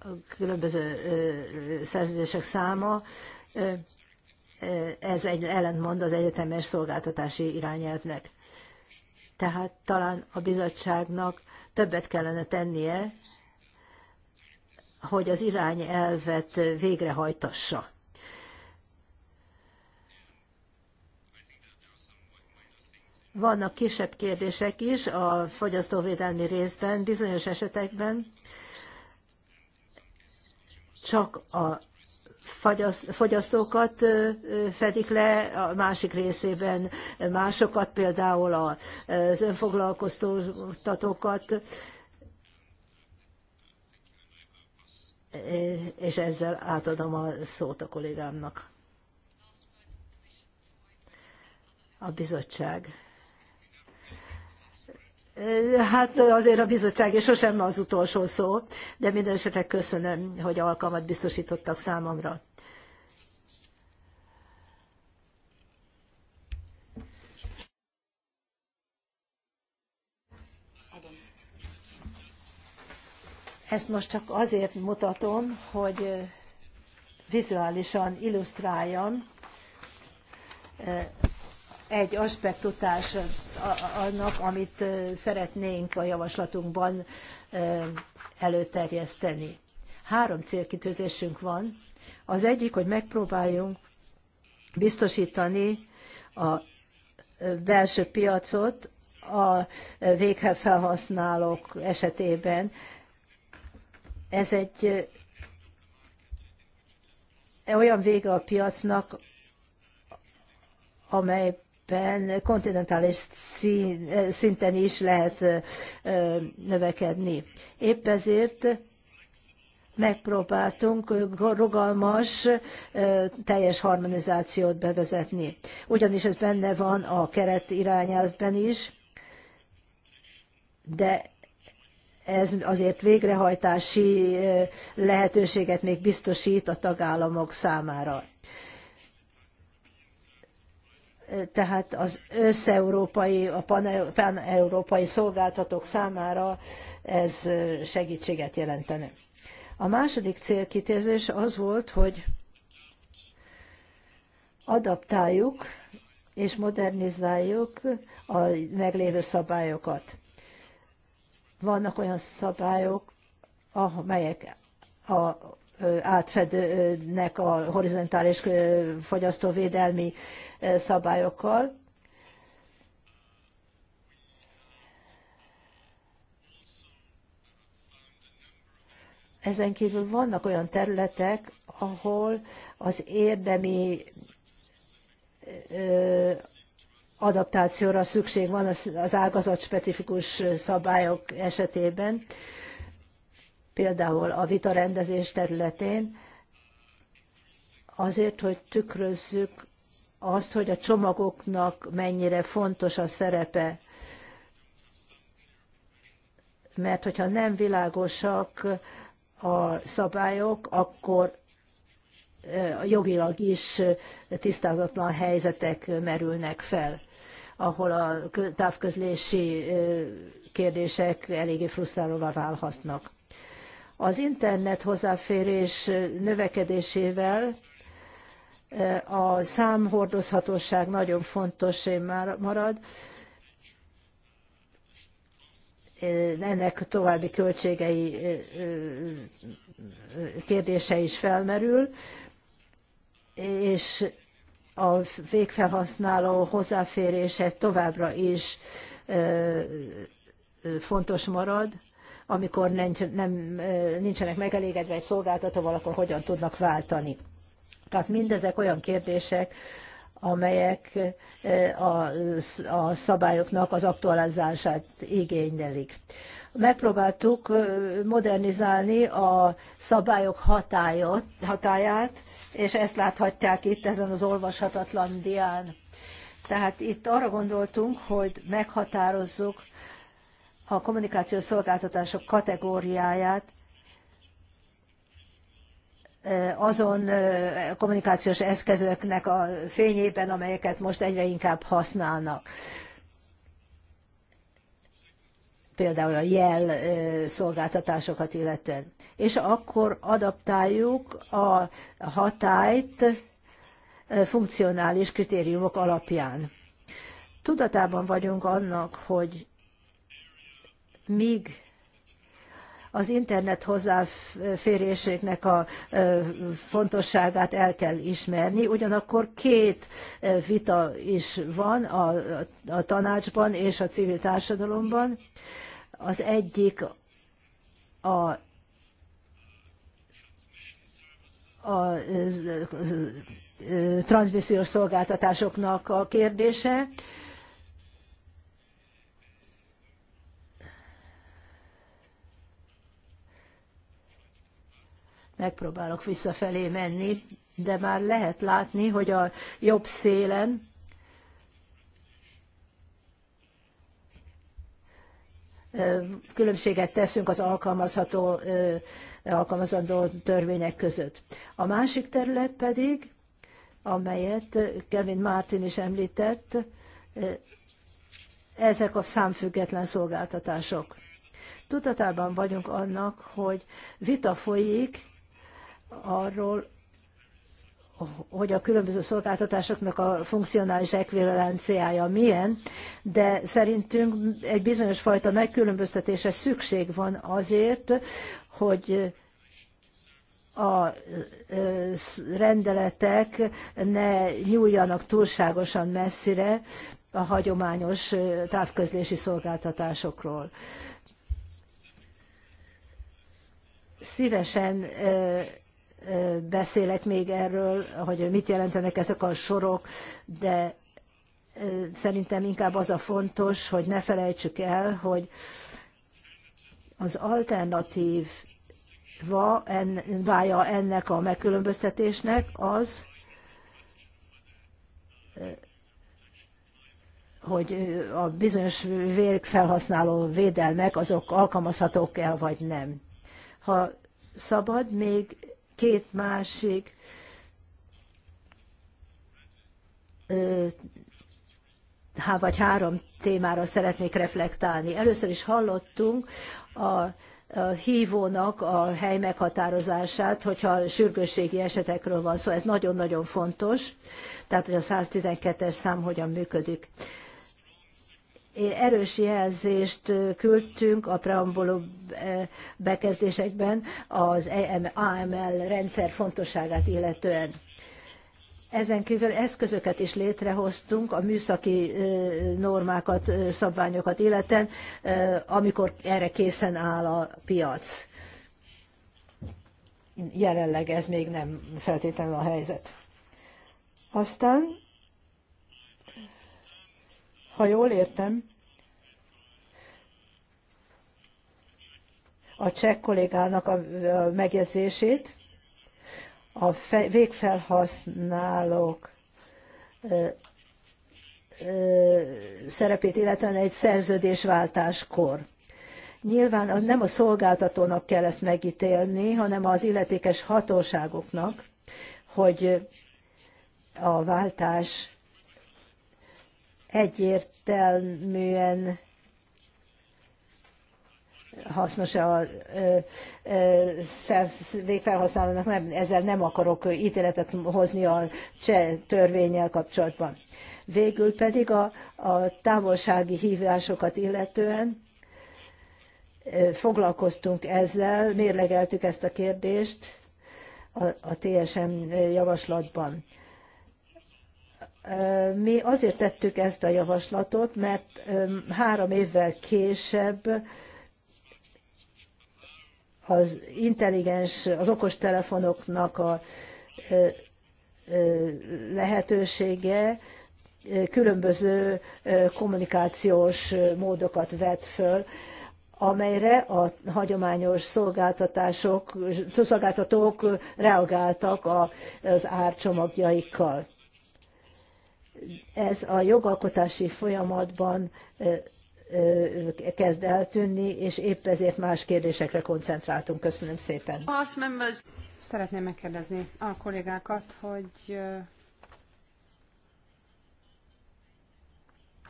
a különböző szerződések száma, ez egy ellentmond az egyetemes szolgáltatási irányelvnek. Tehát talán a bizottságnak többet kellene tennie, hogy az irányelvet végrehajtassa. Vannak kisebb kérdések is a fogyasztóvédelmi részben, bizonyos esetekben csak a fogyasztókat fedik le, a másik részében másokat, például az önfoglalkoztatókat, és ezzel átadom a szót a kollégámnak. A bizottság. Hát azért a bizottság, és sosem az utolsó szó, de minden esetre köszönöm, hogy alkalmat biztosítottak számomra. Ezt most csak azért mutatom, hogy vizuálisan illusztráljam egy aspektutás eh, annak, amit eh, szeretnénk a javaslatunkban eh, előterjeszteni. Három célkitűzésünk van. Az egyik, hogy megpróbáljunk biztosítani a belső piacot a végfelhasználók esetében. Ez egy olyan vége a piacnak, amely szépen, kontinentális szinten is lehet növekedni. Épp ezért megpróbáltunk rugalmas, teljes harmonizációt bevezetni. Ugyanis ez benne van a keret irányelvben is, de ez azért végrehajtási lehetőséget még biztosít a tagállamok számára tehát az összeurópai, a paneurópai szolgáltatók számára ez segítséget jelentene. A második célkitézés az volt, hogy adaptáljuk és modernizáljuk a meglévő szabályokat. Vannak olyan szabályok, amelyek a átfednek a horizontális fogyasztóvédelmi szabályokkal. Ezen kívül vannak olyan területek, ahol az érdemi adaptációra szükség van az ágazat specifikus szabályok esetében például a vitarendezés területén, azért, hogy tükrözzük azt, hogy a csomagoknak mennyire fontos a szerepe. Mert hogyha nem világosak a szabályok, akkor eh, jogilag is tisztázatlan helyzetek merülnek fel, ahol a távközlési eh, kérdések eléggé frusztrálóvá válhatnak. Az internet hozzáférés növekedésével eh, a számhordozhatóság nagyon fontos marad. Eh, ennek további költségei eh, kérdése is felmerül, és a végfelhasználó hozzáférése továbbra is fontos marad amikor nincs, nem, nincsenek megelégedve egy szolgáltatóval, akkor hogyan tudnak váltani. Tehát mindezek olyan kérdések, amelyek a, a szabályoknak az aktualizását igénylik. Megpróbáltuk modernizálni a szabályok hatályot, hatáját, és ezt láthatják itt ezen az olvashatatlan dián. Tehát itt arra gondoltunk, hogy meghatározzuk a kommunikációs szolgáltatások kategóriáját azon kommunikációs eszközöknek a fényében, amelyeket most egyre inkább használnak. Például a jel szolgáltatásokat illetően. És akkor adaptáljuk a hatályt funkcionális kritériumok alapján. Tudatában vagyunk annak, hogy míg az internet hozzáférésének a fontosságát el kell ismerni. Ugyanakkor két vita is van a, a tanácsban és a civil társadalomban. Az egyik a a transmissziós szolgáltatásoknak a kérdése, megpróbálok visszafelé menni, de már lehet látni, hogy a jobb szélen különbséget teszünk az alkalmazható, alkalmazandó törvények között. A másik terület pedig, amelyet Kevin Martin is említett, ezek a számfüggetlen szolgáltatások. Tudatában vagyunk annak, hogy vita folyik arról, hogy a különböző szolgáltatásoknak a funkcionális ekvivalenciája milyen, de szerintünk egy bizonyos fajta megkülönböztetése szükség van azért, hogy a rendeletek ne nyúljanak túlságosan messzire a hagyományos távközlési szolgáltatásokról. Szívesen beszélek még erről, hogy mit jelentenek ezek a sorok, de szerintem inkább az a fontos, hogy ne felejtsük el, hogy az alternatív vája ennek a megkülönböztetésnek az, hogy a bizonyos vérfelhasználó védelmek azok alkalmazhatók el, vagy nem. Ha szabad, még két másik há, vagy három témára szeretnék reflektálni. Először is hallottunk a a hívónak a hely meghatározását, hogyha sürgősségi esetekről van szó, szóval ez nagyon-nagyon fontos, tehát hogy a 112-es szám hogyan működik erős jelzést küldtünk a preambuló bekezdésekben az e AML rendszer fontosságát illetően. Ezen kívül eszközöket is létrehoztunk a műszaki normákat, szabványokat illetően, amikor erre készen áll a piac. Jelenleg ez még nem feltétlenül a helyzet. Aztán ha jól értem, a cseh kollégának a megjegyzését, a végfelhasználók szerepét, illetve egy szerződésváltáskor. Nyilván nem a szolgáltatónak kell ezt megítélni, hanem az illetékes hatóságoknak, hogy a váltás egyértelműen hasznos a végfelhasználónak, nem, ezzel nem akarok ítéletet hozni a cseh törvényel kapcsolatban. Végül pedig a, a távolsági hívásokat illetően foglalkoztunk ezzel, mérlegeltük ezt a kérdést a, a TSM javaslatban. Mi azért tettük ezt a javaslatot, mert három évvel később az intelligens, az okostelefonoknak a lehetősége különböző kommunikációs módokat vet föl, amelyre a hagyományos szolgáltatások, szolgáltatók reagáltak az árcsomagjaikkal ez a jogalkotási folyamatban kezd eltűnni, és épp ezért más kérdésekre koncentráltunk. Köszönöm szépen. Szeretném megkérdezni a kollégákat, hogy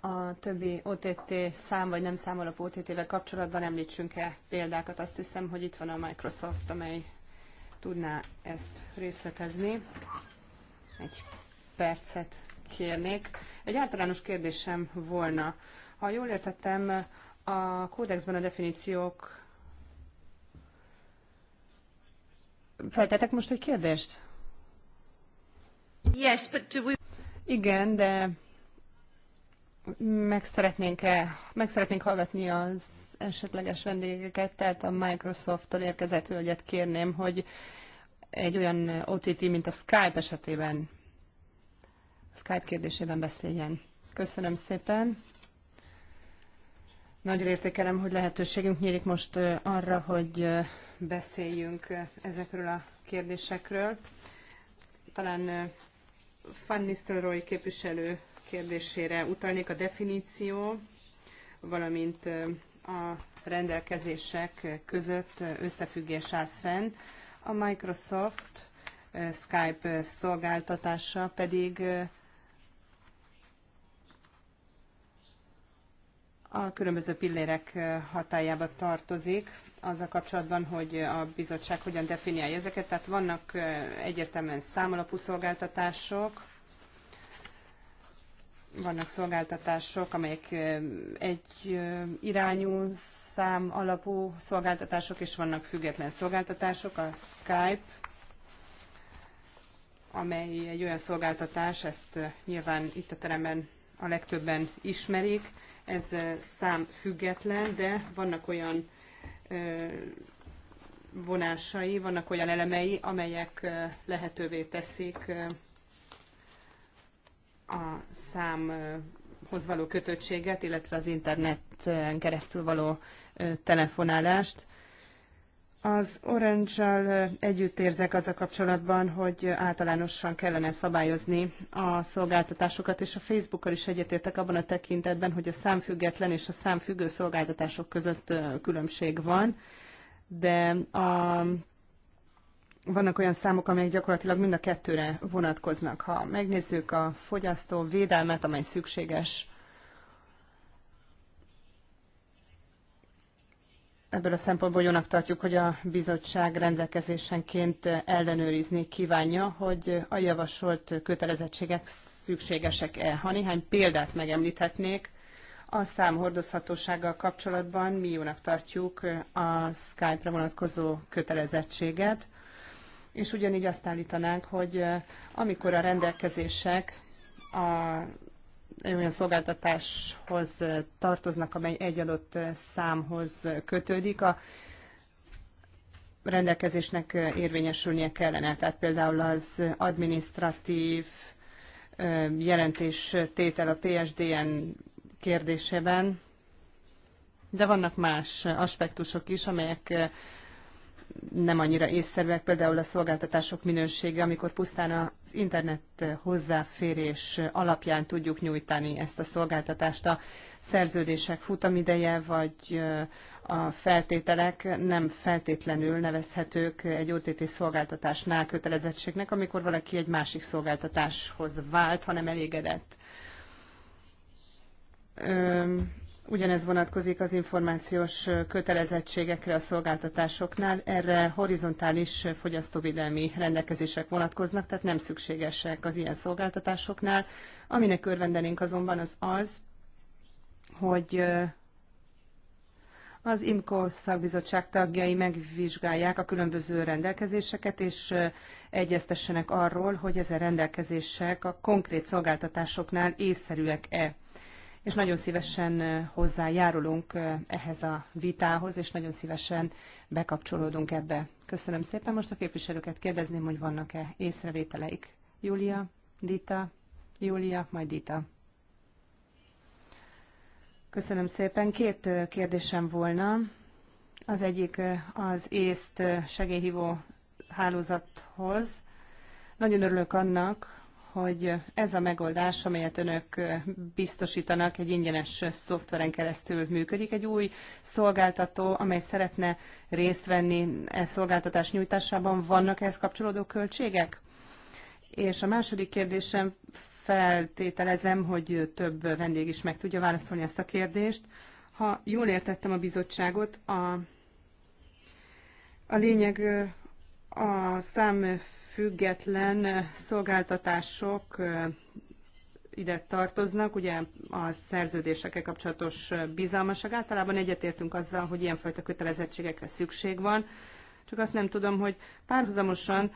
a többi OTT szám vagy nem számolap OTT-vel kapcsolatban említsünk-e példákat. Azt hiszem, hogy itt van a Microsoft, amely tudná ezt részletezni. Egy percet kérnék. Egy általános kérdésem volna. Ha jól értettem, a kódexben a definíciók... Feltetek most egy kérdést? Yes, but do we... Igen, de meg szeretnénk-e, meg szeretnénk hallgatni az esetleges vendégeket, tehát a Microsoft-tól érkezett hölgyet kérném, hogy egy olyan OTT, mint a Skype esetében Skype kérdésében beszéljen. Köszönöm szépen. Nagyon értékelem, hogy lehetőségünk nyílik most arra, hogy beszéljünk ezekről a kérdésekről. Talán Van Nistelrooy képviselő kérdésére utalnék a definíció, valamint a rendelkezések között összefüggés áll fenn. A Microsoft Skype szolgáltatása pedig a különböző pillérek hatájába tartozik, Az a kapcsolatban, hogy a bizottság hogyan definiálja ezeket. Tehát vannak egyértelműen számalapú szolgáltatások, vannak szolgáltatások, amelyek egy irányú szám alapú szolgáltatások, és vannak független szolgáltatások, a Skype, amely egy olyan szolgáltatás, ezt nyilván itt a teremben a legtöbben ismerik, ez szám független, de vannak olyan vonásai, vannak olyan elemei, amelyek lehetővé teszik a számhoz való kötöttséget, illetve az interneten keresztül való telefonálást. Az Orange-al eh, együttérzek az a kapcsolatban, hogy általánosan kellene szabályozni a szolgáltatásokat, és a Facebookkal is egyetértek abban a tekintetben, hogy a számfüggetlen és a számfüggő szolgáltatások között eh, különbség van, de a, vannak olyan számok, amelyek gyakorlatilag mind a kettőre vonatkoznak. Ha megnézzük a fogyasztó védelmet, amely szükséges Ebből a szempontból jónak tartjuk, hogy a bizottság rendelkezésenként ellenőrizni kívánja, hogy a javasolt kötelezettségek szükségesek-e. Ha néhány példát megemlíthetnék, a számhordozhatósággal kapcsolatban mi jónak tartjuk a Skype-ra vonatkozó kötelezettséget, és ugyanígy azt állítanánk, hogy amikor a rendelkezések a olyan szolgáltatáshoz tartoznak, amely egy adott számhoz kötődik, a rendelkezésnek érvényesülnie kellene. Tehát például az administratív jelentés tétel a PSDN kérdésében, de vannak más aspektusok is, amelyek nem annyira észszerűek, például a szolgáltatások minősége, amikor pusztán az internet hozzáférés alapján tudjuk nyújtani ezt a szolgáltatást. A szerződések futamideje vagy a feltételek nem feltétlenül nevezhetők egy OTT szolgáltatásnál kötelezettségnek, amikor valaki egy másik szolgáltatáshoz vált, hanem elégedett Ugyanez vonatkozik az információs kötelezettségekre a szolgáltatásoknál. Erre horizontális fogyasztóvédelmi rendelkezések vonatkoznak, tehát nem szükségesek az ilyen szolgáltatásoknál. Aminek örvendenénk azonban az az, hogy az IMCO szakbizottság tagjai megvizsgálják a különböző rendelkezéseket, és egyeztessenek arról, hogy ezen rendelkezések a konkrét szolgáltatásoknál észszerűek-e és nagyon szívesen hozzájárulunk ehhez a vitához, és nagyon szívesen bekapcsolódunk ebbe. Köszönöm szépen. Most a képviselőket kérdezném, hogy vannak-e észrevételeik. Júlia, Dita, Júlia, majd Dita. Köszönöm szépen. Két kérdésem volna. Az egyik az észt segélyhívó hálózathoz. Nagyon örülök annak, hogy ez a megoldás, amelyet önök biztosítanak, egy ingyenes szoftveren keresztül működik, egy új szolgáltató, amely szeretne részt venni e szolgáltatás nyújtásában, vannak ehhez kapcsolódó költségek? És a második kérdésem feltételezem, hogy több vendég is meg tudja válaszolni ezt a kérdést. Ha jól értettem a bizottságot, a, a lényeg a szám független szolgáltatások ide tartoznak, ugye a szerződésekkel kapcsolatos bizalmaság. Általában egyetértünk azzal, hogy ilyenfajta kötelezettségekre szükség van, csak azt nem tudom, hogy párhuzamosan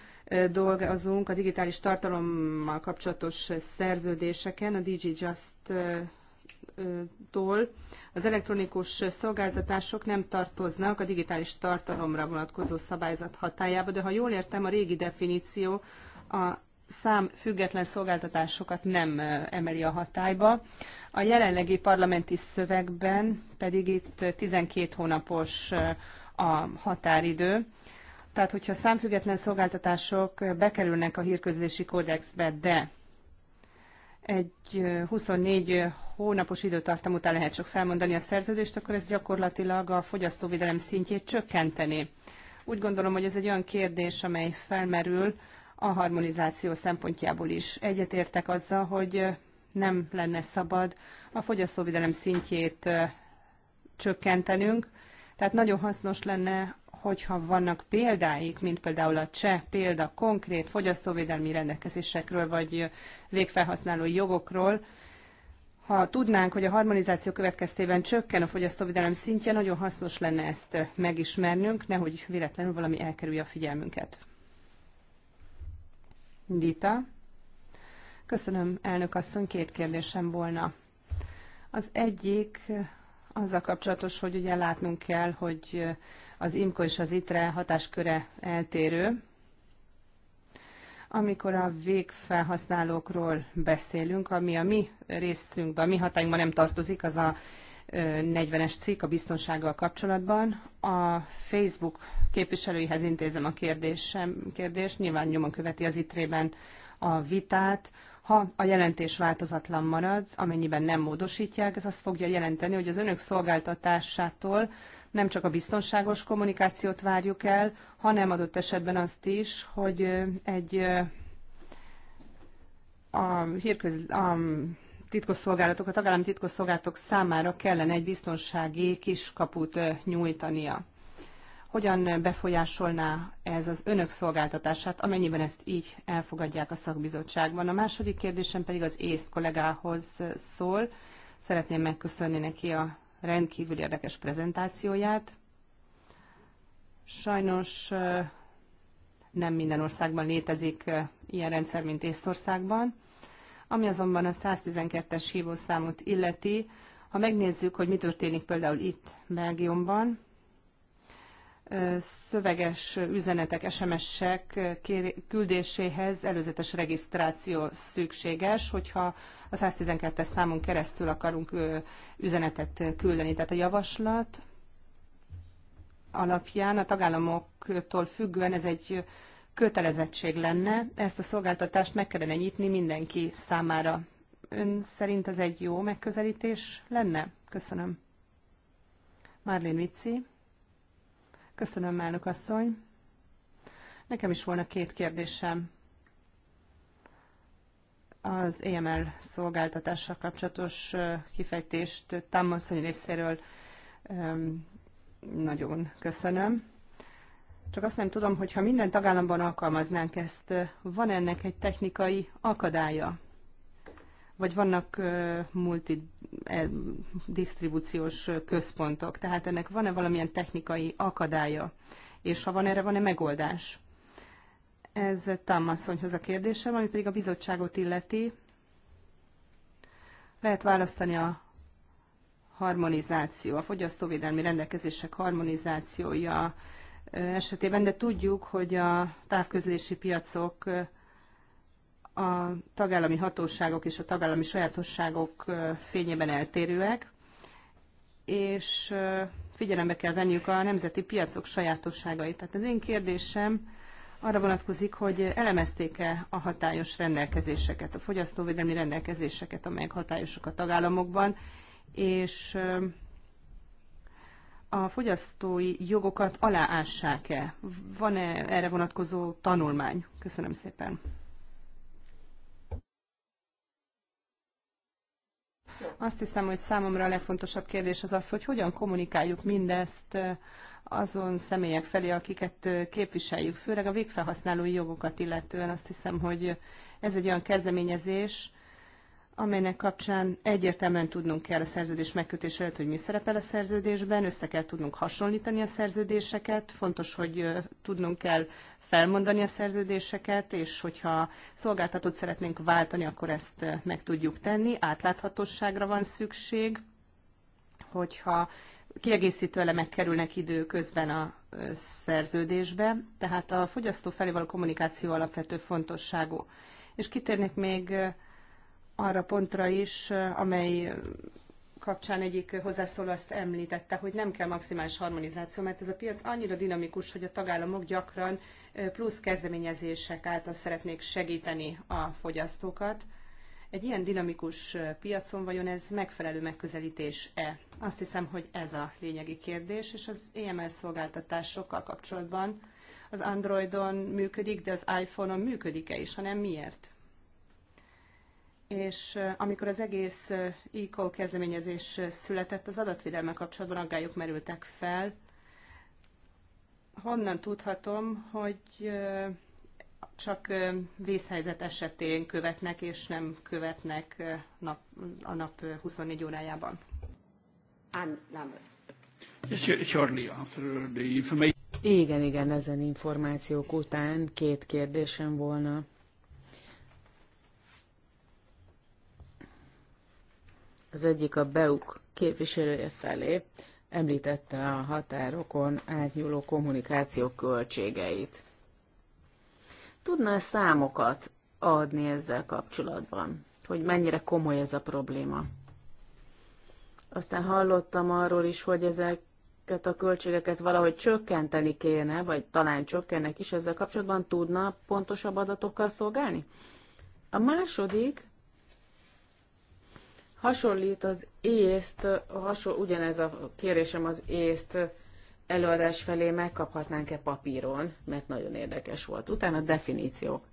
dolgozunk a digitális tartalommal kapcsolatos szerződéseken, a DigiJust Just tól az elektronikus szolgáltatások nem tartoznak a digitális tartalomra vonatkozó szabályzat hatájába, de ha jól értem, a régi definíció a szám független szolgáltatásokat nem emeli a hatályba. A jelenlegi parlamenti szövegben pedig itt 12 hónapos a határidő. Tehát, hogyha számfüggetlen szolgáltatások bekerülnek a hírközlési kódexbe, de egy 24 hónapos időtartam után lehet csak felmondani a szerződést, akkor ez gyakorlatilag a fogyasztóvédelem szintjét csökkenteni. Úgy gondolom, hogy ez egy olyan kérdés, amely felmerül a harmonizáció szempontjából is. Egyetértek azzal, hogy nem lenne szabad a fogyasztóvédelem szintjét csökkentenünk, tehát nagyon hasznos lenne hogyha vannak példáik, mint például a cseh példa konkrét fogyasztóvédelmi rendelkezésekről vagy végfelhasználói jogokról, ha tudnánk, hogy a harmonizáció következtében csökken a fogyasztóvédelem szintje, nagyon hasznos lenne ezt megismernünk, nehogy véletlenül valami elkerülje a figyelmünket. Dita. Köszönöm, elnök asszony, két kérdésem volna. Az egyik azzal kapcsolatos, hogy ugye látnunk kell, hogy az IMKO és az ITRE hatásköre eltérő. Amikor a végfelhasználókról beszélünk, ami a mi részünkben, a mi hatáinkban nem tartozik, az a 40-es cikk a biztonsággal kapcsolatban. A Facebook képviselőihez intézem a kérdésem, kérdést, nyilván nyomon követi az ITRE-ben a vitát, ha a jelentés változatlan marad, amennyiben nem módosítják, ez azt fogja jelenteni, hogy az önök szolgáltatásától nem csak a biztonságos kommunikációt várjuk el, hanem adott esetben azt is, hogy egy a, hírköz, a titkosszolgálatok, a tagállami titkosszolgálatok számára kellene egy biztonsági kiskaput nyújtania. Hogyan befolyásolná ez az önök szolgáltatását, amennyiben ezt így elfogadják a szakbizottságban? A második kérdésem pedig az észt kollégához szól. Szeretném megköszönni neki a rendkívül érdekes prezentációját. Sajnos nem minden országban létezik ilyen rendszer, mint Észtországban. Ami azonban a 112-es hívószámot illeti, ha megnézzük, hogy mi történik például itt, Belgiumban, szöveges üzenetek, SMS-ek küldéséhez előzetes regisztráció szükséges, hogyha a 112-es számon keresztül akarunk üzenetet küldeni. Tehát a javaslat alapján a tagállamoktól függően ez egy kötelezettség lenne. Ezt a szolgáltatást meg kellene nyitni mindenki számára. Ön szerint ez egy jó megközelítés lenne? Köszönöm. Marlene Vici. Köszönöm, elnök asszony. Nekem is volna két kérdésem az EML szolgáltatással kapcsolatos kifejtést Támmonszony részéről nagyon köszönöm. Csak azt nem tudom, hogy ha minden tagállamban alkalmaznánk ezt, van ennek egy technikai akadálya vagy vannak multidistribúciós központok, tehát ennek van-e valamilyen technikai akadálya, és ha van erre, van-e megoldás? Ez Tammasszonyhoz a kérdésem, ami pedig a bizottságot illeti. Lehet választani a harmonizáció, a fogyasztóvédelmi rendelkezések harmonizációja esetében, de tudjuk, hogy a távközlési piacok a tagállami hatóságok és a tagállami sajátosságok fényében eltérőek, és figyelembe kell venniük a nemzeti piacok sajátosságait. Tehát az én kérdésem arra vonatkozik, hogy elemezték-e a hatályos rendelkezéseket, a fogyasztóvédelmi rendelkezéseket, amelyek hatályosak a tagállamokban, és a fogyasztói jogokat aláássák-e? Van-e erre vonatkozó tanulmány? Köszönöm szépen. Azt hiszem, hogy számomra a legfontosabb kérdés az az, hogy hogyan kommunikáljuk mindezt azon személyek felé, akiket képviseljük, főleg a végfelhasználói jogokat illetően. Azt hiszem, hogy ez egy olyan kezdeményezés, amelynek kapcsán egyértelműen tudnunk kell a szerződés megkötése előtt, hogy mi szerepel a szerződésben, össze kell tudnunk hasonlítani a szerződéseket, fontos, hogy tudnunk kell felmondani a szerződéseket, és hogyha szolgáltatót szeretnénk váltani, akkor ezt meg tudjuk tenni. Átláthatóságra van szükség, hogyha kiegészítő elemek kerülnek idő közben a szerződésbe, tehát a fogyasztó felé való kommunikáció alapvető fontosságú. És kitérnék még arra pontra is, amely kapcsán egyik hozzászóló azt említette, hogy nem kell maximális harmonizáció, mert ez a piac annyira dinamikus, hogy a tagállamok gyakran plusz kezdeményezések által szeretnék segíteni a fogyasztókat. Egy ilyen dinamikus piacon vajon ez megfelelő megközelítés-e? Azt hiszem, hogy ez a lényegi kérdés, és az EML szolgáltatásokkal kapcsolatban az Androidon működik, de az iPhone-on működik-e is, hanem miért? és amikor az egész e kezdeményezés született, az adatvédelme kapcsolatban aggályok merültek fel. Honnan tudhatom, hogy csak vészhelyzet esetén követnek, és nem követnek nap, a nap 24 órájában? Ann Igen, igen, ezen információk után két kérdésem volna Az egyik a BEUK képviselője felé említette a határokon átnyúló kommunikáció költségeit. Tudná -e számokat adni ezzel kapcsolatban, hogy mennyire komoly ez a probléma? Aztán hallottam arról is, hogy ezeket a költségeket valahogy csökkenteni kéne, vagy talán csökkennek is ezzel kapcsolatban, tudna pontosabb adatokkal szolgálni? A második Hasonlít az észt, hasonl, ugyanez a kérésem az észt előadás felé megkaphatnánk-e papíron, mert nagyon érdekes volt. Utána definíciók.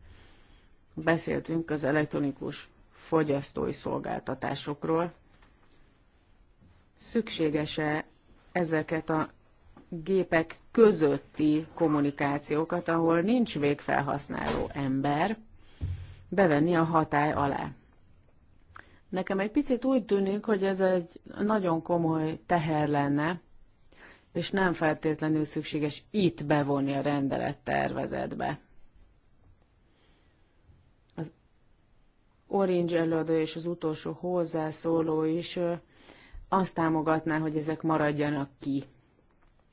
Beszéltünk az elektronikus fogyasztói szolgáltatásokról. Szükséges-e ezeket a gépek közötti kommunikációkat, ahol nincs végfelhasználó ember, bevenni a hatály alá? Nekem egy picit úgy tűnik, hogy ez egy nagyon komoly teher lenne, és nem feltétlenül szükséges itt bevonni a rendelet tervezetbe. Az Orange előadó és az utolsó hozzászóló is azt támogatná, hogy ezek maradjanak ki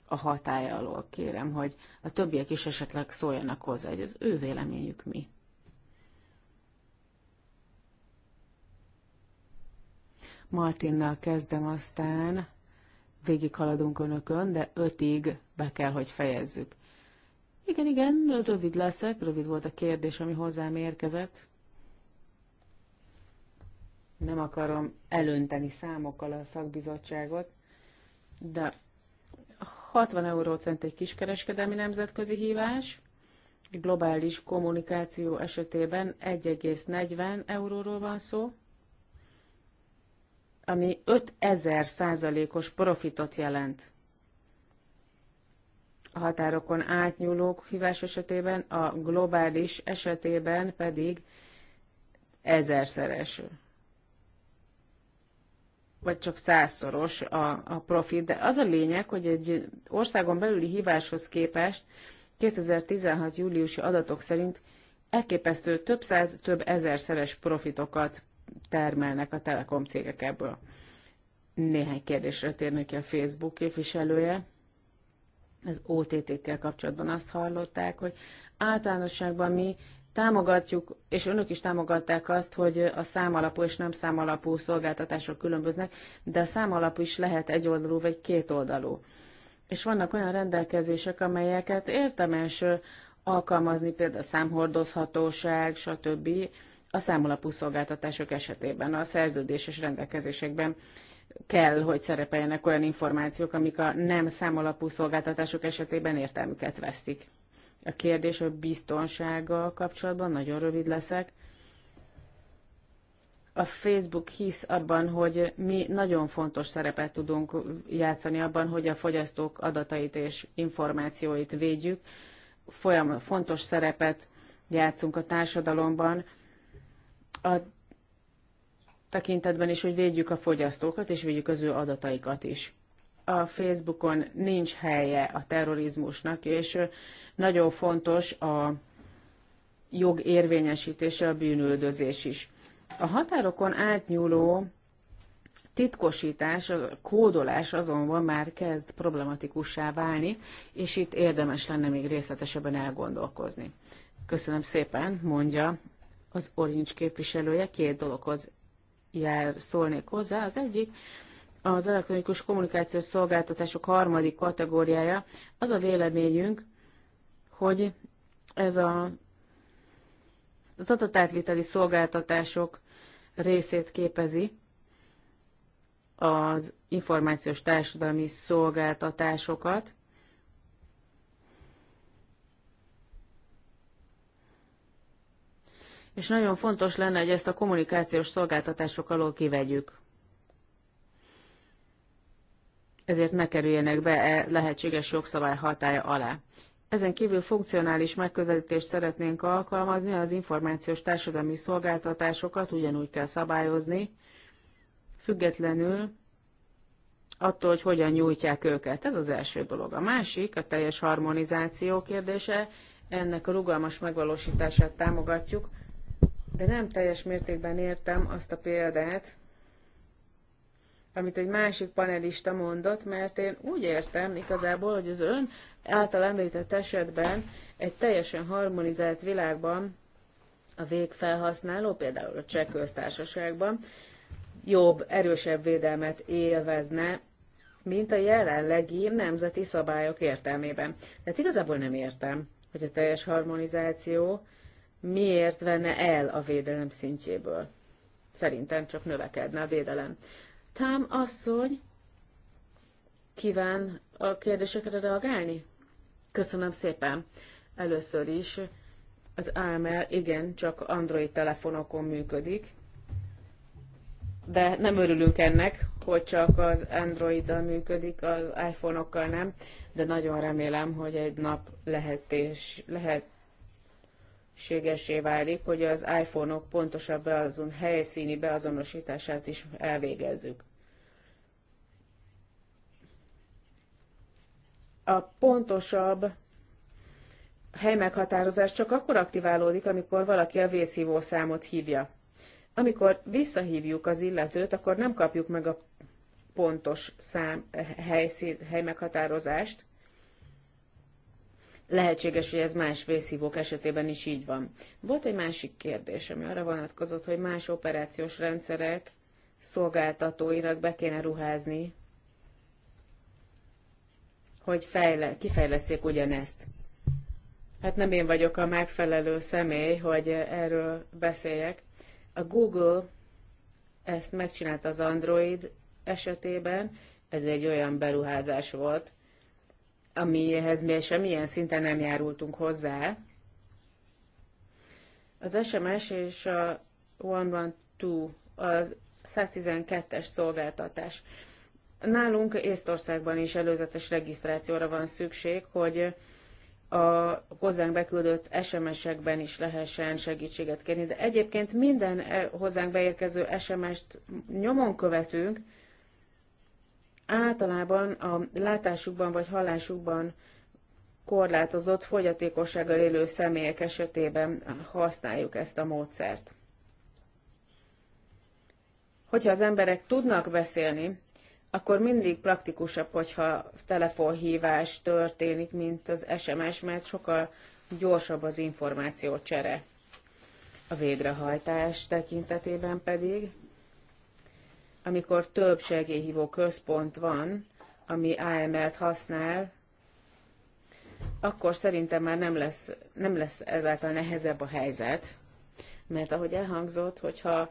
a hatája alól. Kérem, hogy a többiek is esetleg szóljanak hozzá, hogy az ő véleményük mi. Martinnal kezdem, aztán haladunk önökön, de ötig be kell, hogy fejezzük. Igen, igen, rövid leszek, rövid volt a kérdés, ami hozzám érkezett. Nem akarom elönteni számokkal a szakbizottságot, de 60 eurócent egy kiskereskedelmi nemzetközi hívás, globális kommunikáció esetében 1,40 euróról van szó, ami 5000 százalékos profitot jelent. A határokon átnyúlók hívás esetében, a globális esetében pedig ezerszeres vagy csak százszoros a, a profit, de az a lényeg, hogy egy országon belüli híváshoz képest 2016. júliusi adatok szerint elképesztő több száz, több ezerszeres profitokat termelnek a telekom cégek ebből. Néhány kérdésre térnek ki a Facebook képviselője. Az OTT-kkel kapcsolatban azt hallották, hogy általánosságban mi támogatjuk, és önök is támogatták azt, hogy a számalapú és nem számalapú szolgáltatások különböznek, de a számalapú is lehet egyoldalú vagy kétoldalú. És vannak olyan rendelkezések, amelyeket értemes alkalmazni, például számhordozhatóság, stb a számolapú szolgáltatások esetében a szerződéses rendelkezésekben kell, hogy szerepeljenek olyan információk, amik a nem számolapú szolgáltatások esetében értelmüket vesztik. A kérdés a biztonsággal kapcsolatban, nagyon rövid leszek. A Facebook hisz abban, hogy mi nagyon fontos szerepet tudunk játszani abban, hogy a fogyasztók adatait és információit védjük. Folyam, fontos szerepet játszunk a társadalomban, a tekintetben is, hogy védjük a fogyasztókat, és védjük az ő adataikat is. A Facebookon nincs helye a terrorizmusnak, és nagyon fontos a jog érvényesítése, a bűnöldözés is. A határokon átnyúló titkosítás, a kódolás azonban már kezd problematikussá válni, és itt érdemes lenne még részletesebben elgondolkozni. Köszönöm szépen, mondja az Orange képviselője, két dologhoz jár, szólnék hozzá. Az egyik, az elektronikus kommunikációs szolgáltatások harmadik kategóriája, az a véleményünk, hogy ez a, az adatátviteli szolgáltatások részét képezi az információs társadalmi szolgáltatásokat, és nagyon fontos lenne, hogy ezt a kommunikációs szolgáltatások alól kivegyük. Ezért ne kerüljenek be e lehetséges jogszabály hatája alá. Ezen kívül funkcionális megközelítést szeretnénk alkalmazni, az információs társadalmi szolgáltatásokat ugyanúgy kell szabályozni, függetlenül attól, hogy hogyan nyújtják őket. Ez az első dolog. A másik, a teljes harmonizáció kérdése, ennek a rugalmas megvalósítását támogatjuk, de nem teljes mértékben értem azt a példát, amit egy másik panelista mondott, mert én úgy értem igazából, hogy az ön által említett esetben egy teljesen harmonizált világban a végfelhasználó, például a cseh köztársaságban jobb, erősebb védelmet élvezne, mint a jelenlegi nemzeti szabályok értelmében. Tehát igazából nem értem, hogy a teljes harmonizáció miért venne el a védelem szintjéből. Szerintem csak növekedne a védelem. Tám asszony kíván a kérdésekre reagálni? Köszönöm szépen. Először is az AML igen, csak Android telefonokon működik, de nem örülünk ennek, hogy csak az android működik, az iPhone-okkal nem, de nagyon remélem, hogy egy nap lehetés, lehet szükségesé válik, hogy az iPhone-ok -ok pontosabb beazon, helyszíni beazonosítását is elvégezzük. A pontosabb helymeghatározás csak akkor aktiválódik, amikor valaki a vészhívó számot hívja. Amikor visszahívjuk az illetőt, akkor nem kapjuk meg a pontos szám, eh, helyszín, helymeghatározást, Lehetséges, hogy ez más vészhívók esetében is így van. Volt egy másik kérdés, ami arra vonatkozott, hogy más operációs rendszerek szolgáltatóinak be kéne ruházni, hogy fejle, kifejleszék ugyanezt. Hát nem én vagyok a megfelelő személy, hogy erről beszéljek. A Google ezt megcsinált az Android esetében, ez egy olyan beruházás volt, amihez mi semmilyen szinten nem járultunk hozzá. Az SMS és a 112, az 112-es szolgáltatás. Nálunk Észtországban is előzetes regisztrációra van szükség, hogy a hozzánk beküldött SMS-ekben is lehessen segítséget kérni, de egyébként minden eh, hozzánk beérkező SMS-t nyomon követünk, általában a látásukban vagy hallásukban korlátozott fogyatékossággal élő személyek esetében használjuk ezt a módszert. Hogyha az emberek tudnak beszélni, akkor mindig praktikusabb, hogyha telefonhívás történik, mint az SMS, mert sokkal gyorsabb az információ csere A végrehajtás tekintetében pedig amikor több segélyhívó központ van, ami AML-t használ, akkor szerintem már nem lesz, nem lesz ezáltal nehezebb a helyzet, mert ahogy elhangzott, hogyha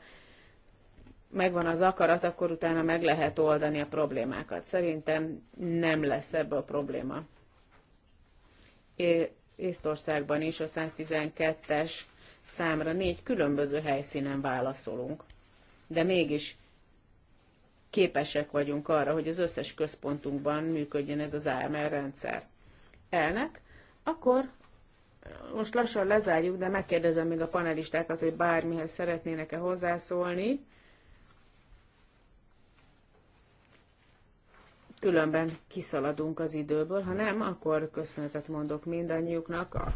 megvan az akarat, akkor utána meg lehet oldani a problémákat. Szerintem nem lesz ebből probléma. Észtországban is a 112-es számra négy különböző helyszínen válaszolunk, de mégis képesek vagyunk arra, hogy az összes központunkban működjön ez az AML rendszer. Elnek, akkor eh, most lassan lezárjuk, de megkérdezem még a panelistákat, hogy bármihez szeretnének-e hozzászólni. Különben kiszaladunk az időből, ha nem, akkor köszönetet mondok mindannyiuknak a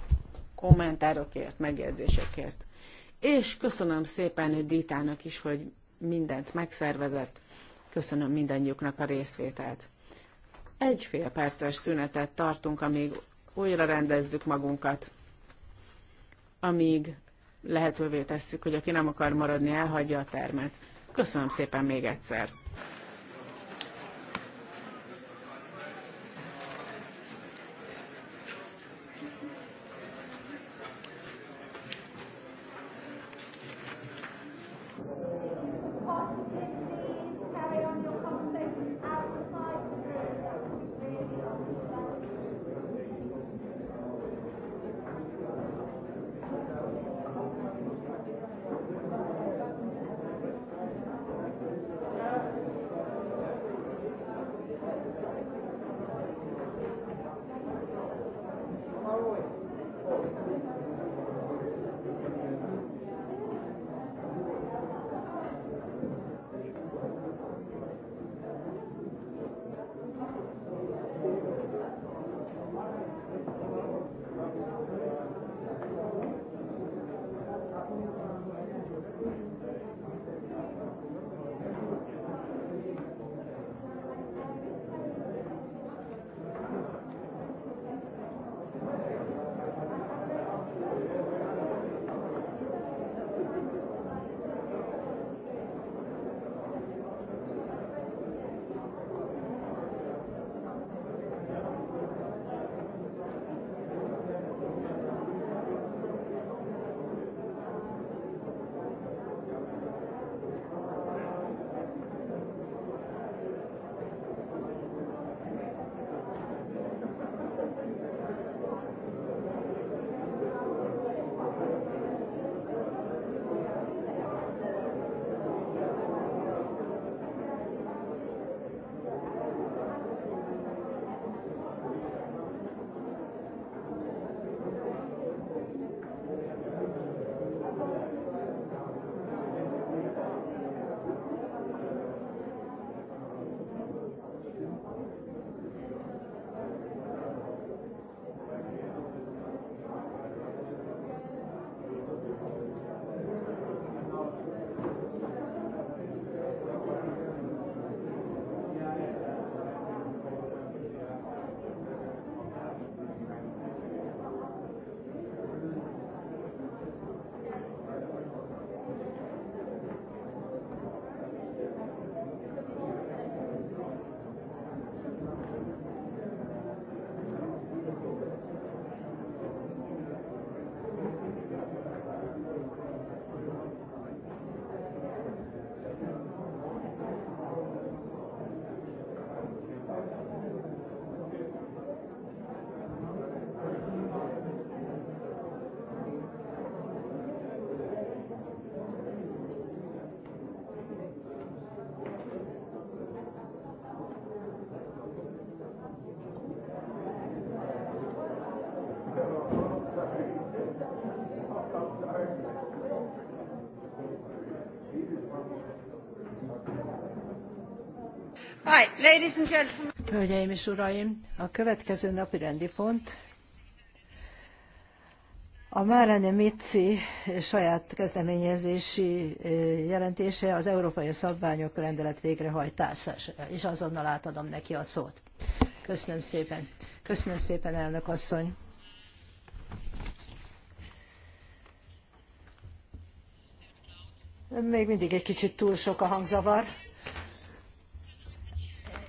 kommentárokért, megjegyzésekért. És köszönöm szépen Ditának is, hogy mindent megszervezett Köszönöm mindannyiuknak a részvételt. Egy fél perces szünetet tartunk, amíg újra rendezzük magunkat, amíg lehetővé tesszük, hogy aki nem akar maradni, elhagyja a termet. Köszönöm szépen még egyszer! Hölgyeim és uraim, a következő napi rendi pont a Márene Mici saját kezdeményezési jelentése az Európai Szabványok Rendelet végrehajtására, és azonnal átadom neki a szót. Köszönöm szépen. Köszönöm szépen, elnök asszony. Még mindig egy kicsit túl sok a hangzavar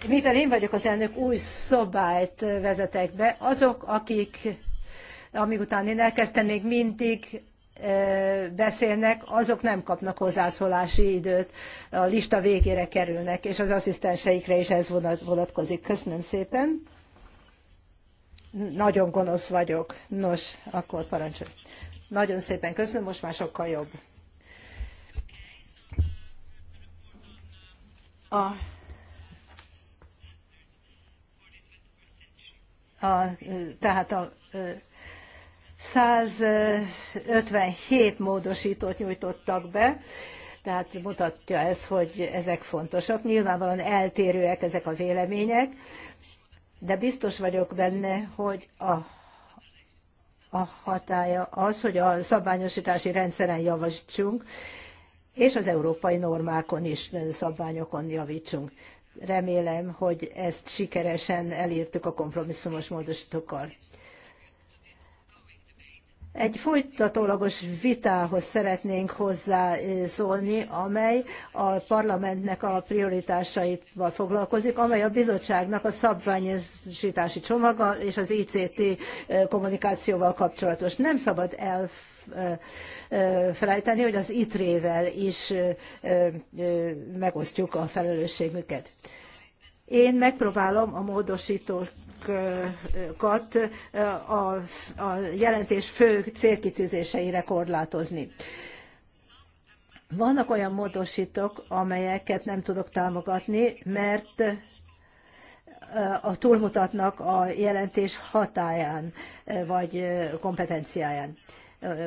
mivel én vagyok az elnök, új szabályt vezetek be. Azok, akik, amíg után én elkezdtem, még mindig e, beszélnek, azok nem kapnak hozzászólási időt, a lista végére kerülnek, és az asszisztenseikre is ez vonatkozik. Köszönöm szépen. Nagyon gonosz vagyok. Nos, akkor parancsolj. Nagyon szépen köszönöm, most már sokkal jobb. A a, tehát a 157 módosítót nyújtottak be, tehát mutatja ez, hogy ezek fontosak. Nyilvánvalóan eltérőek ezek a vélemények, de biztos vagyok benne, hogy a, a hatája az, hogy a szabványosítási rendszeren javítsunk, és az európai normákon is, szabványokon javítsunk remélem, hogy ezt sikeresen elértük a kompromisszumos módosítókkal. Egy folytatólagos vitához szeretnénk hozzászólni, amely a parlamentnek a prioritásaival foglalkozik, amely a bizottságnak a szabványosítási csomaga és az ICT eh, kommunikációval kapcsolatos. Nem szabad elfogadni elfelejteni, hogy az ITRÉ-vel is megosztjuk a felelősségünket. Én megpróbálom a módosítókat a, a jelentés fő célkitűzéseire korlátozni. Vannak olyan módosítók, amelyeket nem tudok támogatni, mert a túlmutatnak a jelentés hatáján vagy kompetenciáján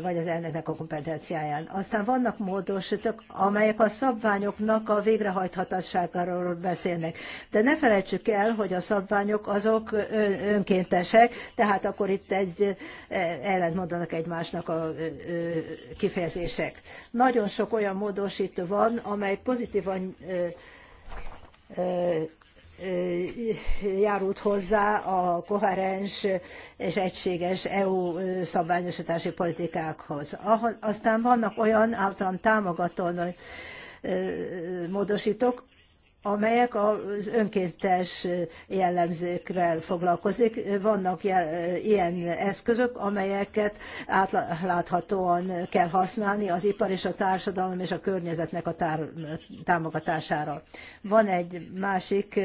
vagy az elnöknek a kompetenciáján. Aztán vannak módosítók, amelyek a szabványoknak a végrehajthatatságáról beszélnek. De ne felejtsük el, hogy a szabványok azok önkéntesek, tehát akkor itt egy e, ellentmondanak egymásnak a e, e, kifejezések. Nagyon sok olyan módosító van, amely pozitívan járult hozzá a koherens és egységes EU szabványosítási politikákhoz. Aztán vannak olyan általán támogatóan módosítók, amelyek az önkéntes jellemzőkkel foglalkozik. Vannak ilyen eszközök, amelyeket átláthatóan kell használni az ipar és a társadalom és a környezetnek a támogatására. Van egy másik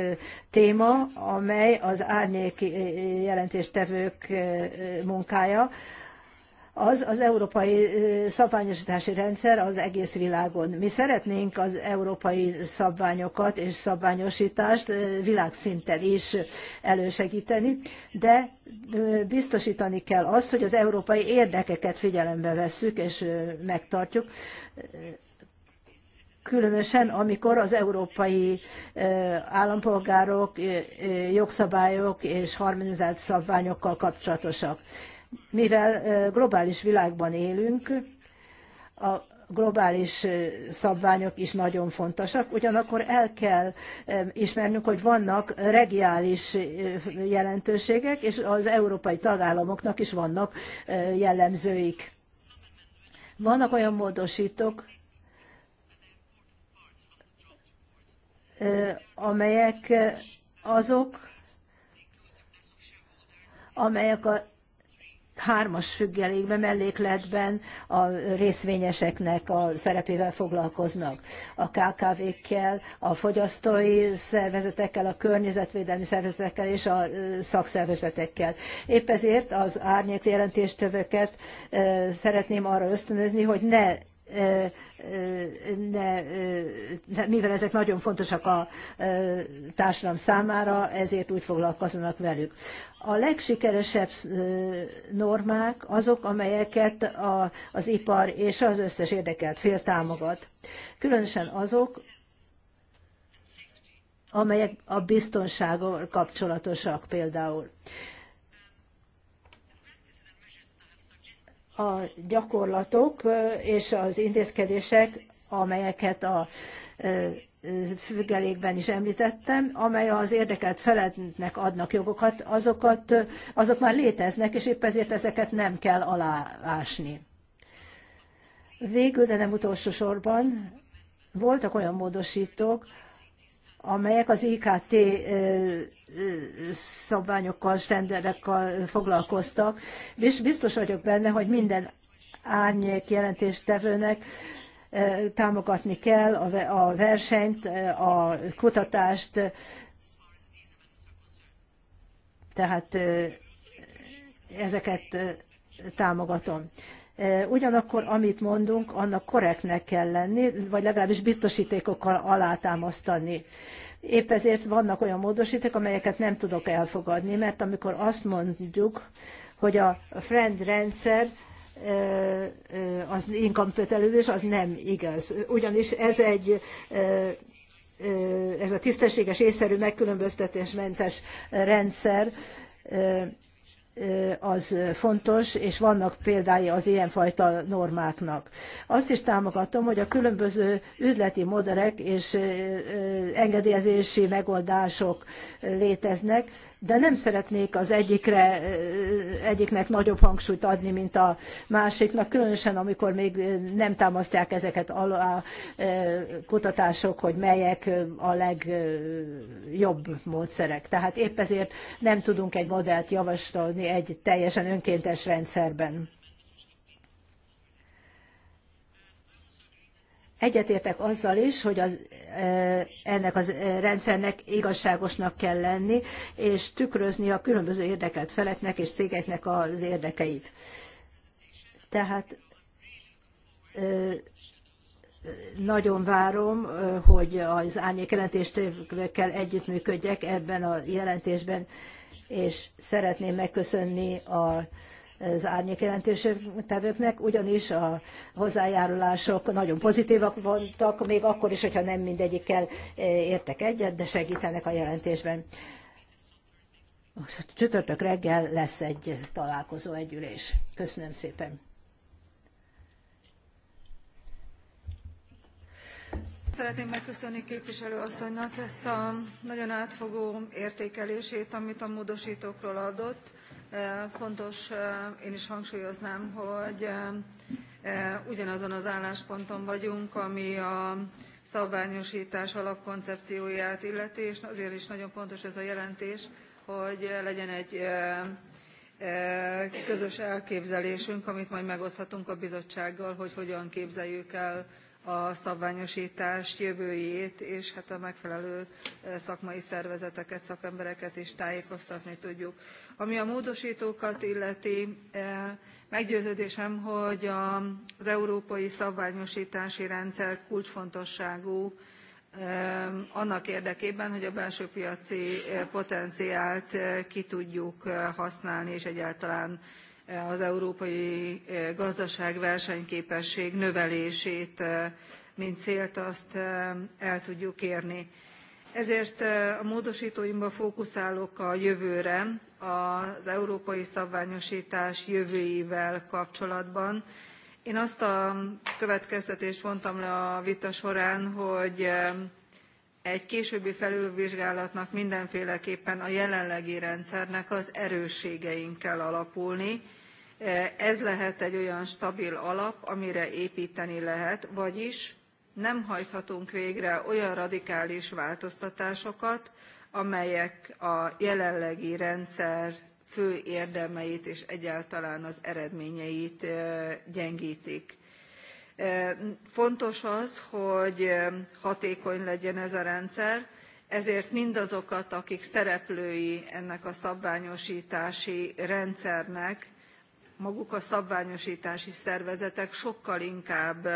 téma, amely az árnyék jelentéstevők munkája, az az európai szabványosítási rendszer az egész világon. Mi szeretnénk az európai szabványokat és szabványosítást világszinten is elősegíteni, de biztosítani kell azt, hogy az európai érdekeket figyelembe vesszük és megtartjuk különösen amikor az európai állampolgárok jogszabályok és harmonizált szabványokkal kapcsolatosak mivel globális világban élünk, a globális szabványok is nagyon fontosak, ugyanakkor el kell ismernünk, hogy vannak regiális jelentőségek, és az európai tagállamoknak is vannak jellemzőik. Vannak olyan módosítók, amelyek azok, amelyek a hármas függelékben, mellékletben a részvényeseknek a szerepével foglalkoznak. A KKV-kkel, a fogyasztói szervezetekkel, a környezetvédelmi szervezetekkel és a szakszervezetekkel. Épp ezért az árnyék jelentéstövöket szeretném arra ösztönözni, hogy ne ne, ne, mivel ezek nagyon fontosak a társadalom számára, ezért úgy foglalkoznak velük. A legsikeresebb normák azok, amelyeket a, az ipar és az összes érdekelt fél támogat. Különösen azok, amelyek a biztonsággal kapcsolatosak például. A gyakorlatok és az intézkedések, amelyeket a függelékben is említettem, amely az érdekelt feleknek adnak jogokat, azokat, azok már léteznek, és épp ezért ezeket nem kell aláásni. Végül, de nem utolsó sorban, voltak olyan módosítók, amelyek az IKT szabványokkal, standardekkal foglalkoztak, és biztos vagyok benne, hogy minden árnyék jelentéstevőnek támogatni kell a versenyt, a kutatást, tehát ezeket támogatom. Ugyanakkor, amit mondunk, annak korrektnek kell lenni, vagy legalábbis biztosítékokkal alátámasztani. Épp ezért vannak olyan módosítók, amelyeket nem tudok elfogadni, mert amikor azt mondjuk, hogy a friend rendszer az inkompetelődés, az nem igaz. Ugyanis ez egy ez a tisztességes, észszerű, megkülönböztetésmentes rendszer az fontos, és vannak példái az ilyenfajta normáknak. Azt is támogatom, hogy a különböző üzleti modellek és engedélyezési megoldások léteznek, de nem szeretnék az egyikre, egyiknek nagyobb hangsúlyt adni, mint a másiknak, különösen amikor még nem támasztják ezeket a e, kutatások, hogy melyek a legjobb módszerek. Tehát épp ezért nem tudunk egy modellt javasolni egy teljesen önkéntes rendszerben. Egyetértek azzal is, hogy az, e, ennek a e, rendszernek igazságosnak kell lenni, és tükrözni a különböző érdekelt feleknek és cégeknek az érdekeit. Tehát e, nagyon várom, hogy az árnyék jelentéstevőkkel együttműködjek ebben a jelentésben, és szeretném megköszönni a az árnyék jelentéstevőknek, ugyanis a hozzájárulások nagyon pozitívak voltak, még akkor is, hogyha nem mindegyikkel eh, értek egyet, de segítenek a jelentésben. Csütörtök reggel lesz egy találkozó, egy ülés. Köszönöm szépen. Szeretném megköszönni képviselő asszonynak ezt a nagyon átfogó értékelését, amit a módosítókról adott Eh, fontos, eh, én is hangsúlyoznám, hogy eh, ugyanazon az állásponton vagyunk, ami a szabványosítás alapkoncepcióját illeti, és azért is nagyon fontos ez a jelentés, hogy legyen egy közös elképzelésünk, amit majd megoszthatunk a bizottsággal, hogy hogyan képzeljük el a szabványosítás jövőjét és hát a megfelelő eh, szakmai szervezeteket szakembereket is tájékoztatni tudjuk. ami a módosítókat illeti eh, meggyőződésem hogy az európai szabványosítási rendszer kulcsfontosságú eh, annak érdekében hogy a belső piaci potenciált ki tudjuk használni és egyáltalán az európai gazdaság versenyképesség növelését mint célt azt el tudjuk érni. ezért a módostóimban fókuszálok a jövőre az európai szabványostás jövőjével kapcsolatban. én azt a következtetést vontam le a vita során hogy egy későbbi felülvizsgálatnak mindenféleképpen a jelenlegi rendszernek az erősségein kell alapulni Eh, ez lehet egy olyan stabil alap amire épteni lehet vagyis nem hajthatunk végre olyan radikális változtatásokat amelyek a jelenlegi rendszer fő érdemeit és egyáltalán az eredményeit eh, gyengtik. Eh, fontos az hogy hatékony legyen ez a rendszer ezért mindazokat akik szereplői ennek a szabványostási rendszernek maguk a szabványostási szervezetek sokkal inkább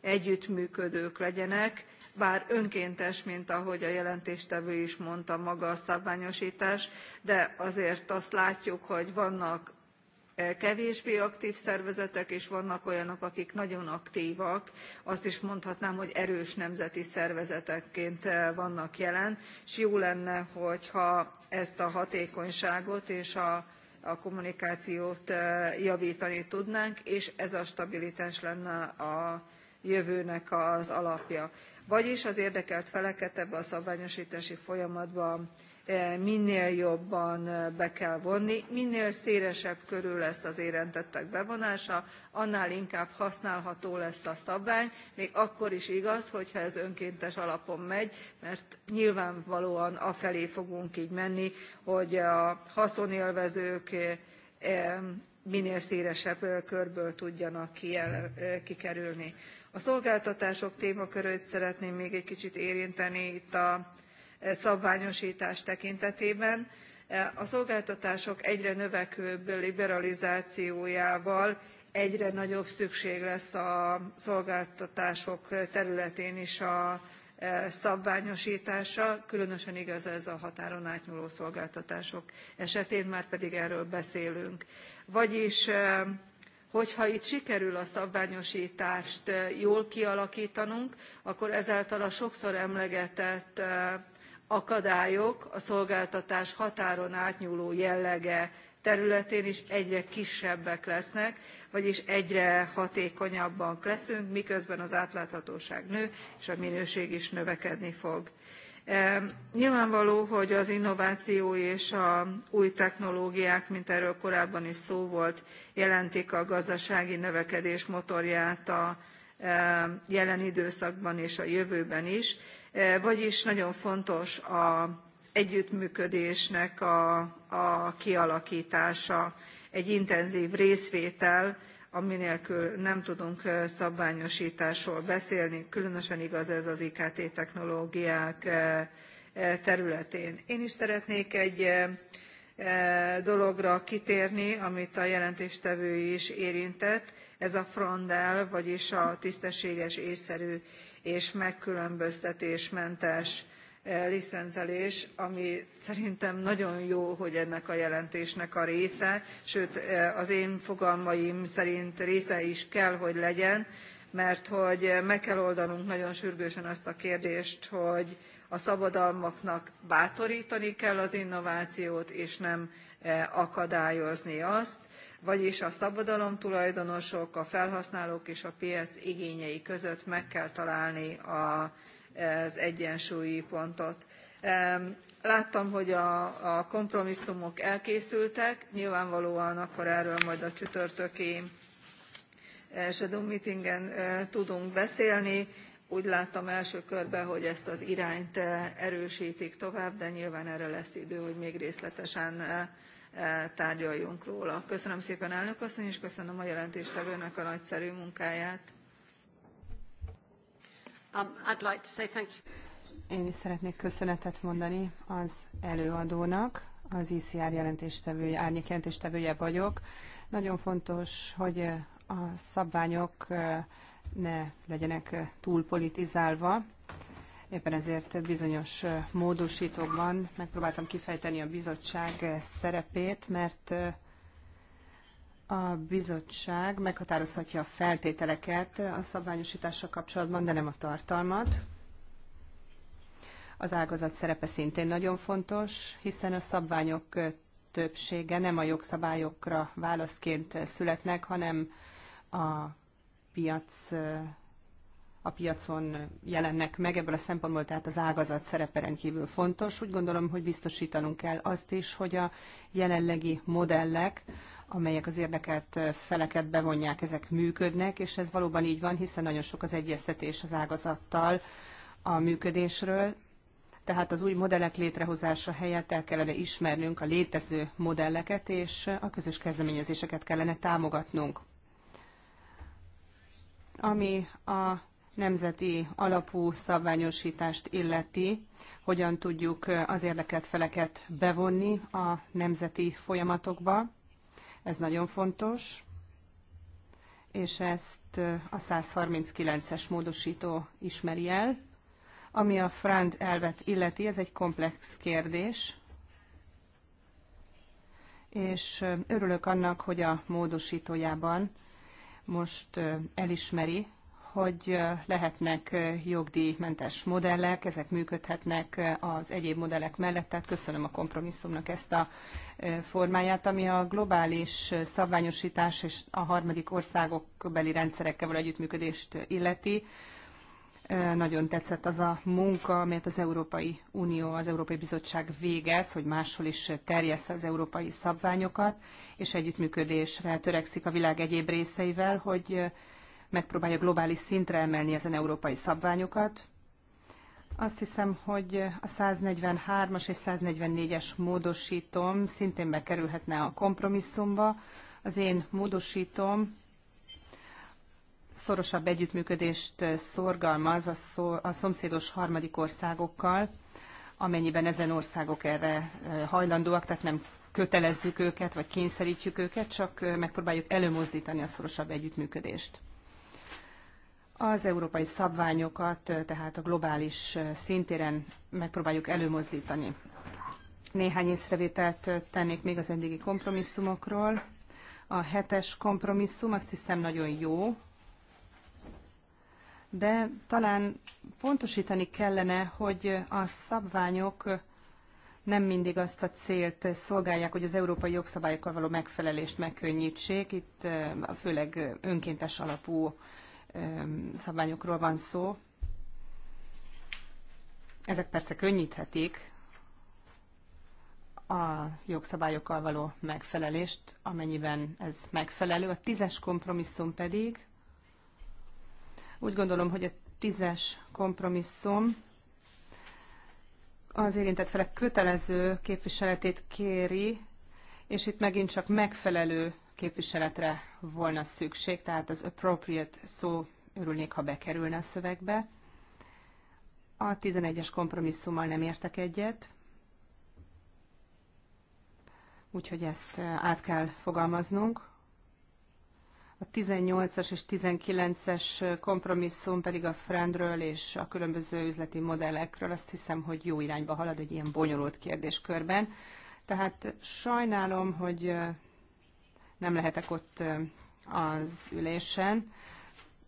együttműködők legyenek bár önkéntes mint ahogy a jelentéstevő is mondta maga a szabványostás de azért azt látjuk hogy vannak kevésbé aktv szervezetek és vannak olyanok akik nagyon aktvak azt is mondhatnám hogy erős nemzeti szervezetekként vannak jelen és jó lenne hogyha ezt a hatékonyságot és a a kommunikációt javítani tudnánk és ez a stabilitás lenne a jövőnek az alapja vagyis az érdekelt feleket ebbe a szabványostási folyamatba minél jobban be kell vonni minél szélesebb körű lesz az érintettek bevonása annál inkább használható lesz a szabvány még akkor is igaz hogyha ez önkéntes alapon megy mert nyilvánvalóan afelé fogunk gy menni hogy a haszonélvezők minél szélesebb körből tudjanak kikerülni. a szolgáltatások témakörét szeretném még egy kicsit érinteni itt a szabványostás tekintetében a szolgáltatások egyre növekvő liberalizációjával egyre nagyobb szükség lesz a szolgáltatások területén is a e, szabványostásra különösen igaz ez a határon átnyúló szolgáltatások esetén márpedig erről beszélünk. vagyis e, hogyha itt sikerül a szabványostást e, jól kialaktanunk akkor ezáltal a sokszor emlegetett akadályok a szolgáltatás határon átnyúló jellege területén is egyre kisebbek lesznek vagyis egyre hatékonyabbak leszünk miközben az átláthatóság nő és a minőség is növekedni fog. nyilvánvaló hogy az innováció és a új technológiák mint erről korábban is szó volt jelentik a gazdasági növekedés motorját a jelen időszakban és a jövőben is E, vagyis nagyon fontos az együttműködésnek a, a kialakítása, egy intenzív részvétel, aminélkül nem tudunk e, szabványosításról beszélni, különösen igaz ez az IKT technológiák e, területén. Én is szeretnék egy dologra kitérni, amit a jelentéstevő is érintett, ez a frondel, vagyis a tisztességes észszerű és megkülönböztetésmentes eh, licencelés ami szerintem nagyon jó hogy ennek a jelentésnek a része sőt eh, az én fogalmaim szerint része is kell hogy legyen mert hogy meg kell oldanunk nagyon sürgősen azt a kérdést hogy a szabadalmaknak bátortani kell az innovációt és nem eh, akadályozni azt vagyis a szabadalom tulajdonosok, a felhasználók és a piac igényei között meg kell találni az egyensúlyi pontot láttam hogy a, a kompromisszumok elkészültek nyilvánvalóan akkor erről majd a csütörtöki eh, shadow meetingen eh, tudunk beszélni úgy láttam első körben hogy ezt az irányt eh, erősítik tovább de nyilván erre lesz idő hogy még részletesen E, tárgyaljunk róla. Köszönöm szépen elnök asszony, és köszönöm a jelentéstevőnek a nagyszerű munkáját. Um, I'd like to say thank you. Én is szeretnék köszönetet mondani az előadónak, az ICR jelentéstevője, árnyék jelentéstevője vagyok. Nagyon fontos, hogy a szabványok e, ne legyenek e, túl politizálva, Éppen ezért bizonyos módosítókban megpróbáltam kifejteni a bizottság szerepét, mert a bizottság meghatározhatja a feltételeket a szabványosítással kapcsolatban, de nem a tartalmat. Az ágazat szerepe szintén nagyon fontos, hiszen a szabványok többsége nem a jogszabályokra válaszként születnek, hanem a piac a piacon jelennek meg ebből a szempontból, tehát az ágazat szerepe rendkívül fontos. Úgy gondolom, hogy biztosítanunk kell azt is, hogy a jelenlegi modellek, amelyek az érdekelt feleket bevonják, ezek működnek, és ez valóban így van, hiszen nagyon sok az egyeztetés az ágazattal a működésről, tehát az új modellek létrehozása helyett el kellene ismernünk a létező modelleket, és a közös kezdeményezéseket kellene támogatnunk. Ami a nemzeti alapú szabványosítást illeti, hogyan tudjuk az érdekelt feleket bevonni a nemzeti folyamatokba. Ez nagyon fontos, és ezt a 139-es módosító ismeri el. Ami a Frand elvet illeti, ez egy komplex kérdés, és örülök annak, hogy a módosítójában most elismeri, hogy lehetnek jogdíjmentes modellek, ezek működhetnek az egyéb modellek mellett, tehát köszönöm a kompromisszumnak ezt a e, formáját, ami a globális szabványosítás és a harmadik országok beli rendszerekkel való együttműködést illeti. E, nagyon tetszett az a munka, amelyet az Európai Unió, az Európai Bizottság végez, hogy máshol is terjessze az európai szabványokat, és együttműködésre törekszik a világ egyéb részeivel, hogy e, megpróbálja globális szintre emelni ezen európai szabványokat. Azt hiszem, hogy a 143-as és 144-es módosítom szintén bekerülhetne a kompromisszumba. Az én módosítom szorosabb együttműködést szorgalmaz a, szó, a szomszédos harmadik országokkal, amennyiben ezen országok erre hajlandóak, tehát nem kötelezzük őket, vagy kényszerítjük őket, csak megpróbáljuk előmozdítani a szorosabb együttműködést. Az európai szabványokat tehát a globális szintéren megpróbáljuk előmozdítani. Néhány észrevételt tennék még az eddigi kompromisszumokról. A hetes kompromisszum azt hiszem nagyon jó, de talán pontosítani kellene, hogy a szabványok nem mindig azt a célt szolgálják, hogy az európai jogszabályokkal való megfelelést megkönnyítsék. Itt főleg önkéntes alapú szabályokról van szó. Ezek persze könnyíthetik a jogszabályokkal való megfelelést, amennyiben ez megfelelő. A tízes kompromisszum pedig, úgy gondolom, hogy a tízes kompromisszum az érintett felek kötelező képviseletét kéri, és itt megint csak megfelelő képviseletre volna szükség, tehát az appropriate szó örülnék, ha bekerülne a szövegbe. A 11-es kompromisszummal nem értek egyet, úgyhogy ezt eh, át kell fogalmaznunk. A 18-as és 19-es eh, kompromisszum pedig a friendről és a különböző üzleti modellekről azt hiszem, hogy jó irányba halad egy ilyen bonyolult kérdéskörben. Tehát sajnálom, hogy eh, nem lehetek ott az ülésen.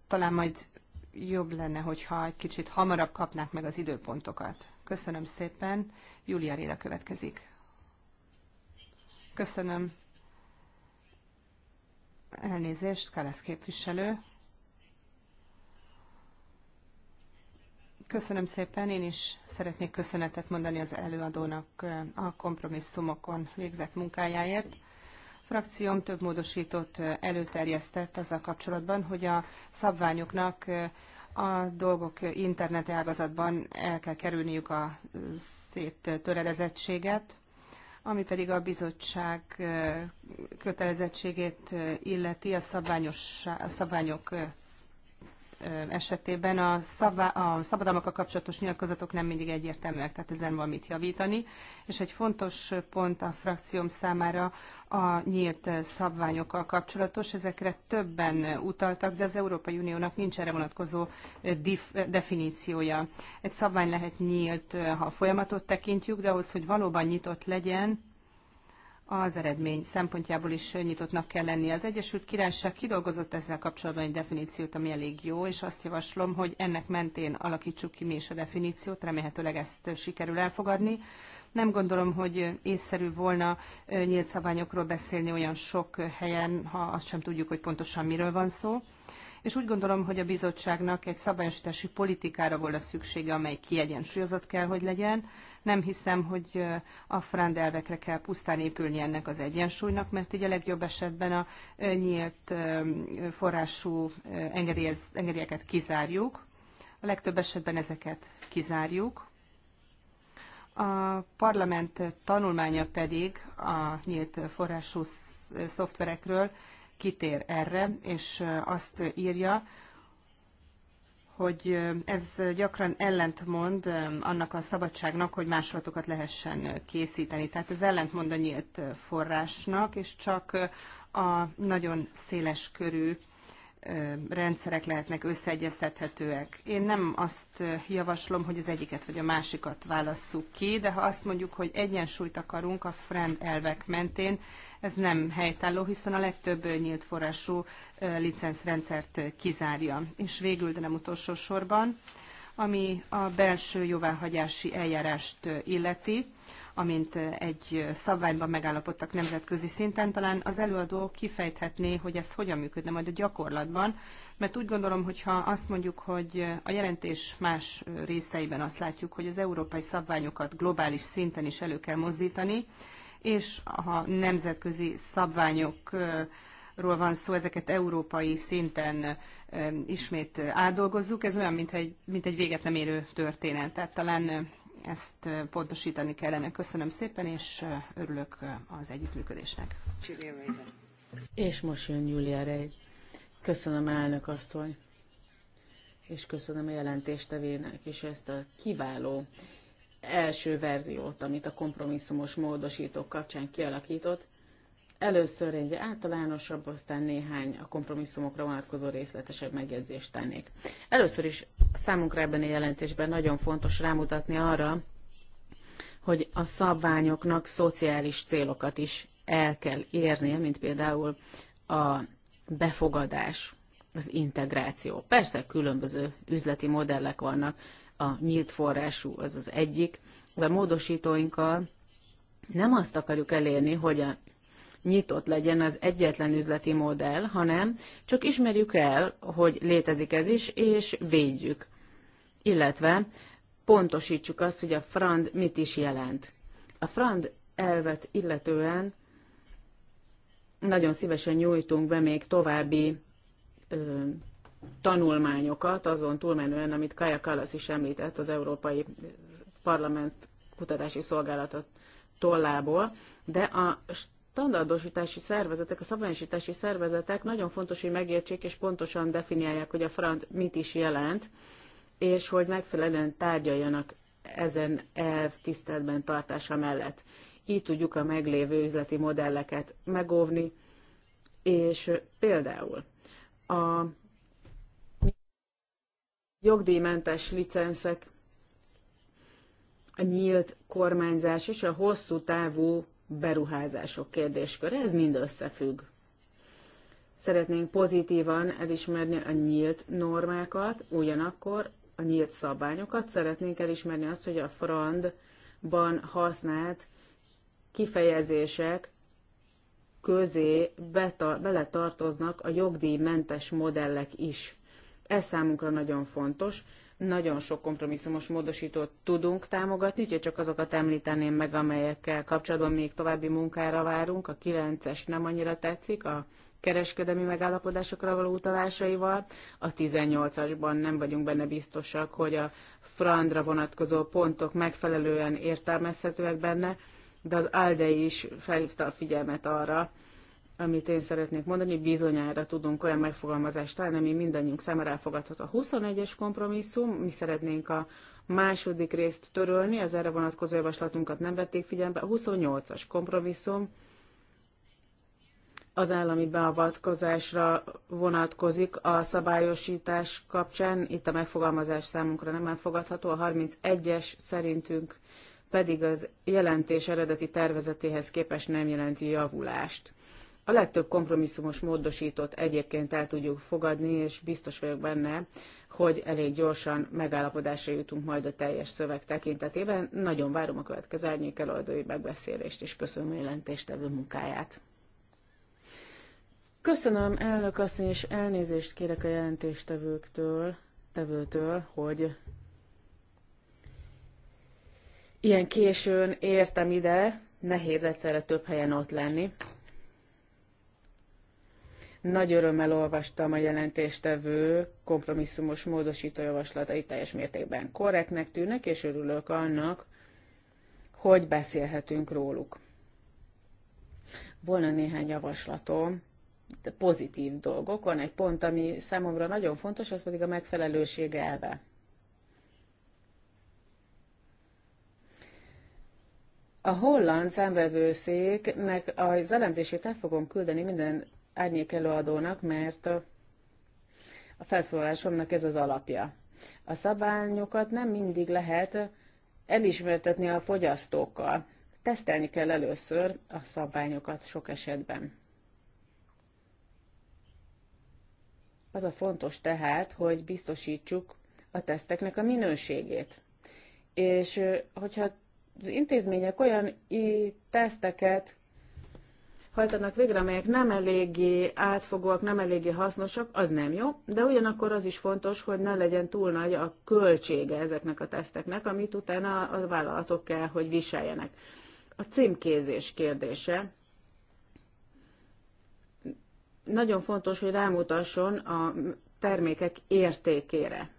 Talán majd jobb lenne, hogyha egy kicsit hamarabb kapnák meg az időpontokat. Köszönöm szépen. Júlia Réla következik. Köszönöm. Elnézést, Kalesz képviselő. Köszönöm szépen, én is szeretnék köszönetet mondani az előadónak a kompromisszumokon végzett munkájáért frakcióm több módosított előterjesztett azzal kapcsolatban, hogy a szabványoknak a dolgok internet ágazatban el kell kerülniük a széttöredezettséget, ami pedig a bizottság kötelezettségét illeti a, szabványos, a szabványok esetében a, szabá, a szabadalmakkal kapcsolatos nyilatkozatok nem mindig egyértelműek, tehát ezen van mit javítani. És egy fontos pont a frakcióm számára a nyílt szabványokkal kapcsolatos. Ezekre többen utaltak, de az Európai Uniónak nincs erre vonatkozó definíciója. Egy szabvány lehet nyílt, ha a folyamatot tekintjük, de ahhoz, hogy valóban nyitott legyen, az eredmény szempontjából is nyitottnak kell lenni. Az Egyesült Királyság kidolgozott ezzel kapcsolatban egy definíciót, ami elég jó, és azt javaslom, hogy ennek mentén alakítsuk ki mi is a definíciót, remélhetőleg ezt sikerül elfogadni. Nem gondolom, hogy észszerű volna nyílt szabványokról beszélni olyan sok helyen, ha azt sem tudjuk, hogy pontosan miről van szó. És úgy gondolom, hogy a bizottságnak egy szabályosítási politikára volna szüksége, amely kiegyensúlyozott kell, hogy legyen, nem hiszem, hogy a frand elvekre kell pusztán épülni ennek az egyensúlynak, mert így a legjobb esetben a nyílt forrású engedélyeket kizárjuk, a legtöbb esetben ezeket kizárjuk, a parlament tanulmánya pedig a nyílt forrású szoftverekről kitér erre, és azt írja, hogy ez gyakran ellentmond annak a szabadságnak, hogy másolatokat lehessen készíteni. Tehát ez ellentmond a nyílt forrásnak, és csak a nagyon széles körű rendszerek lehetnek összeegyeztethetőek. Én nem azt javaslom, hogy az egyiket vagy a másikat válasszuk ki, de ha azt mondjuk, hogy egyensúlyt akarunk a friend elvek mentén, ez nem helytálló, hiszen a legtöbb nyílt forrású licenszrendszert kizárja. És végül, de nem utolsó sorban, ami a belső jóváhagyási eljárást illeti, amint egy szabványban megállapodtak nemzetközi szinten. Talán az előadó kifejthetné, hogy ez hogyan működne majd a gyakorlatban, mert úgy gondolom, hogyha azt mondjuk, hogy a jelentés más részeiben azt látjuk, hogy az európai szabványokat globális szinten is elő kell mozdítani, és ha nemzetközi szabványok ról van szó, ezeket európai szinten um, ismét átdolgozzuk. Ez olyan, mint egy, mint egy véget nem érő történet. Tehát talán ezt pontosítani kellene. Köszönöm szépen, és örülök az együttműködésnek. És most jön Júlia Rejt. Köszönöm elnök asszony, és köszönöm a jelentéstevének és ezt a kiváló első verziót, amit a kompromisszumos módosítók kapcsán kialakított. Először egy általánosabb, aztán néhány a kompromisszumokra vonatkozó részletesebb megjegyzést tennék. Először is számunkra ebben a jelentésben nagyon fontos rámutatni arra, hogy a szabványoknak szociális célokat is el kell érnie, mint például a befogadás, az integráció. Persze különböző üzleti modellek vannak, a nyílt forrású az az egyik, de módosítóinkkal nem azt akarjuk elérni, hogy a nyitott legyen az egyetlen üzleti modell, hanem csak ismerjük el, hogy létezik ez is, és védjük. Illetve pontosítsuk azt, hogy a frand mit is jelent. A frand elvet illetően nagyon szívesen nyújtunk be még további ö, tanulmányokat, azon túlmenően, amit Kaja Kallasz is említett az Európai Parlament Kutatási szolgálatot tollából, de a standardosítási szervezetek, a szabványosítási szervezetek nagyon fontos, hogy megértsék és pontosan definiálják, hogy a frant mit is jelent, és hogy megfelelően tárgyaljanak ezen elv tiszteletben tartása mellett. Így tudjuk a meglévő üzleti modelleket megóvni, és például a jogdíjmentes licenszek, a nyílt kormányzás és a hosszú távú beruházások kérdésköre, ez mind összefügg. Szeretnénk pozitívan elismerni a nyílt normákat, ugyanakkor a nyílt szabályokat. szeretnénk elismerni azt, hogy a frandban használt kifejezések közé beletartoznak a jogdíjmentes modellek is. Ez számunkra nagyon fontos, nagyon sok kompromisszumos módosítót tudunk támogatni, úgyhogy csak azokat említeném meg, amelyekkel kapcsolatban még további munkára várunk. A 9-es nem annyira tetszik, a kereskedelmi megállapodásokra való utalásaival. A 18-asban nem vagyunk benne biztosak, hogy a frandra vonatkozó pontok megfelelően értelmezhetőek benne, de az ALDE is felhívta a figyelmet arra, amit én szeretnék mondani, bizonyára tudunk olyan megfogalmazást találni, ami mindannyiunk számára elfogadható. A 21-es kompromisszum, mi szeretnénk a második részt törölni, az erre vonatkozó javaslatunkat nem vették figyelembe. A 28-as kompromisszum az állami beavatkozásra vonatkozik a szabályosítás kapcsán. Itt a megfogalmazás számunkra nem elfogadható. A 31-es szerintünk pedig az jelentés eredeti tervezetéhez képest nem jelenti javulást. A legtöbb kompromisszumos módosítót egyébként el tudjuk fogadni, és biztos vagyok benne, hogy elég gyorsan megállapodásra jutunk majd a teljes szöveg tekintetében. Nagyon várom a következő árnyék előadói megbeszélést, és köszönöm a jelentéstevő munkáját. Köszönöm, elnök asszony, és elnézést kérek a jelentéstevőktől, tevőtől, hogy ilyen későn értem ide, nehéz egyszerre több helyen ott lenni. Nagy örömmel olvastam a jelentéstevő kompromisszumos módosító javaslatai teljes mértékben korrektnek tűnnek, és örülök annak, hogy beszélhetünk róluk. Volna néhány javaslatom, pozitív dolgok. Van egy pont, ami számomra nagyon fontos, az pedig a megfelelőség elve. A holland számvevőszéknek az elemzését el fogom küldeni minden árnyék előadónak, mert a felszólalásomnak ez az alapja. A szabályokat nem mindig lehet elismertetni a fogyasztókkal. Tesztelni kell először a szabványokat sok esetben. Az a fontos tehát, hogy biztosítsuk a teszteknek a minőségét. És hogyha az intézmények olyan teszteket hajtanak végre, amelyek nem eléggé átfogóak, nem eléggé hasznosak, az nem jó, de ugyanakkor az is fontos, hogy ne legyen túl nagy a költsége ezeknek a teszteknek, amit utána a vállalatok kell, hogy viseljenek. A címkézés kérdése. Nagyon fontos, hogy rámutasson a termékek értékére.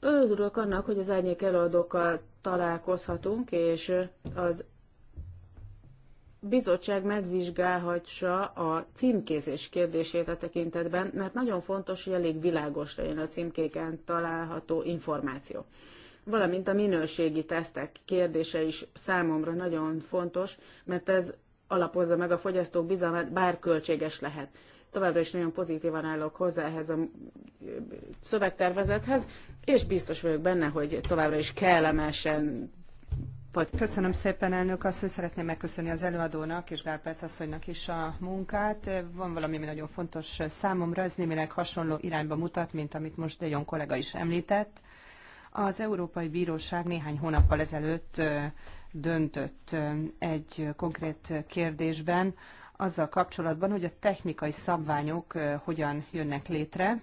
Örülök annak, hogy az árnyék előadókkal találkozhatunk, és az bizottság megvizsgálhatsa a címkézés kérdését a tekintetben, mert nagyon fontos, hogy elég világos legyen a címkéken található információ. Valamint a minőségi tesztek kérdése is számomra nagyon fontos, mert ez alapozza meg a fogyasztók bizalmát, bár költséges lehet. Továbbra is nagyon pozitívan állok hozzá ehhez a szövegtervezethez, és biztos vagyok benne, hogy továbbra is kellemesen Köszönöm szépen, elnök asszony. Szeretném megköszönni az előadónak és Gál Perc asszonynak is a munkát. Van valami, ami nagyon fontos számomra, ez némileg hasonló irányba mutat, mint amit most Dejon kollega is említett. Az Európai Bíróság néhány hónappal ezelőtt döntött egy konkrét kérdésben, azzal kapcsolatban, hogy a technikai szabványok hogyan jönnek létre,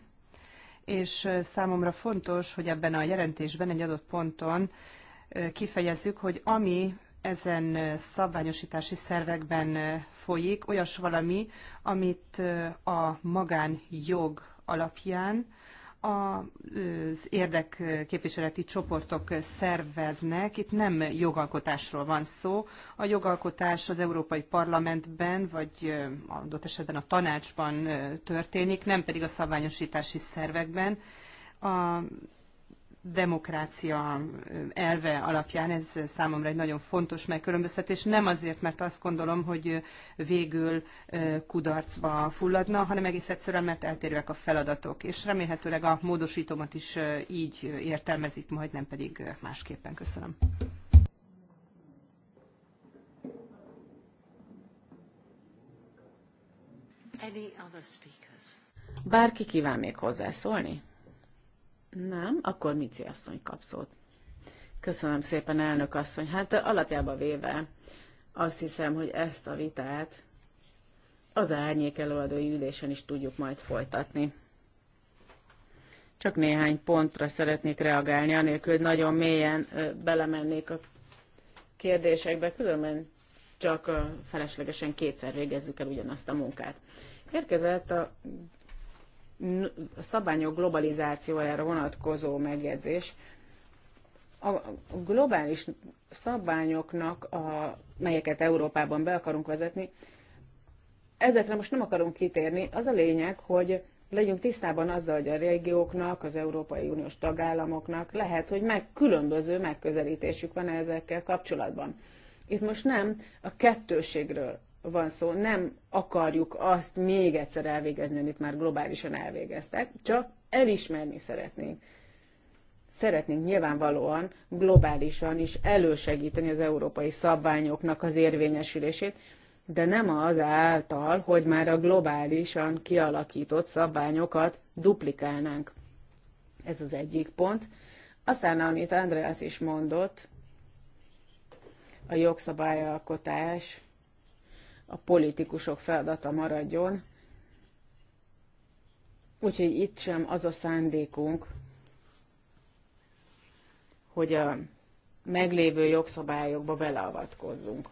és számomra fontos, hogy ebben a jelentésben egy adott ponton kifejezzük, hogy ami ezen szabványosítási szervekben folyik, olyas valami, amit a magánjog alapján az érdekképviseleti csoportok szerveznek. Itt nem jogalkotásról van szó. A jogalkotás az Európai Parlamentben, vagy adott esetben a tanácsban történik, nem pedig a szabványosítási szervekben. A demokrácia elve alapján, ez számomra egy nagyon fontos megkülönböztetés, nem azért, mert azt gondolom, hogy végül kudarcba fulladna, hanem egész egyszerűen, mert eltérőek a feladatok, és remélhetőleg a módosítómat is így értelmezik, majd nem pedig másképpen. Köszönöm. Bárki kíván még hozzászólni? Nem, akkor Mici asszony kap szót. Köszönöm szépen, elnök asszony. Hát alapjában véve azt hiszem, hogy ezt a vitát az árnyék előadói ülésen is tudjuk majd folytatni. Csak néhány pontra szeretnék reagálni, anélkül, hogy nagyon mélyen belemennék a kérdésekbe, különben csak feleslegesen kétszer végezzük el ugyanazt a munkát. Érkezett a szabványok globalizációjára vonatkozó megjegyzés. A globális szabványoknak, a, melyeket Európában be akarunk vezetni, ezekre most nem akarunk kitérni. Az a lényeg, hogy legyünk tisztában azzal, hogy a régióknak, az Európai Uniós tagállamoknak lehet, hogy meg különböző megközelítésük van ezekkel kapcsolatban. Itt most nem a kettőségről van szó, nem akarjuk azt még egyszer elvégezni, amit már globálisan elvégeztek, csak elismerni szeretnénk. Szeretnénk nyilvánvalóan globálisan is elősegíteni az európai szabványoknak az érvényesülését, de nem az által, hogy már a globálisan kialakított szabványokat duplikálnánk. Ez az egyik pont. Aztán, amit Andreas is mondott, a jogszabályalkotás a politikusok feladata maradjon. Úgyhogy itt sem az a szándékunk, hogy a meglévő jogszabályokba beleavatkozzunk.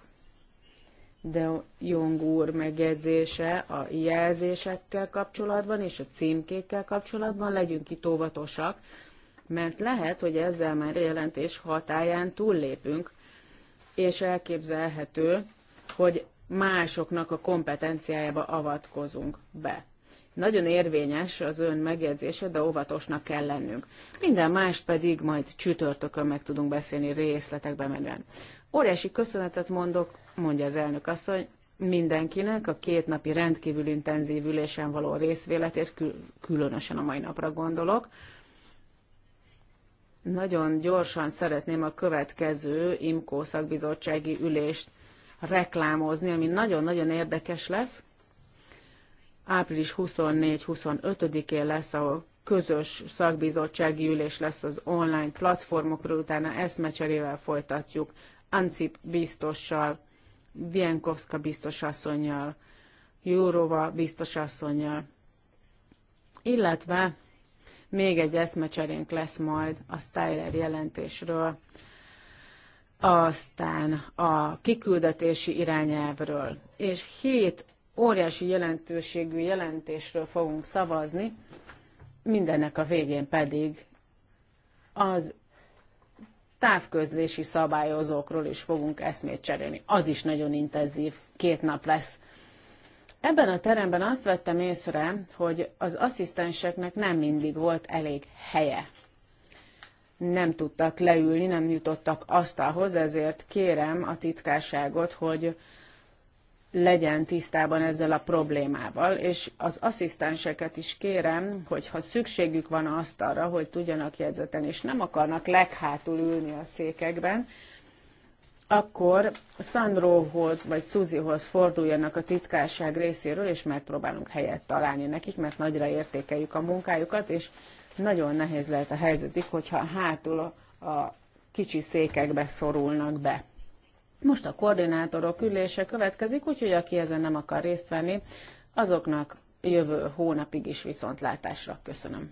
De Jong úr megjegyzése a jelzésekkel kapcsolatban és a címkékkel kapcsolatban legyünk itt óvatosak, mert lehet, hogy ezzel már jelentés hatáján túllépünk, és elképzelhető, hogy másoknak a kompetenciájába avatkozunk be. Nagyon érvényes az ön megjegyzése, de óvatosnak kell lennünk. Minden más pedig majd csütörtökön meg tudunk beszélni részletekbe menően. Óriási köszönetet mondok, mondja az elnök asszony, mindenkinek a két napi rendkívül intenzív ülésen való részvéletért, kül- különösen a mai napra gondolok. Nagyon gyorsan szeretném a következő IMKO szakbizottsági ülést reklámozni, ami nagyon-nagyon érdekes lesz. Április 24-25-én lesz a közös szakbizottsági ülés lesz az online platformokról, utána eszmecserével folytatjuk, Ancip biztossal, Vienkovska biztosasszonyjal, Jórova biztosasszonyjal, illetve még egy eszmecserénk lesz majd a Styler jelentésről, aztán a kiküldetési irányelvről, és hét óriási jelentőségű jelentésről fogunk szavazni, mindennek a végén pedig az távközlési szabályozókról is fogunk eszmét cserélni. Az is nagyon intenzív, két nap lesz. Ebben a teremben azt vettem észre, hogy az asszisztenseknek nem mindig volt elég helye nem tudtak leülni, nem jutottak asztalhoz, ezért kérem a titkárságot, hogy legyen tisztában ezzel a problémával, és az asszisztenseket is kérem, hogy ha szükségük van azt arra, hogy tudjanak jegyzeten, és nem akarnak leghátul ülni a székekben, akkor Sandrohoz vagy Szuzihoz forduljanak a titkárság részéről, és megpróbálunk helyet találni nekik, mert nagyra értékeljük a munkájukat, és nagyon nehéz lehet a helyzetük, hogyha hátul a kicsi székekbe szorulnak be. Most a koordinátorok ülése következik, úgyhogy aki ezen nem akar részt venni, azoknak jövő hónapig is viszontlátásra köszönöm.